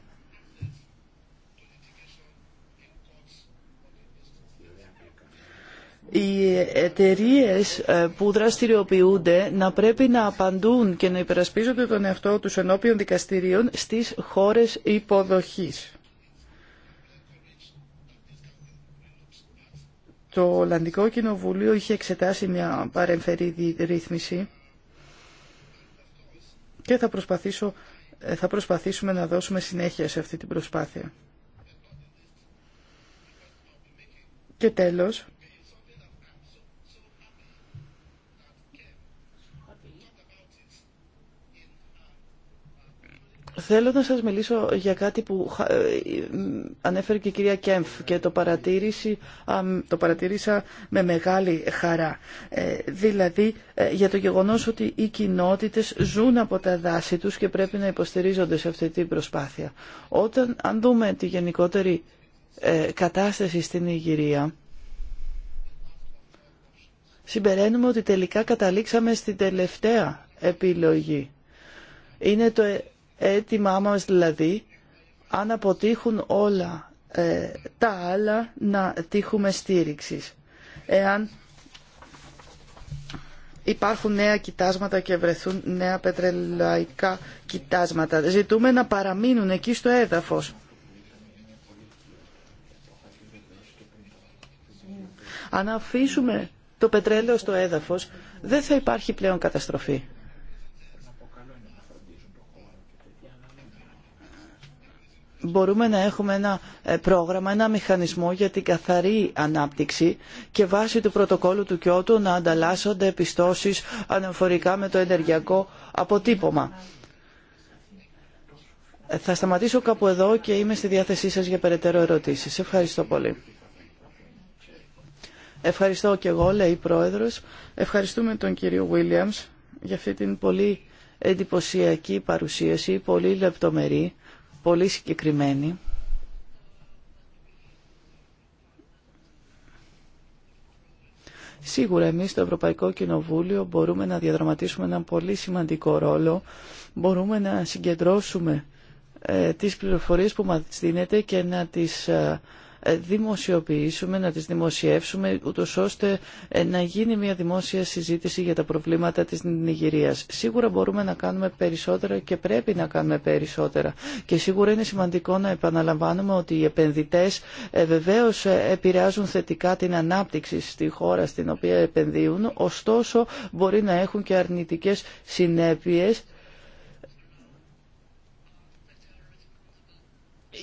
οι εταιρείε ε, που δραστηριοποιούνται να πρέπει να απαντούν και να υπερασπίζονται τον εαυτό τους ενώπιον δικαστηρίων στις χώρες υποδοχής. Το Ολλανδικό Κοινοβούλιο είχε εξετάσει μια παρεμφερή ρύθμιση και θα, προσπαθήσω, ε, θα προσπαθήσουμε να δώσουμε συνέχεια σε αυτή την προσπάθεια. Και τέλος, Θέλω να σας μιλήσω για κάτι που ε, ανέφερε και η κυρία Κέμφ και το, το παρατήρησα με μεγάλη χαρά. Ε, δηλαδή ε, για το γεγονός ότι οι κοινότητες ζουν από τα δάση τους και πρέπει να υποστηρίζονται σε αυτή την προσπάθεια. Όταν αν δούμε τη γενικότερη κατάσταση στην Ιγυρία, συμπεραίνουμε ότι τελικά καταλήξαμε στην τελευταία επιλογή. Είναι το Έτοιμά μας δηλαδή, αν αποτύχουν όλα ε, τα άλλα, να τύχουμε στήριξη. Εάν υπάρχουν νέα κοιτάσματα και βρεθούν νέα πετρελαϊκά κοιτάσματα. Ζητούμε να παραμείνουν εκεί στο έδαφος. Αν αφήσουμε το πετρέλαιο στο έδαφος, δεν θα υπάρχει πλέον καταστροφή. μπορούμε να έχουμε ένα ε, πρόγραμμα, ένα μηχανισμό για την καθαρή ανάπτυξη και βάσει του πρωτοκόλλου του Κιώτου να ανταλλάσσονται επιστώσεις αναφορικά με το ενεργειακό αποτύπωμα. Ε, θα σταματήσω κάπου εδώ και είμαι στη διάθεσή σας για περαιτέρω ερωτήσεις. Ευχαριστώ πολύ. Ευχαριστώ και εγώ, λέει Πρόεδρος. Ευχαριστούμε τον κύριο Williams για αυτή την πολύ εντυπωσιακή παρουσίαση, πολύ λεπτομερή πολύ συγκεκριμένη. Σίγουρα εμείς στο Ευρωπαϊκό Κοινοβούλιο μπορούμε να διαδραματίσουμε έναν πολύ σημαντικό ρόλο. Μπορούμε να συγκεντρώσουμε ε, τις πληροφορίες που μας δίνεται και να τις ε, ε, δημοσιοποιήσουμε, να τις δημοσιεύσουμε, ούτως ώστε ε, να γίνει μια δημόσια συζήτηση για τα προβλήματα της Νιγηρίας. Σίγουρα μπορούμε να κάνουμε περισσότερα και πρέπει να κάνουμε περισσότερα. Και σίγουρα είναι σημαντικό να επαναλαμβάνουμε ότι οι επενδυτές ε, βεβαίως επηρεάζουν θετικά την ανάπτυξη στη χώρα στην οποία επενδύουν, ωστόσο μπορεί να έχουν και αρνητικές συνέπειες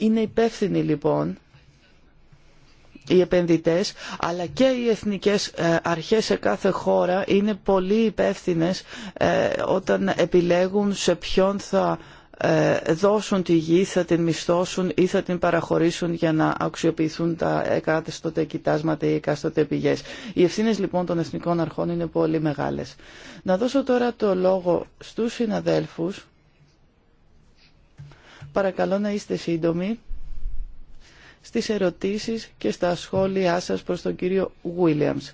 Είναι υπεύθυνοι λοιπόν οι επενδυτές αλλά και οι εθνικές ε, αρχές σε κάθε χώρα είναι πολύ υπεύθυνε ε, όταν επιλέγουν σε ποιον θα ε, δώσουν τη γη, θα την μισθώσουν ή θα την παραχωρήσουν για να αξιοποιηθούν τα εκάστοτε κοιτάσματα ή εκάστοτε πηγές. Οι ευθύνε λοιπόν των εθνικών αρχών είναι πολύ μεγάλες. Να δώσω τώρα το λόγο στους συναδέλφους. Παρακαλώ να είστε σύντομοι στις ερωτήσεις και στα σχόλιά σας προς τον κύριο Williams.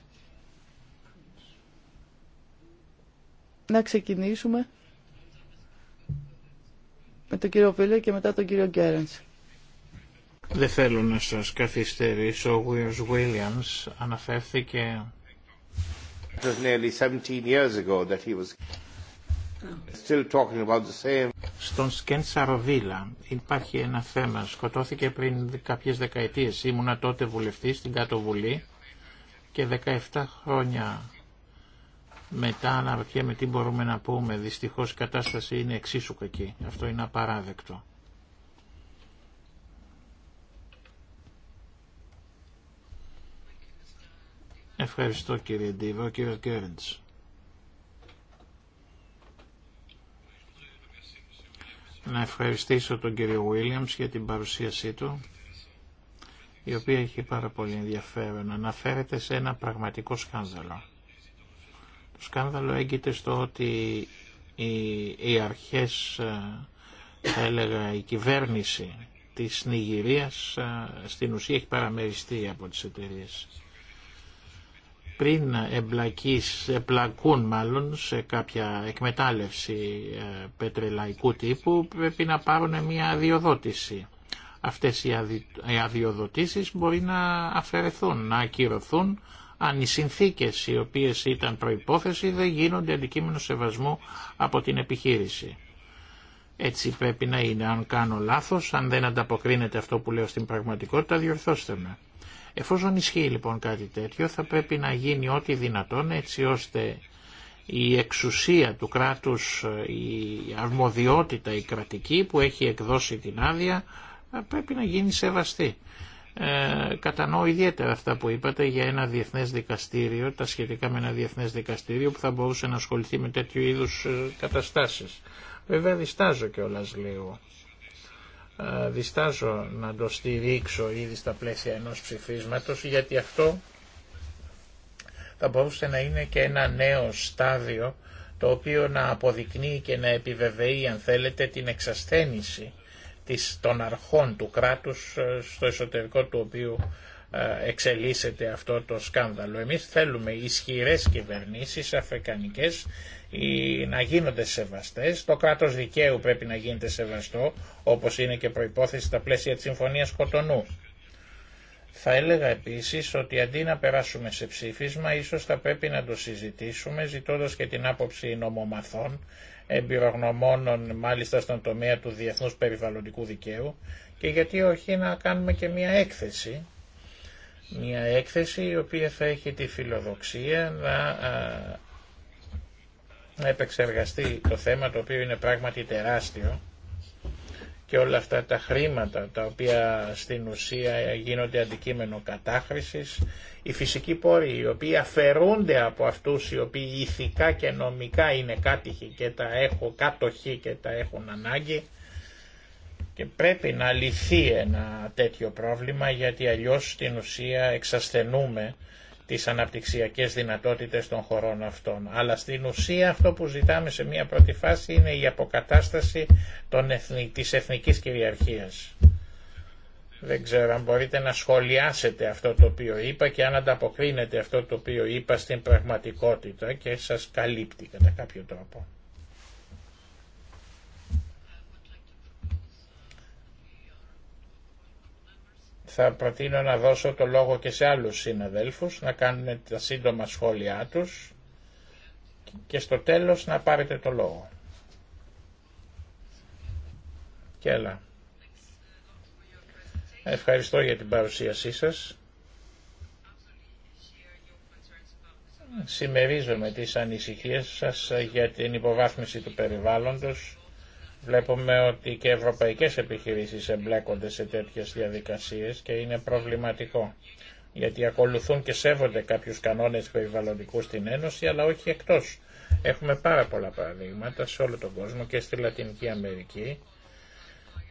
Να ξεκινήσουμε με τον κύριο Βίλε και μετά τον κύριο Γκέρενς. Δεν θέλω να σας καθυστερήσω. Ο Βίλιος αναφέρθηκε στον Σκέν Σαροβίλα υπάρχει ένα θέμα. Σκοτώθηκε πριν κάποιες δεκαετίες. Ήμουνα τότε βουλευτής στην Κάτω Βουλή και 17 χρόνια μετά αναρωτιέμαι τι μπορούμε να πούμε. Δυστυχώς η κατάσταση είναι εξίσου κακή. Αυτό είναι απαράδεκτο. Ευχαριστώ κύριε Ντίβο, κύριε Γκέρντς. να ευχαριστήσω τον κύριο Williams για την παρουσίασή του, η οποία έχει πάρα πολύ ενδιαφέρον. Αναφέρεται σε ένα πραγματικό σκάνδαλο. Το σκάνδαλο έγκυται στο ότι οι, αρχές, ε, θα έλεγα η κυβέρνηση της Νιγηρίας ε, στην ουσία έχει παραμεριστεί από τις εταιρείες πριν εμπλακείς, εμπλακούν μάλλον σε κάποια εκμετάλλευση ε, πετρελαϊκού τύπου πρέπει να πάρουν μια αδειοδότηση. Αυτές οι αδειοδοτήσεις μπορεί να αφαιρεθούν, να ακυρωθούν αν οι συνθήκες οι οποίες ήταν προϋπόθεση δεν γίνονται αντικείμενο σεβασμού από την επιχείρηση. Έτσι πρέπει να είναι. Αν κάνω λάθος, αν δεν ανταποκρίνεται αυτό που λέω στην πραγματικότητα, διορθώστε με. Εφόσον ισχύει λοιπόν κάτι τέτοιο θα πρέπει να γίνει ό,τι δυνατόν έτσι ώστε η εξουσία του κράτους, η αρμοδιότητα η κρατική που έχει εκδώσει την άδεια πρέπει να γίνει σεβαστή. Ε, κατανοώ ιδιαίτερα αυτά που είπατε για ένα διεθνές δικαστήριο, τα σχετικά με ένα διεθνές δικαστήριο που θα μπορούσε να ασχοληθεί με τέτοιου είδους ε, καταστάσεις. Βέβαια διστάζω κιόλας λίγο διστάζω να το στηρίξω ήδη στα πλαίσια ενός ψηφίσματος γιατί αυτό θα μπορούσε να είναι και ένα νέο στάδιο το οποίο να αποδεικνύει και να επιβεβαιεί αν θέλετε την εξασθένηση της, των αρχών του κράτους ε, στο εσωτερικό του οποίου ε, εξελίσσεται αυτό το σκάνδαλο. Εμείς θέλουμε ισχυρές κυβερνήσεις αφρικανικές να γίνονται σεβαστές. Το κράτος δικαίου πρέπει να γίνεται σεβαστό, όπως είναι και προϋπόθεση στα πλαίσια της Συμφωνίας Κοτονού. Θα έλεγα επίσης ότι αντί να περάσουμε σε ψήφισμα, ίσως θα πρέπει να το συζητήσουμε, ζητώντας και την άποψη νομομαθών, εμπειρογνωμόνων μάλιστα στον τομέα του διεθνούς περιβαλλοντικού δικαίου και γιατί όχι να κάνουμε και μια έκθεση μια έκθεση η οποία θα έχει τη φιλοδοξία να, να επεξεργαστεί το θέμα το οποίο είναι πράγματι τεράστιο και όλα αυτά τα χρήματα τα οποία στην ουσία γίνονται αντικείμενο κατάχρησης, οι φυσικοί πόροι οι οποίοι αφαιρούνται από αυτούς οι οποίοι ηθικά και νομικά είναι κάτοχοι και τα έχουν, κάτοχοι και τα έχουν ανάγκη, και πρέπει να λυθεί ένα τέτοιο πρόβλημα γιατί αλλιώς στην ουσία εξασθενούμε τις αναπτυξιακές δυνατότητες των χωρών αυτών. Αλλά στην ουσία αυτό που ζητάμε σε μια πρώτη φάση είναι η αποκατάσταση των εθνική της εθνικής κυριαρχίας. Δεν ξέρω αν μπορείτε να σχολιάσετε αυτό το οποίο είπα και αν ανταποκρίνετε αυτό το οποίο είπα στην πραγματικότητα και σας καλύπτει κατά κάποιο τρόπο. Θα προτείνω να δώσω το λόγο και σε άλλους συναδέλφους να κάνουν τα σύντομα σχόλιά τους και στο τέλος να πάρετε το λόγο. Και έλα. Ευχαριστώ για την παρουσίασή σας. Συμμερίζομαι τις ανησυχίες σας για την υποβάθμιση του περιβάλλοντος Βλέπουμε ότι και ευρωπαϊκές επιχειρήσεις εμπλέκονται σε τέτοιες διαδικασίες και είναι προβληματικό γιατί ακολουθούν και σέβονται κάποιους κανόνες περιβαλλοντικού στην Ένωση, αλλά όχι εκτός. Έχουμε πάρα πολλά παραδείγματα σε όλο τον κόσμο και στη Λατινική Αμερική.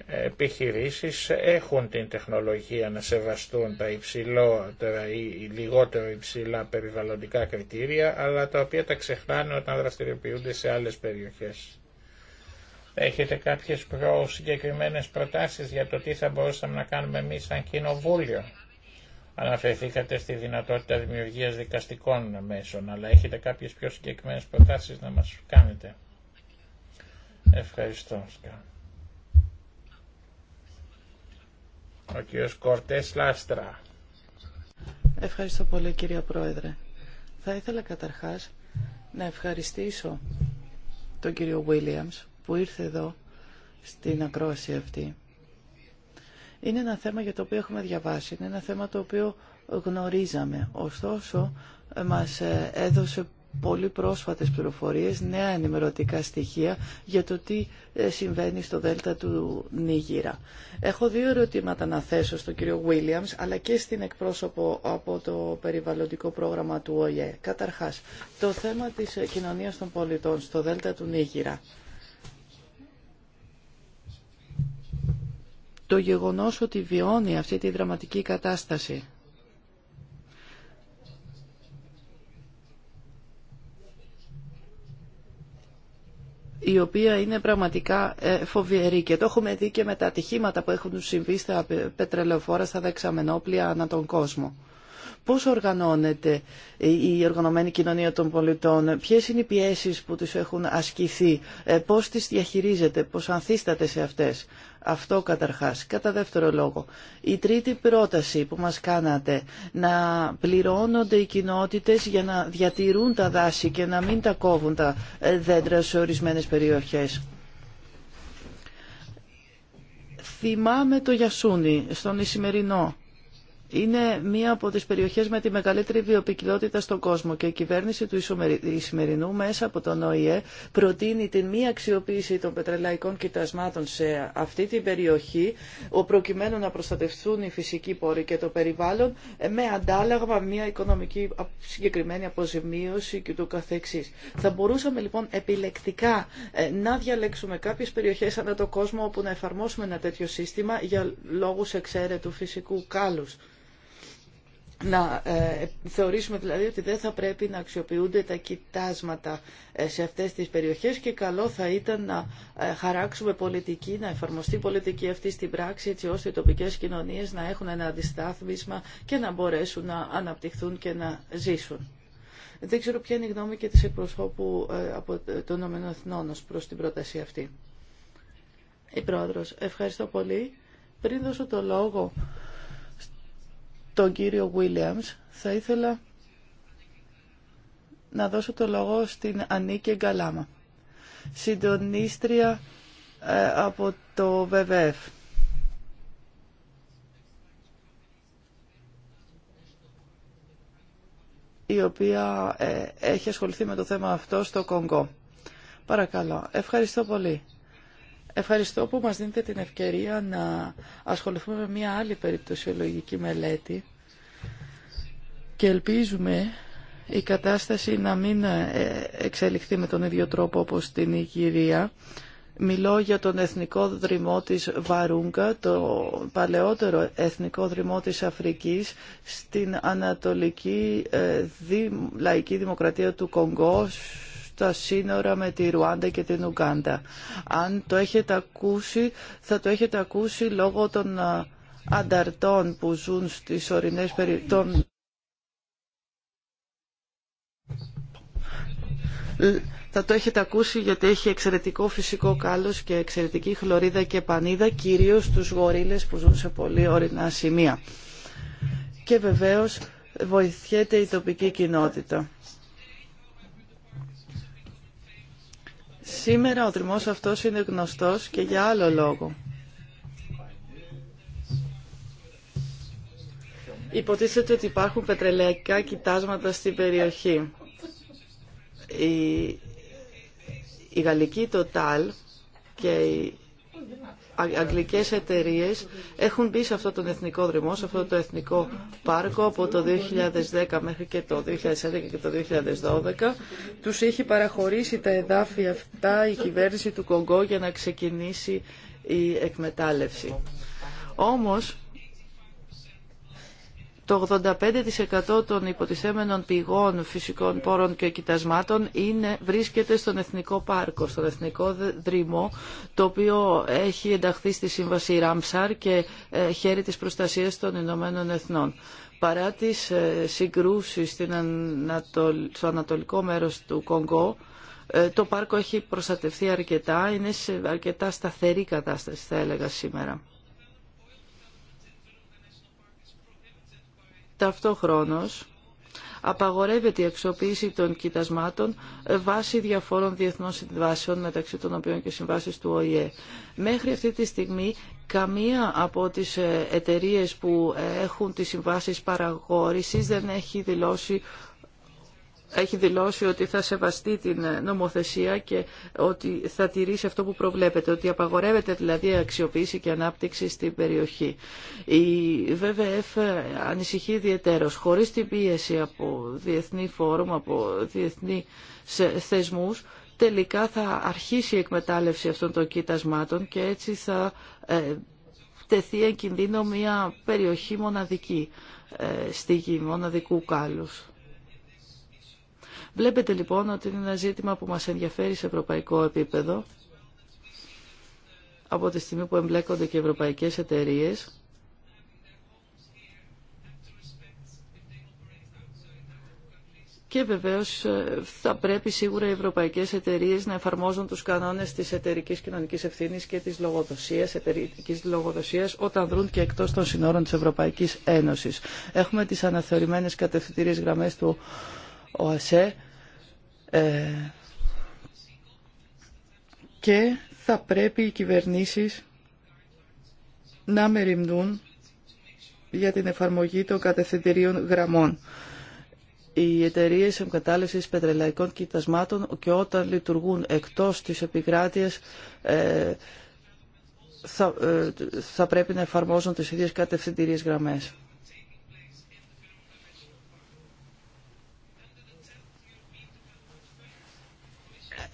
Επιχειρήσεις έχουν την τεχνολογία να σεβαστούν τα υψηλότερα ή λιγότερο υψηλά περιβαλλοντικά κριτήρια, αλλά τα οποία τα ξεχνάνε όταν δραστηριοποιούνται σε άλλες περιοχές. Έχετε κάποιες πιο συγκεκριμένες προτάσεις για το τι θα μπορούσαμε να κάνουμε εμείς σαν κοινοβούλιο. Αναφερθήκατε στη δυνατότητα δημιουργίας δικαστικών μέσων, αλλά έχετε κάποιες πιο συγκεκριμένες προτάσεις να μας κάνετε. Ευχαριστώ. Ο κύριος Κορτές Λάστρα. Ευχαριστώ πολύ κύριε Πρόεδρε. Θα ήθελα καταρχάς να ευχαριστήσω τον κύριο Βίλιαμς που ήρθε εδώ στην ακρόαση αυτή. Είναι ένα θέμα για το οποίο έχουμε διαβάσει, είναι ένα θέμα το οποίο γνωρίζαμε. Ωστόσο, μας ε, έδωσε πολύ πρόσφατες πληροφορίες, νέα ενημερωτικά στοιχεία για το τι ε, συμβαίνει στο Δέλτα του Νίγηρα. Έχω δύο ερωτήματα να θέσω στον κύριο Williams, αλλά και στην εκπρόσωπο από το περιβαλλοντικό πρόγραμμα του ΟΗΕ. Καταρχάς, το θέμα της ε, κοινωνίας των πολιτών στο Δέλτα του Νίγηρα. το γεγονός ότι βιώνει αυτή τη δραματική κατάσταση. η οποία είναι πραγματικά ε, φοβερή και το έχουμε δει και με τα ατυχήματα που έχουν συμβεί στα πετρελαιοφόρα, στα δεξαμενόπλια ανά τον κόσμο. Πώς οργανώνεται η οργανωμένη κοινωνία των πολιτών, ποιες είναι οι πιέσεις που τους έχουν ασκηθεί, ε, πώς τις διαχειρίζεται, πώς ανθίσταται σε αυτές. Αυτό καταρχάς. Κατά δεύτερο λόγο, η τρίτη πρόταση που μας κάνατε, να πληρώνονται οι κοινότητες για να διατηρούν τα δάση και να μην τα κόβουν τα ε, δέντρα σε ορισμένες περιοχές. Θυμάμαι το Γιασούνι στον Ισημερινό είναι μία από τις περιοχές με τη μεγαλύτερη βιοπικιλότητα στον κόσμο και η κυβέρνηση του Ισημερινού μέσα από τον ΟΗΕ προτείνει την μη αξιοποίηση των πετρελαϊκών κοιτασμάτων σε αυτή την περιοχή προκειμένου να προστατευτούν οι φυσικοί πόροι και το περιβάλλον ε, με αντάλλαγμα μία οικονομική συγκεκριμένη αποζημίωση και του καθεξής. Θα μπορούσαμε λοιπόν επιλεκτικά ε, να διαλέξουμε κάποιες περιοχές ανά το κόσμο όπου να εφαρμόσουμε ένα τέτοιο σύστημα για λόγους εξαίρετου φυσικού κάλους να ε, θεωρήσουμε δηλαδή ότι δεν θα πρέπει να αξιοποιούνται τα κοιτάσματα ε, σε αυτές τις περιοχές και καλό θα ήταν να ε, χαράξουμε πολιτική, να εφαρμοστεί πολιτική αυτή στην πράξη έτσι ώστε οι τοπικές κοινωνίες να έχουν ένα αντιστάθμισμα και να μπορέσουν να αναπτυχθούν και να ζήσουν. Δεν ξέρω ποια είναι η γνώμη και της εκπροσώπου από των ΗΕ προς την πρόταση αυτή. Η Πρόεδρος, ευχαριστώ πολύ. Πριν δώσω το λόγο τον κύριο Williams, θα ήθελα να δώσω το λόγο στην Ανίκη Γκαλάμα, συντονίστρια ε, από το ΒΒΕΦ. η οποία ε, έχει ασχοληθεί με το θέμα αυτό στο Κονγκό. Παρακαλώ. Ευχαριστώ πολύ. Ευχαριστώ που μας δίνετε την ευκαιρία να ασχοληθούμε με μια άλλη περιπτωσιολογική μελέτη και ελπίζουμε η κατάσταση να μην ε, εξελιχθεί με τον ίδιο τρόπο όπως στην Ιγυρία. Μιλώ για τον Εθνικό Δρυμό της Βαρούγκα, το παλαιότερο Εθνικό Δρυμό της Αφρικής, στην Ανατολική ε, Λαϊκή Δημοκρατία του Κονγκό, στα σύνορα με τη Ρουάντα και την Ουγκάντα. Αν το έχετε ακούσει, θα το έχετε ακούσει λόγω των ανταρτών που ζουν στις ορεινές περιοχές. Θα το έχετε ακούσει γιατί έχει εξαιρετικό φυσικό κάλος και εξαιρετική χλωρίδα και πανίδα, κυρίως τους γορίλες που ζουν σε πολύ ορεινά σημεία. Και βεβαίως βοηθιέται η τοπική κοινότητα. Σήμερα ο τριμός αυτός είναι γνωστός και για άλλο λόγο. Υποτίθεται ότι υπάρχουν πετρελαϊκά κοιτάσματα στην περιοχή. Η, η γαλλική Total και η αγγλικές εταιρείες έχουν μπει σε αυτό τον εθνικό δρυμό, σε αυτό το εθνικό πάρκο από το 2010 μέχρι και το 2011 και το 2012. Τους έχει παραχωρήσει τα εδάφη αυτά η κυβέρνηση του Κογκό για να ξεκινήσει η εκμετάλλευση. Όμως το 85% των υποτιθέμενων πηγών φυσικών πόρων και κοιτασμάτων είναι, βρίσκεται στον Εθνικό Πάρκο, στον Εθνικό Δρυμό, το οποίο έχει ενταχθεί στη Σύμβαση Ράμσαρ και ε, χέρι της προστασίας των Ηνωμένων Εθνών. Παρά τις ε, συγκρούσεις στο ανατολικό μέρος του Κονγκό, ε, το πάρκο έχει προστατευτεί αρκετά, είναι σε αρκετά σταθερή κατάσταση θα έλεγα σήμερα. Ταυτόχρονος, απαγορεύεται η αξιοποίηση των κοιτασμάτων βάσει διαφόρων διεθνών συμβάσεων μεταξύ των οποίων και συμβάσεις του ΟΗΕ. Μέχρι αυτή τη στιγμή καμία από τις ε, εταιρείες που ε, έχουν τις συμβάσεις παραγόρησης δεν έχει δηλώσει έχει δηλώσει ότι θα σεβαστεί την νομοθεσία και ότι θα τηρήσει αυτό που προβλέπεται, ότι απαγορεύεται δηλαδή αξιοποίηση και ανάπτυξη στην περιοχή. Η ΒΒΕΦ ανησυχεί ιδιαίτερως, χωρίς την πίεση από διεθνή φόρουμ, από διεθνή θεσμούς, τελικά θα αρχίσει η εκμετάλλευση αυτών των κοίτασμάτων και έτσι θα ε, τεθεί εν κινδύνο μια περιοχή μοναδική ε, στη γη, μοναδικού κάλους. Βλέπετε λοιπόν ότι είναι ένα ζήτημα που μας ενδιαφέρει σε ευρωπαϊκό επίπεδο από τη στιγμή που εμπλέκονται και ευρωπαϊκές εταιρείες Και βεβαίως ε, θα πρέπει σίγουρα οι ευρωπαϊκέ εταιρείε να εφαρμόζουν τους κανόνες της εταιρικής κοινωνικής ευθύνης και της λογοδοσίας, εταιρικής λογοδοσίας, όταν δρουν και εκτός των συνόρων της Ευρωπαϊκής Ένωσης. Έχουμε τις αναθεωρημένες κατευθυντήριες γραμμές του ε, και θα πρέπει οι κυβερνήσεις να μεριμνούν για την εφαρμογή των κατευθυντηρίων γραμμών. Οι εταιρείε εγκατάλειψης πετρελαϊκών κοιτασμάτων και όταν λειτουργούν εκτός της επικράτειας ε, ε, θα, πρέπει να εφαρμόζουν τις ίδιες κατευθυντηρίες γραμμές.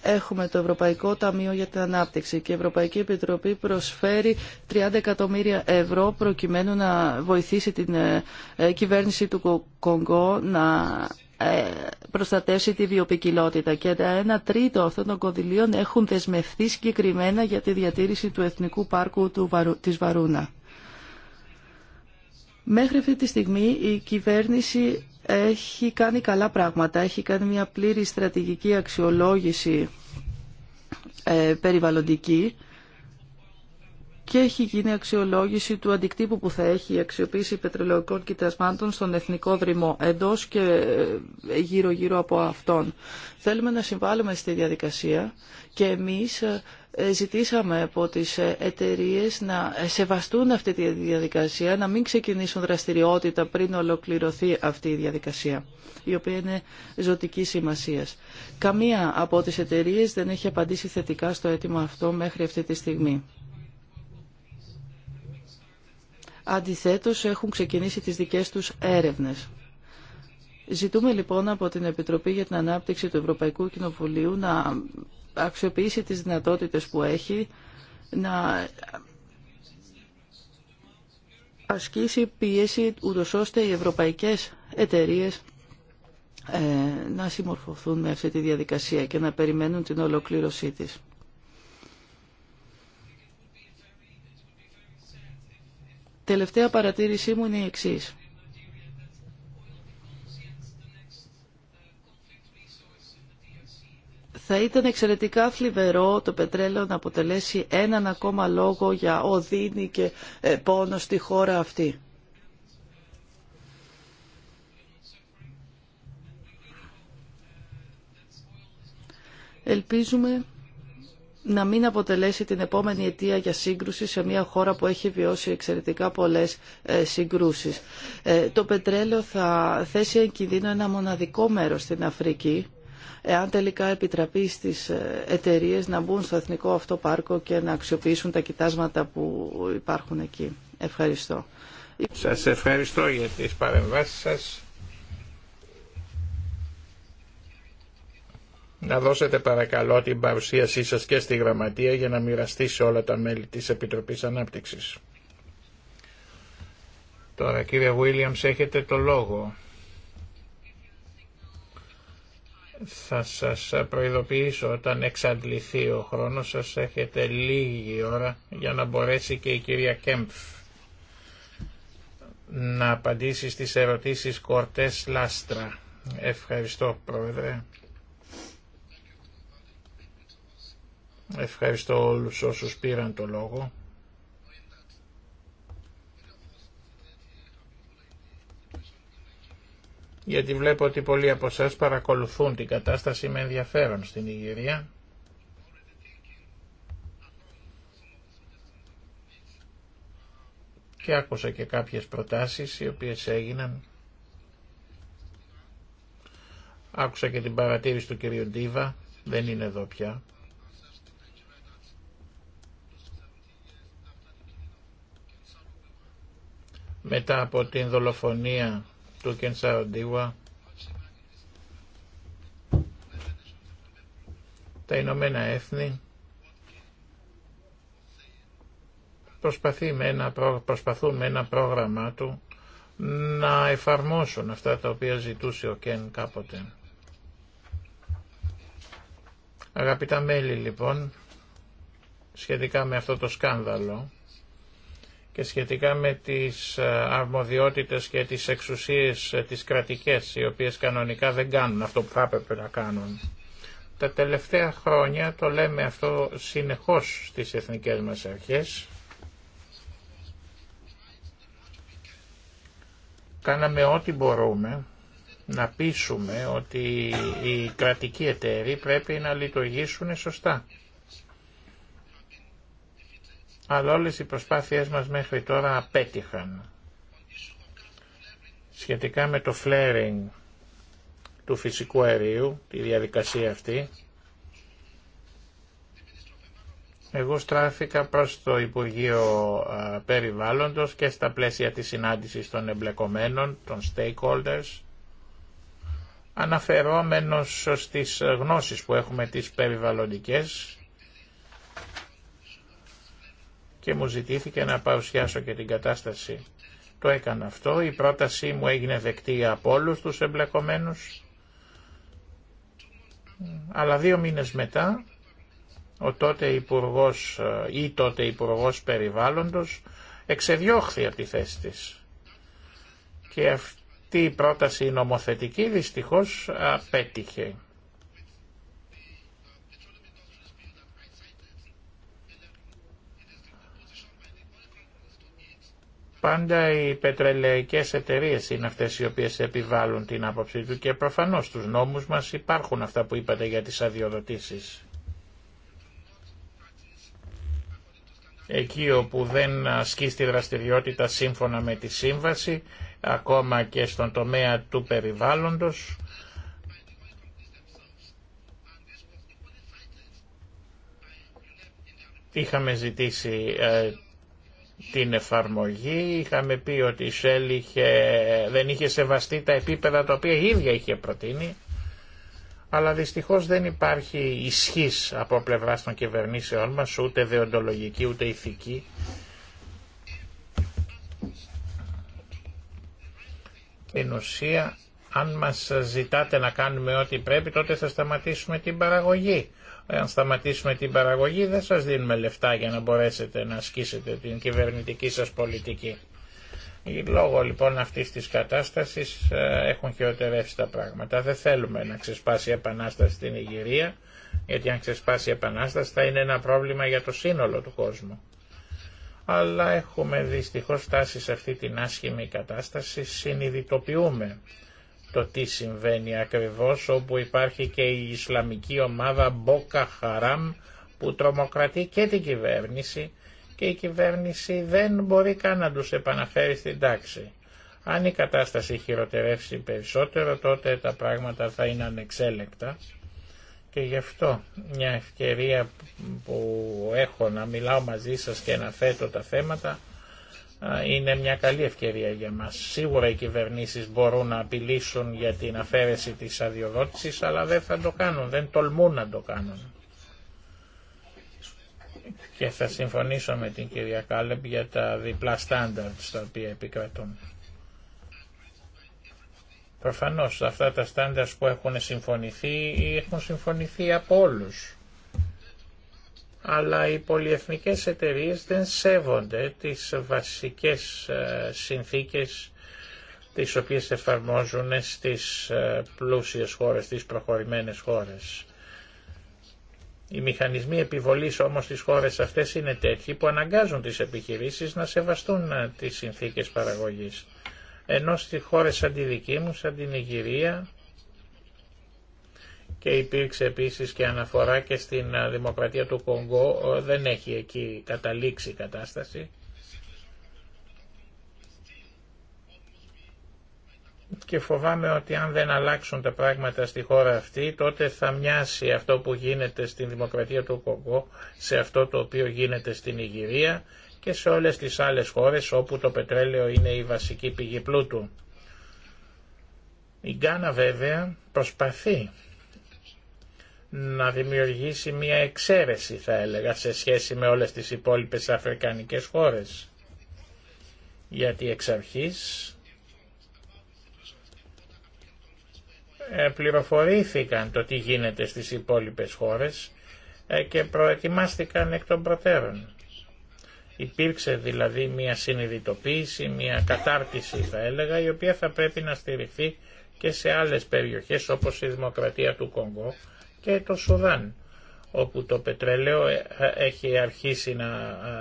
Έχουμε το Ευρωπαϊκό Ταμείο για την Ανάπτυξη και η Ευρωπαϊκή Επιτροπή προσφέρει 30 εκατομμύρια ευρώ προκειμένου να βοηθήσει την ε, ε, κυβέρνηση του Κονγκό να ε, προστατεύσει τη βιοπικιλότητα και ένα τρίτο αυτών των κονδυλίων έχουν δεσμευτεί συγκεκριμένα για τη διατήρηση του Εθνικού Πάρκου του, της Βαρούνα. Μέχρι αυτή τη στιγμή η κυβέρνηση έχει κάνει καλά πράγματα. Έχει κάνει μια πλήρη στρατηγική αξιολόγηση ε, περιβαλλοντική και έχει γίνει αξιολόγηση του αντικτύπου που θα έχει η αξιοποίηση πετρελαιοκών κοιτασμάτων στον εθνικό δρυμό εντός και ε, γύρω-γύρω από αυτόν. Θέλουμε να συμβάλλουμε στη διαδικασία και εμείς ε, ζητήσαμε από τις εταιρείε να σεβαστούν αυτή τη διαδικασία, να μην ξεκινήσουν δραστηριότητα πριν ολοκληρωθεί αυτή η διαδικασία, η οποία είναι ζωτική σημασία. Καμία από τις εταιρείε δεν έχει απαντήσει θετικά στο αίτημα αυτό μέχρι αυτή τη στιγμή. Αντιθέτως, έχουν ξεκινήσει τις δικές τους έρευνες. Ζητούμε λοιπόν από την Επιτροπή για την Ανάπτυξη του Ευρωπαϊκού Κοινοβουλίου να αξιοποιήσει τις δυνατότητες που έχει, να ασκήσει πίεση ούτως ώστε οι ευρωπαϊκές εταιρείες ε, να συμμορφωθούν με αυτή τη διαδικασία και να περιμένουν την ολοκλήρωσή της. Τελευταία παρατήρησή μου είναι η εξής. Θα ήταν εξαιρετικά θλιβερό το πετρέλαιο να αποτελέσει έναν ακόμα λόγο για οδύνη και ε, πόνο στη χώρα αυτή. Ελπίζουμε να μην αποτελέσει την επόμενη αιτία για σύγκρουση σε μια χώρα που έχει βιώσει εξαιρετικά πολλές ε, συγκρούσεις. Ε, το πετρέλαιο θα θέσει εν κινδύνο ένα μοναδικό μέρος στην Αφρική εάν τελικά επιτραπεί στις ε, εταιρείε να μπουν στο εθνικό αυτό πάρκο και να αξιοποιήσουν τα κοιτάσματα που υπάρχουν εκεί. Ευχαριστώ. Σας ευχαριστώ για τις παρεμβάσεις σας. Να δώσετε παρακαλώ την παρουσίασή σας και στη γραμματεία για να μοιραστεί σε όλα τα μέλη της Επιτροπής Ανάπτυξης. Τώρα κύριε Βουίλιαμς έχετε το λόγο. Θα σας προειδοποιήσω όταν εξαντληθεί ο χρόνος σας έχετε λίγη ώρα για να μπορέσει και η κυρία Κέμφ να απαντήσει στις ερωτήσεις Κορτές Λάστρα. Ευχαριστώ Πρόεδρε. Ευχαριστώ όλους όσους πήραν το λόγο. γιατί βλέπω ότι πολλοί από εσά παρακολουθούν την κατάσταση με ενδιαφέρον στην Ιγυρία. Και άκουσα και κάποιες προτάσεις οι οποίες έγιναν. Άκουσα και την παρατήρηση του κυρίου Ντίβα, δεν είναι εδώ πια. Μετά από την δολοφονία του Σαροντίουα, τα Ηνωμένα Έθνη, προσπαθεί με ένα, προσπαθούν με ένα πρόγραμμά του να εφαρμόσουν αυτά τα οποία ζητούσε ο Κέν κάποτε. Αγαπητά μέλη λοιπόν, σχετικά με αυτό το σκάνδαλο, και σχετικά με τις ε, αρμοδιότητες και τις εξουσίες ε, τις κρατικές, οι οποίες κανονικά δεν κάνουν αυτό που θα έπρεπε να κάνουν. Τα τελευταία χρόνια το λέμε αυτό συνεχώς στις εθνικές μας αρχές. Κάναμε ό,τι μπορούμε να πείσουμε ότι οι κρατικοί εταίροι πρέπει να λειτουργήσουν σωστά αλλά όλες οι προσπάθειές μας μέχρι τώρα απέτυχαν. Σχετικά με το flaring του φυσικού αερίου, τη διαδικασία αυτή, εγώ στράφηκα προς το Υπουργείο Περιβάλλοντος και στα πλαίσια της συνάντησης των εμπλεκομένων, των stakeholders, αναφερόμενος στις γνώσεις που έχουμε τις περιβαλλοντικές και μου ζητήθηκε να παρουσιάσω και την κατάσταση. Το έκανα αυτό, η πρότασή μου έγινε δεκτή από όλους τους εμπλεκομένους, αλλά δύο μήνες μετά ο τότε υπουργός ή ε, τότε υπουργός περιβάλλοντος εξεδιώχθη από τη θέση της. Και αυτή η πρόταση νομοθετική δυστυχώς απέτυχε. Πάντα οι πετρελαϊκές εταιρείες είναι αυτές οι οποίες επιβάλλουν την άποψή του και προφανώς στους νόμους μας υπάρχουν αυτά που είπατε για τις αδειοδοτήσεις. Εκεί όπου δεν ασκεί τη δραστηριότητα σύμφωνα με τη σύμβαση, ακόμα και στον τομέα του περιβάλλοντος, είχαμε ζητήσει ε, την εφαρμογή. Είχαμε πει ότι η Shell δεν είχε σεβαστεί τα επίπεδα τα οποία η ίδια είχε προτείνει αλλά δυστυχώς δεν υπάρχει ισχύς από πλευράς των κυβερνήσεών μας, ούτε δεοντολογική, ούτε ηθική. Την ουσία, αν μας ζητάτε να κάνουμε ό,τι πρέπει, τότε θα σταματήσουμε την παραγωγή αν σταματήσουμε την παραγωγή δεν σας δίνουμε λεφτά για να μπορέσετε να ασκήσετε την κυβερνητική σας πολιτική. Λόγω λοιπόν αυτής της κατάστασης ε, έχουν χειροτερεύσει τα πράγματα. Δεν θέλουμε να ξεσπάσει η επανάσταση στην Ιγυρία, γιατί αν ξεσπάσει η επανάσταση θα είναι ένα πρόβλημα για το σύνολο του κόσμου. Αλλά έχουμε δυστυχώς φτάσει σε αυτή την άσχημη κατάσταση, συνειδητοποιούμε το τι συμβαίνει ακριβώς όπου υπάρχει και η Ισλαμική ομάδα Μπόκα Χαράμ που τρομοκρατεί και την κυβέρνηση και η κυβέρνηση δεν μπορεί καν να τους επαναφέρει στην τάξη. Αν η κατάσταση χειροτερεύσει περισσότερο τότε τα πράγματα θα είναι ανεξέλεκτα και γι' αυτό μια ευκαιρία που έχω να μιλάω μαζί σας και να θέτω τα θέματα είναι μια καλή ευκαιρία για μας. Σίγουρα οι κυβερνήσεις μπορούν να απειλήσουν για την αφαίρεση της αδειοδότησης, αλλά δεν θα το κάνουν, δεν τολμούν να το κάνουν. Και θα συμφωνήσω με την κυρία Κάλεμπ για τα διπλά στάνταρτ τα οποία επικρατούν. Προφανώς αυτά τα στάνταρτ που έχουν συμφωνηθεί έχουν συμφωνηθεί από όλους αλλά οι πολυεθνικές εταιρείες δεν σέβονται τις βασικές ε, συνθήκες τις οποίες εφαρμόζουν στις ε, πλούσιες χώρες, στις προχωρημένες χώρες. Οι μηχανισμοί επιβολής όμως στις χώρες αυτές είναι τέτοιοι που αναγκάζουν τις επιχειρήσεις να σεβαστούν ε, τις συνθήκες παραγωγής. Ενώ στις χώρες σαν τη δική μου, σαν την Ιγυρία, και υπήρξε επίσης και αναφορά και στην Δημοκρατία του Κονγκό, δεν έχει εκεί καταλήξει η κατάσταση. Και φοβάμαι ότι αν δεν αλλάξουν τα πράγματα στη χώρα αυτή, τότε θα μοιάσει αυτό που γίνεται στην Δημοκρατία του Κονγκό σε αυτό το οποίο γίνεται στην Ιγυρία και σε όλες τις άλλες χώρες όπου το πετρέλαιο είναι η βασική πηγή πλούτου. Η Γκάνα βέβαια προσπαθεί να δημιουργήσει μια εξαίρεση θα έλεγα σε σχέση με όλες τις υπόλοιπες αφρικανικές χώρες. Γιατί εξ αρχής ε, πληροφορήθηκαν το τι γίνεται στις υπόλοιπες χώρες ε, και προετοιμάστηκαν εκ των προτέρων. Υπήρξε δηλαδή μια συνειδητοποίηση, μια κατάρτιση θα έλεγα, η οποία θα πρέπει να στηριχθεί και σε άλλες περιοχές όπως η Δημοκρατία του Κονγκό και το Σουδάν όπου το πετρέλαιο ε, ε, έχει αρχίσει να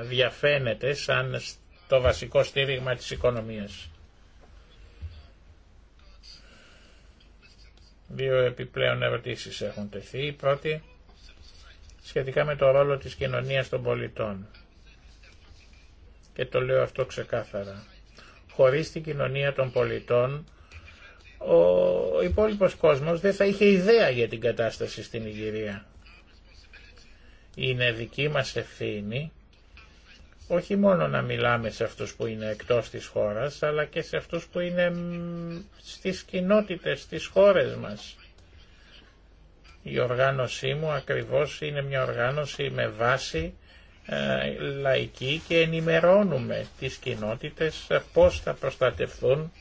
ε, διαφαίνεται σαν το βασικό στήριγμα της οικονομίας. Δύο επιπλέον ερωτήσεις έχουν τεθεί. Η πρώτη σχετικά με το ρόλο της κοινωνίας των πολιτών. Και το λέω αυτό ξεκάθαρα. Χωρίς την κοινωνία των πολιτών ο υπόλοιπος κόσμος δεν θα είχε ιδέα για την κατάσταση στην Ιγυρία. Είναι δική μας ευθύνη όχι μόνο να μιλάμε σε αυτούς που είναι εκτός της χώρας, αλλά και σε αυτούς που είναι στις κοινότητες, στις χώρες μας. Η οργάνωσή μου ακριβώς είναι μια οργάνωση με βάση ε, λαϊκή και ενημερώνουμε τις κοινότητες ε, πώς θα προστατευθούν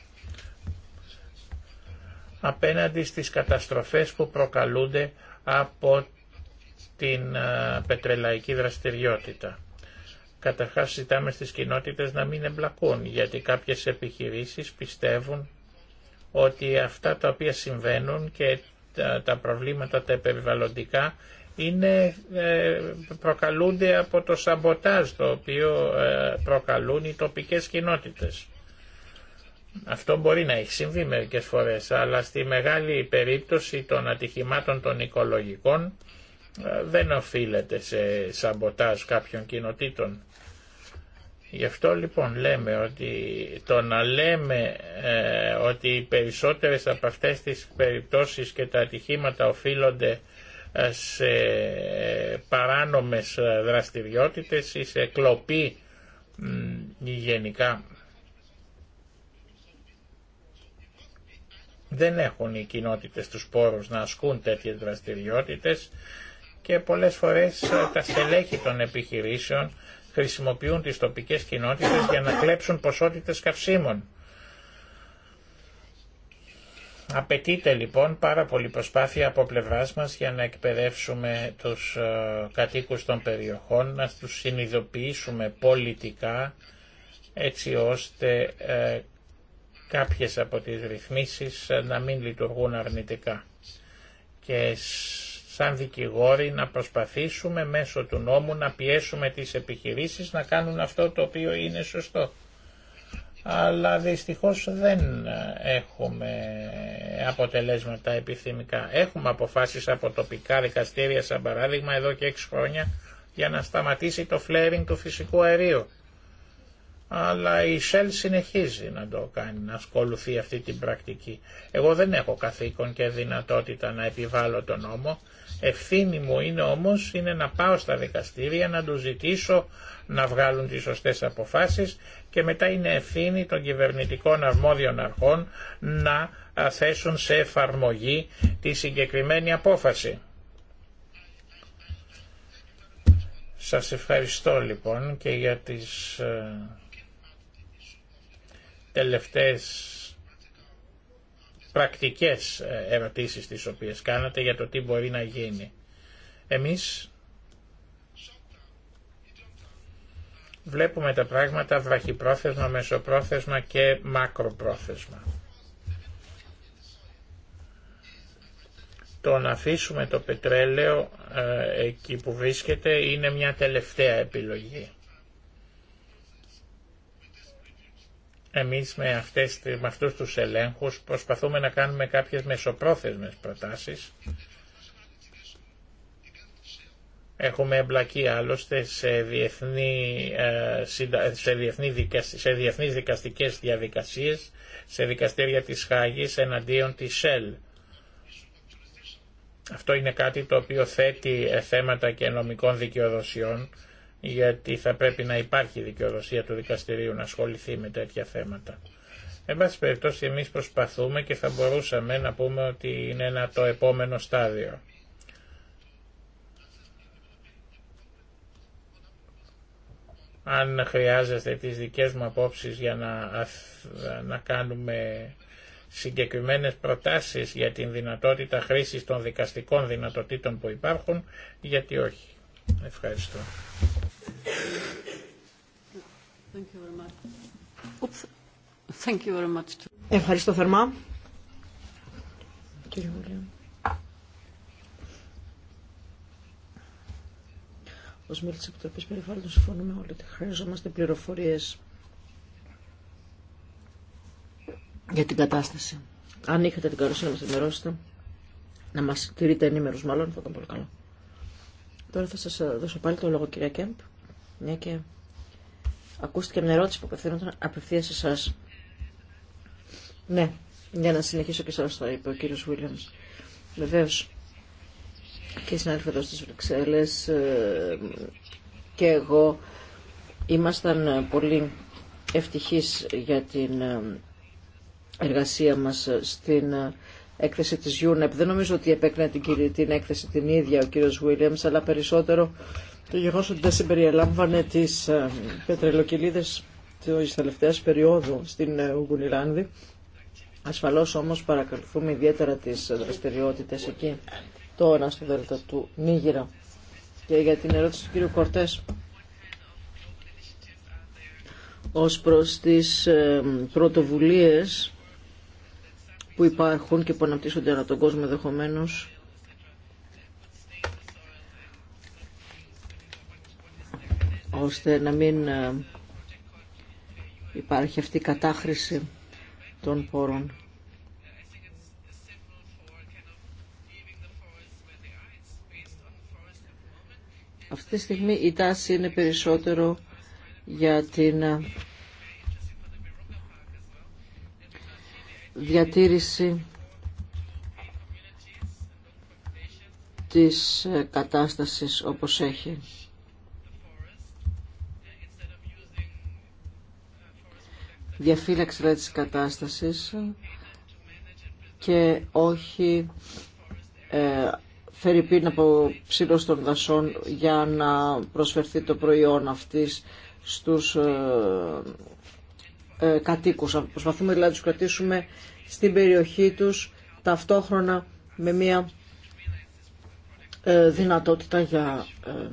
απέναντι στις καταστροφές που προκαλούνται από την πετρελαϊκή δραστηριότητα. Καταρχάς ζητάμε στις κοινότητες να μην εμπλακούν, γιατί κάποιες επιχειρήσεις πιστεύουν ότι αυτά τα οποία συμβαίνουν και τα προβλήματα τα περιβαλλοντικά είναι, ε, προκαλούνται από το σαμποτάζ το οποίο ε, προκαλούν οι τοπικές κοινότητες. Αυτό μπορεί να έχει συμβεί μερικές φορές, αλλά στη μεγάλη περίπτωση των ατυχημάτων των οικολογικών ε, δεν οφείλεται σε σαμποτάζ κάποιων κοινοτήτων. Γι' αυτό λοιπόν λέμε ότι το να λέμε ε, ότι οι περισσότερες από αυτές τις περιπτώσεις και τα ατυχήματα οφείλονται ε, σε παράνομες δραστηριότητες ή σε κλοπή γενικά δεν έχουν οι κοινότητες τους πόρους να ασκούν τέτοιες δραστηριότητες και πολλές φορές ε, τα στελέχη των επιχειρήσεων χρησιμοποιούν τις τοπικές κοινότητες για να κλέψουν ποσότητες καυσίμων. Απαιτείται λοιπόν πάρα πολύ προσπάθεια από πλευράς μας για να εκπαιδεύσουμε τους ε, κατοίκους των περιοχών, να τους συνειδητοποιήσουμε πολιτικά έτσι ώστε ε, κάποιες από τις ρυθμίσεις ε, να μην λειτουργούν αρνητικά. Και σαν δικηγόροι να προσπαθήσουμε μέσω του νόμου να πιέσουμε τις επιχειρήσεις να κάνουν αυτό το οποίο είναι σωστό. Αλλά δυστυχώς δεν ε, έχουμε αποτελέσματα επιθυμικά. Έχουμε αποφάσεις από τοπικά δικαστήρια, σαν παράδειγμα, εδώ και έξι χρόνια για να σταματήσει το φλέρινγκ του φυσικού αερίου αλλά η Shell συνεχίζει να το κάνει, να ασκολουθεί αυτή την πρακτική. Εγώ δεν έχω καθήκον και δυνατότητα να επιβάλλω τον νόμο. Ευθύνη μου είναι όμως είναι να πάω στα δικαστήρια, να τους ζητήσω να βγάλουν τις σωστές αποφάσεις και μετά είναι ευθύνη των κυβερνητικών αρμόδιων αρχών να θέσουν σε εφαρμογή τη συγκεκριμένη απόφαση. Σας ευχαριστώ λοιπόν και για τις ε, τελευταίες πρακτικές ε, ερωτήσεις τις οποίες κάνατε για το τι μπορεί να γίνει. Εμείς βλέπουμε τα πράγματα βραχυπρόθεσμα, μεσοπρόθεσμα και μακροπρόθεσμα. Το να αφήσουμε το πετρέλαιο ε, εκεί που βρίσκεται είναι μια τελευταία επιλογή. Εμείς με, αυτές, με αυτούς τους ελέγχους προσπαθούμε να κάνουμε κάποιες μεσοπρόθεσμες προτάσεις. Έχουμε εμπλακεί άλλωστε σε, διεθνή, ε, σε, διεθνή, σε διεθνείς δικαστικές διαδικασίες, σε δικαστήρια της Χάγης εναντίον της ΣΕΛ. Αυτό είναι κάτι το οποίο θέτει ε, θέματα και νομικών δικαιοδοσιών γιατί θα πρέπει να υπάρχει δικαιοδοσία του δικαστηρίου να ασχοληθεί με τέτοια θέματα. Εν πάση περιπτώσει εμείς προσπαθούμε και θα μπορούσαμε να πούμε ότι είναι ένα το επόμενο στάδιο. Αν χρειάζεστε τις δικές μου απόψεις για να, να κάνουμε συγκεκριμένες προτάσεις για την δυνατότητα χρήσης των δικαστικών δυνατοτήτων που υπάρχουν, γιατί όχι. Ευχαριστώ. Ευχαριστώ θερμά. Ως μέλη της Επιτροπής Περιβάλλοντος συμφωνούμε όλοι ότι χρειαζόμαστε πληροφορίες για την κατάσταση. Αν είχατε την καλοσύνη να μας ενημερώσετε, να μας τηρείτε ενήμερους μάλλον, θα ήταν πολύ καλό. Τώρα θα σας ε, δώσω πάλι το λόγο κυρία Κέμπ. Μια και ακούστηκε μια ερώτηση που απευθύνονταν απευθεία σε εσά. Ναι, για να συνεχίσω και σας το είπε ο κύριος Βίλιαμ. Βεβαίως και η συνάδελφοι εδώ στις Βρυξέλλες ε, και εγώ ήμασταν πολύ ευτυχείς για την ε, εργασία μας στην ε, έκθεση της UNEP. Δεν νομίζω ότι επέκρινε την, έκθεση την ίδια ο κύριος Βίλιαμ, αλλά περισσότερο το γεγονό ότι δεν συμπεριελάμβανε τι ε, πετρελοκυλίδε τη τελευταία περίοδου στην ε, Ουγγουνιλάνδη. Ασφαλώ όμω παρακολουθούμε ιδιαίτερα τι δραστηριότητε εκεί τώρα στο Δέλτα του Νίγηρα. Και για την ερώτηση του κύριου Κορτές, ως προς τις ε, πρωτοβουλίες που υπάρχουν και που αναπτύσσονται ανά τον κόσμο ενδεχομένω ώστε να μην ε, υπάρχει αυτή η κατάχρηση των πόρων. Αυτή τη στιγμή η τάση είναι περισσότερο για την ε, διατήρηση της ε, κατάστασης όπως έχει. διαφύλαξη δηλαδή, της κατάστασης και όχι ε, φέρει από ψήλος των δασών για να προσφερθεί το προϊόν αυτής στους ε, ε, κατοίκους. Προσπαθούμε δηλαδή να τους κρατήσουμε στην περιοχή τους ταυτόχρονα με μια ε, δυνατότητα για ε,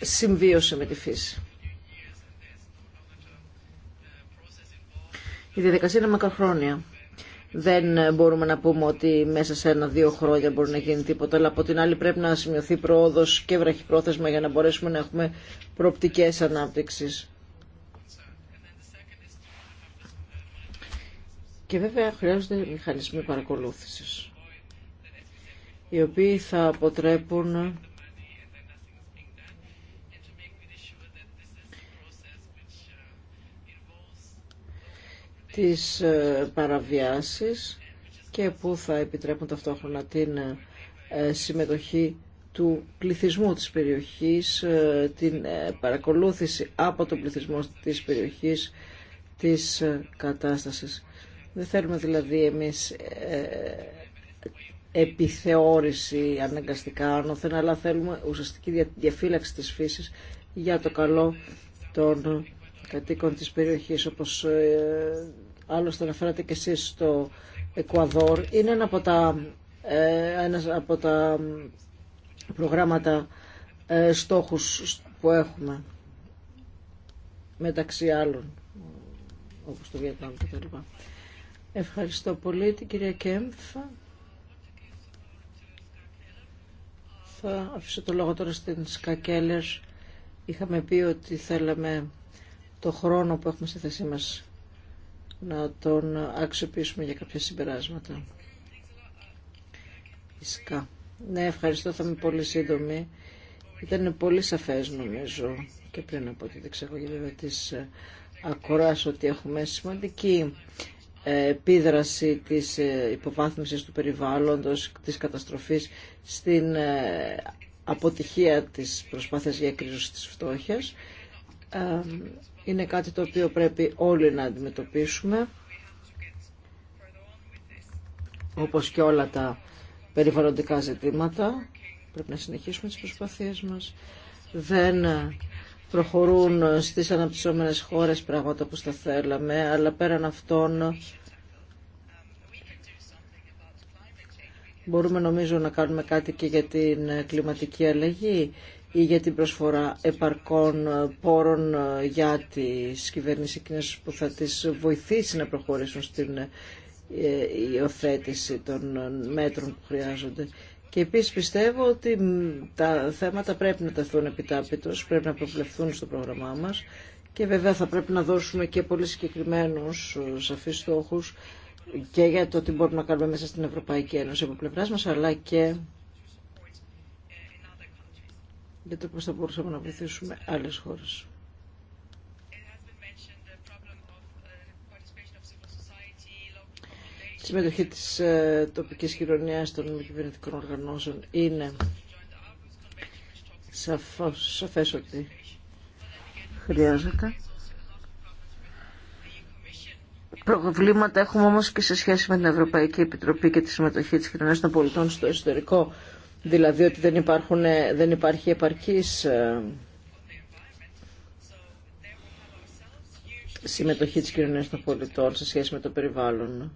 συμβίωση με τη φύση. Η διαδικασία είναι μακροχρόνια. Δεν μπορούμε να πούμε ότι μέσα σε ένα-δύο χρόνια μπορεί να γίνει τίποτα, αλλά από την άλλη πρέπει να σημειωθεί πρόοδο και βραχυπρόθεσμα για να μπορέσουμε να έχουμε προοπτικέ ανάπτυξη. Και βέβαια χρειάζονται μηχανισμοί παρακολούθησης, οι οποίοι θα αποτρέπουν τις ε, παραβιάσεις και που θα επιτρέπουν ταυτόχρονα την ε, συμμετοχή του πληθυσμού της περιοχής, ε, την παρακολούθηση από τον πληθυσμό της περιοχής της κατάστασης. Δεν θέλουμε δηλαδή εμείς επιθεώρηση αναγκαστικά άνωθεν, αλλά θέλουμε ουσιαστική διαφύλαξη της φύσης για το καλό των κατοίκων της περιοχής, όπως ε, άλλωστε αναφέρατε και εσείς στο Εκουαδόρ. Είναι ένα από τα, ε, ένας από τα προγράμματα ε, στόχους που έχουμε, μεταξύ άλλων, όπως το Βιετνάμ λοιπά. Ευχαριστώ πολύ την κυρία Κέμφ Θα αφήσω το λόγο τώρα στην Σκακέλερ. Είχαμε πει ότι θέλαμε το χρόνο που έχουμε στη θέση μας να τον αξιοποιήσουμε για κάποια συμπεράσματα. Φυσικά. Ναι, ευχαριστώ, θα είμαι πολύ σύντομη. Ήταν πολύ σαφές νομίζω και πριν από τη δεξαγωγή βέβαια της ε, ακοράς ότι έχουμε σημαντική ε, επίδραση της ε, υποβάθμισης του περιβάλλοντος, της καταστροφής στην αποτυχία της προσπάθειας για της φτώχειας είναι κάτι το οποίο πρέπει όλοι να αντιμετωπίσουμε όπως και όλα τα περιβαλλοντικά ζητήματα. Πρέπει να συνεχίσουμε τις προσπαθίες μας. Δεν προχωρούν στις αναπτυσσόμενες χώρες πράγματα που θα θέλαμε, αλλά πέραν αυτών μπορούμε νομίζω να κάνουμε κάτι και για την κλιματική αλλαγή ή για την προσφορά επαρκών πόρων για τις κυβερνήσεις εκείνες που θα τις βοηθήσει να προχωρήσουν στην ε, υιοθέτηση των μέτρων που χρειάζονται. Και επίσης πιστεύω ότι τα θέματα πρέπει να τεθούν επιτάπητος, πρέπει να προβλεφθούν στο πρόγραμμά μας και βέβαια θα πρέπει να δώσουμε και πολύ συγκεκριμένους ε, σαφείς στόχους και για το τι μπορούμε να κάνουμε μέσα στην Ευρωπαϊκή Ένωση από πλευράς μας, αλλά και για το πώς θα μπορούσαμε να βοηθήσουμε άλλες χώρες. Η συμμετοχή της ε, τοπικής κοινωνίας των μη κυβερνητικών οργανώσεων είναι σαφώς, σαφές ότι χρειάζεται. Προβλήματα έχουμε όμως και σε σχέση με την Ευρωπαϊκή Επιτροπή και τη συμμετοχή της κοινωνίας των πολιτών στο εσωτερικό δηλαδή ότι δεν, υπάρχουν, ε, δεν υπάρχει επαρκής ε, συμμετοχή της κοινωνίας των πολιτών σε σχέση με το περιβάλλον.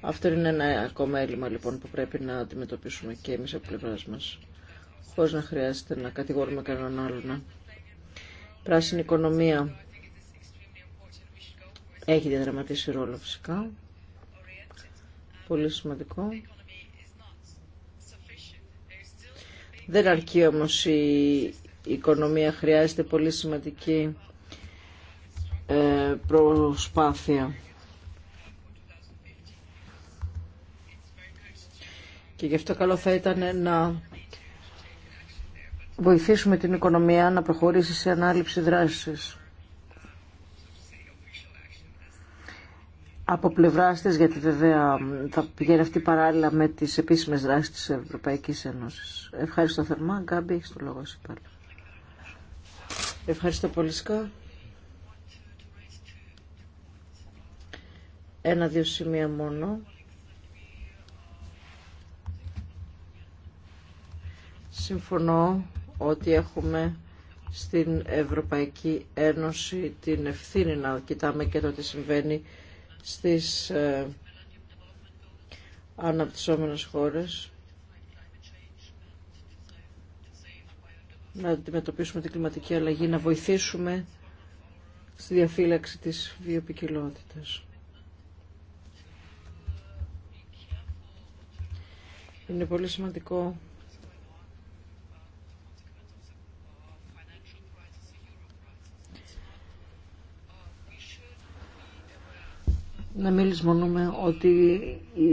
Αυτό είναι ένα ακόμα έλλειμμα λοιπόν που πρέπει να αντιμετωπίσουμε και εμείς από πλευρά μας, χωρίς να χρειάζεται να κατηγορούμε κανέναν άλλον. Πράσινη οικονομία έχει διαδραματίσει ρόλο φυσικά, πολύ σημαντικό. Δεν αρκεί όμως η οικονομία, χρειάζεται πολύ σημαντική ε, προσπάθεια. Και γι' αυτό καλό θα ήταν να βοηθήσουμε την οικονομία να προχωρήσει σε ανάληψη δράσης. από πλευρά τη, γιατί βέβαια θα πηγαίνει αυτή παράλληλα με τι επίσημε δράσει τη Ευρωπαϊκή Ένωση. Ευχαριστώ θερμά. Γκάμπη, έχει το λόγο εσύ πάλι. Ευχαριστώ πολύ, Σκά. Ένα-δύο σημεία μόνο. Συμφωνώ ότι έχουμε στην Ευρωπαϊκή Ένωση την ευθύνη να κοιτάμε και το τι συμβαίνει στις ε, αναπτυσσόμενες χώρες να αντιμετωπίσουμε την κλιματική αλλαγή, να βοηθήσουμε στη διαφύλαξη της βιοπικιλότητας. Είναι πολύ σημαντικό να μην λησμονούμε ότι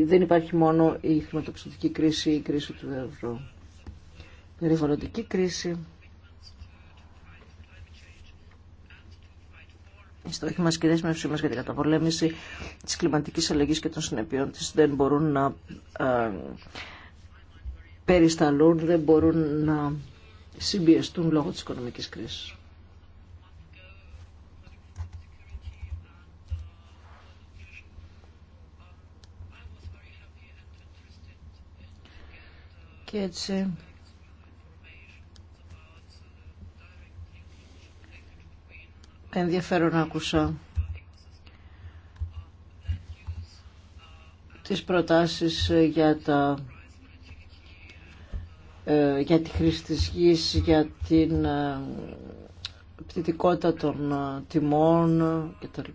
δεν υπάρχει μόνο η χρηματοπιστωτική κρίση ή η κρίση του ευρώ. Η περιβαλλοντική κρίση, οι στόχοι μας και η δέσμευσή μας για την καταπολέμηση της κλιματικής αλλαγής και των συνεπειών της δεν μπορούν να ε, περισταλούν, δεν μπορούν να συμπιεστούν λόγω της οικονομικής κρίσης. και έτσι ενδιαφέρον άκουσα τις προτάσεις για, τα, ε, για τη χρήση της γης, για την ε, πτυτικότητα των ε, τιμών κτλ.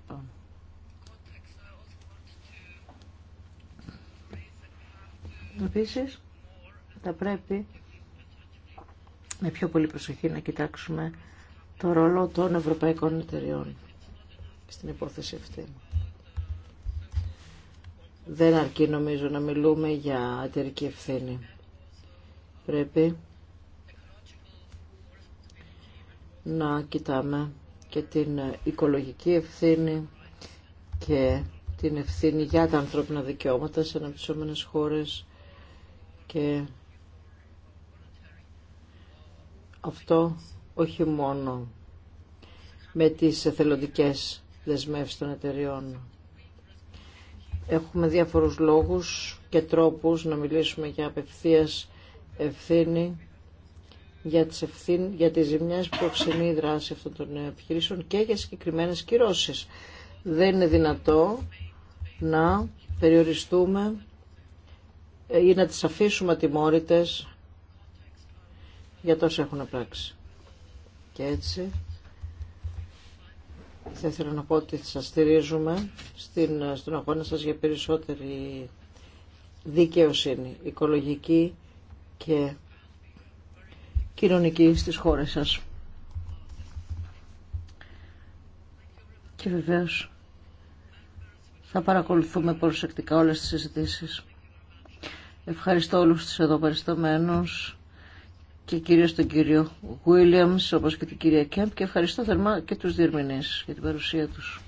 Επίσης, θα πρέπει με πιο πολύ προσοχή να κοιτάξουμε το ρόλο των ευρωπαϊκών εταιριών στην υπόθεση αυτή. Δεν αρκεί νομίζω να μιλούμε για εταιρική ευθύνη. Πρέπει να κοιτάμε και την οικολογική ευθύνη και την ευθύνη για τα ανθρώπινα δικαιώματα σε αναπτυσσόμενες χώρες και αυτό όχι μόνο με τις εθελοντικές δεσμεύσεις των εταιριών. Έχουμε διάφορους λόγους και τρόπους να μιλήσουμε για απευθείας ευθύνη για τις, ευθύν, για τις ζημιές που προξενεί η δράση αυτών των επιχειρήσεων και για συγκεκριμένες κυρώσεις. Δεν είναι δυνατό να περιοριστούμε ή να τις αφήσουμε ατιμόρυτες για τόσα έχουν πράξει. Και έτσι θα ήθελα να πω ότι σας στηρίζουμε στην, στον αγώνα σας για περισσότερη δικαιοσύνη, οικολογική και κοινωνική στις χώρες σας. Και βεβαίως θα παρακολουθούμε προσεκτικά όλες τις συζητήσεις. Ευχαριστώ όλους τους εδώ παριστομένους και κυρίως τον κύριο Williams όπως και την κυρία Κέμπ και ευχαριστώ θερμά και τους διερμηνείς για την παρουσία τους.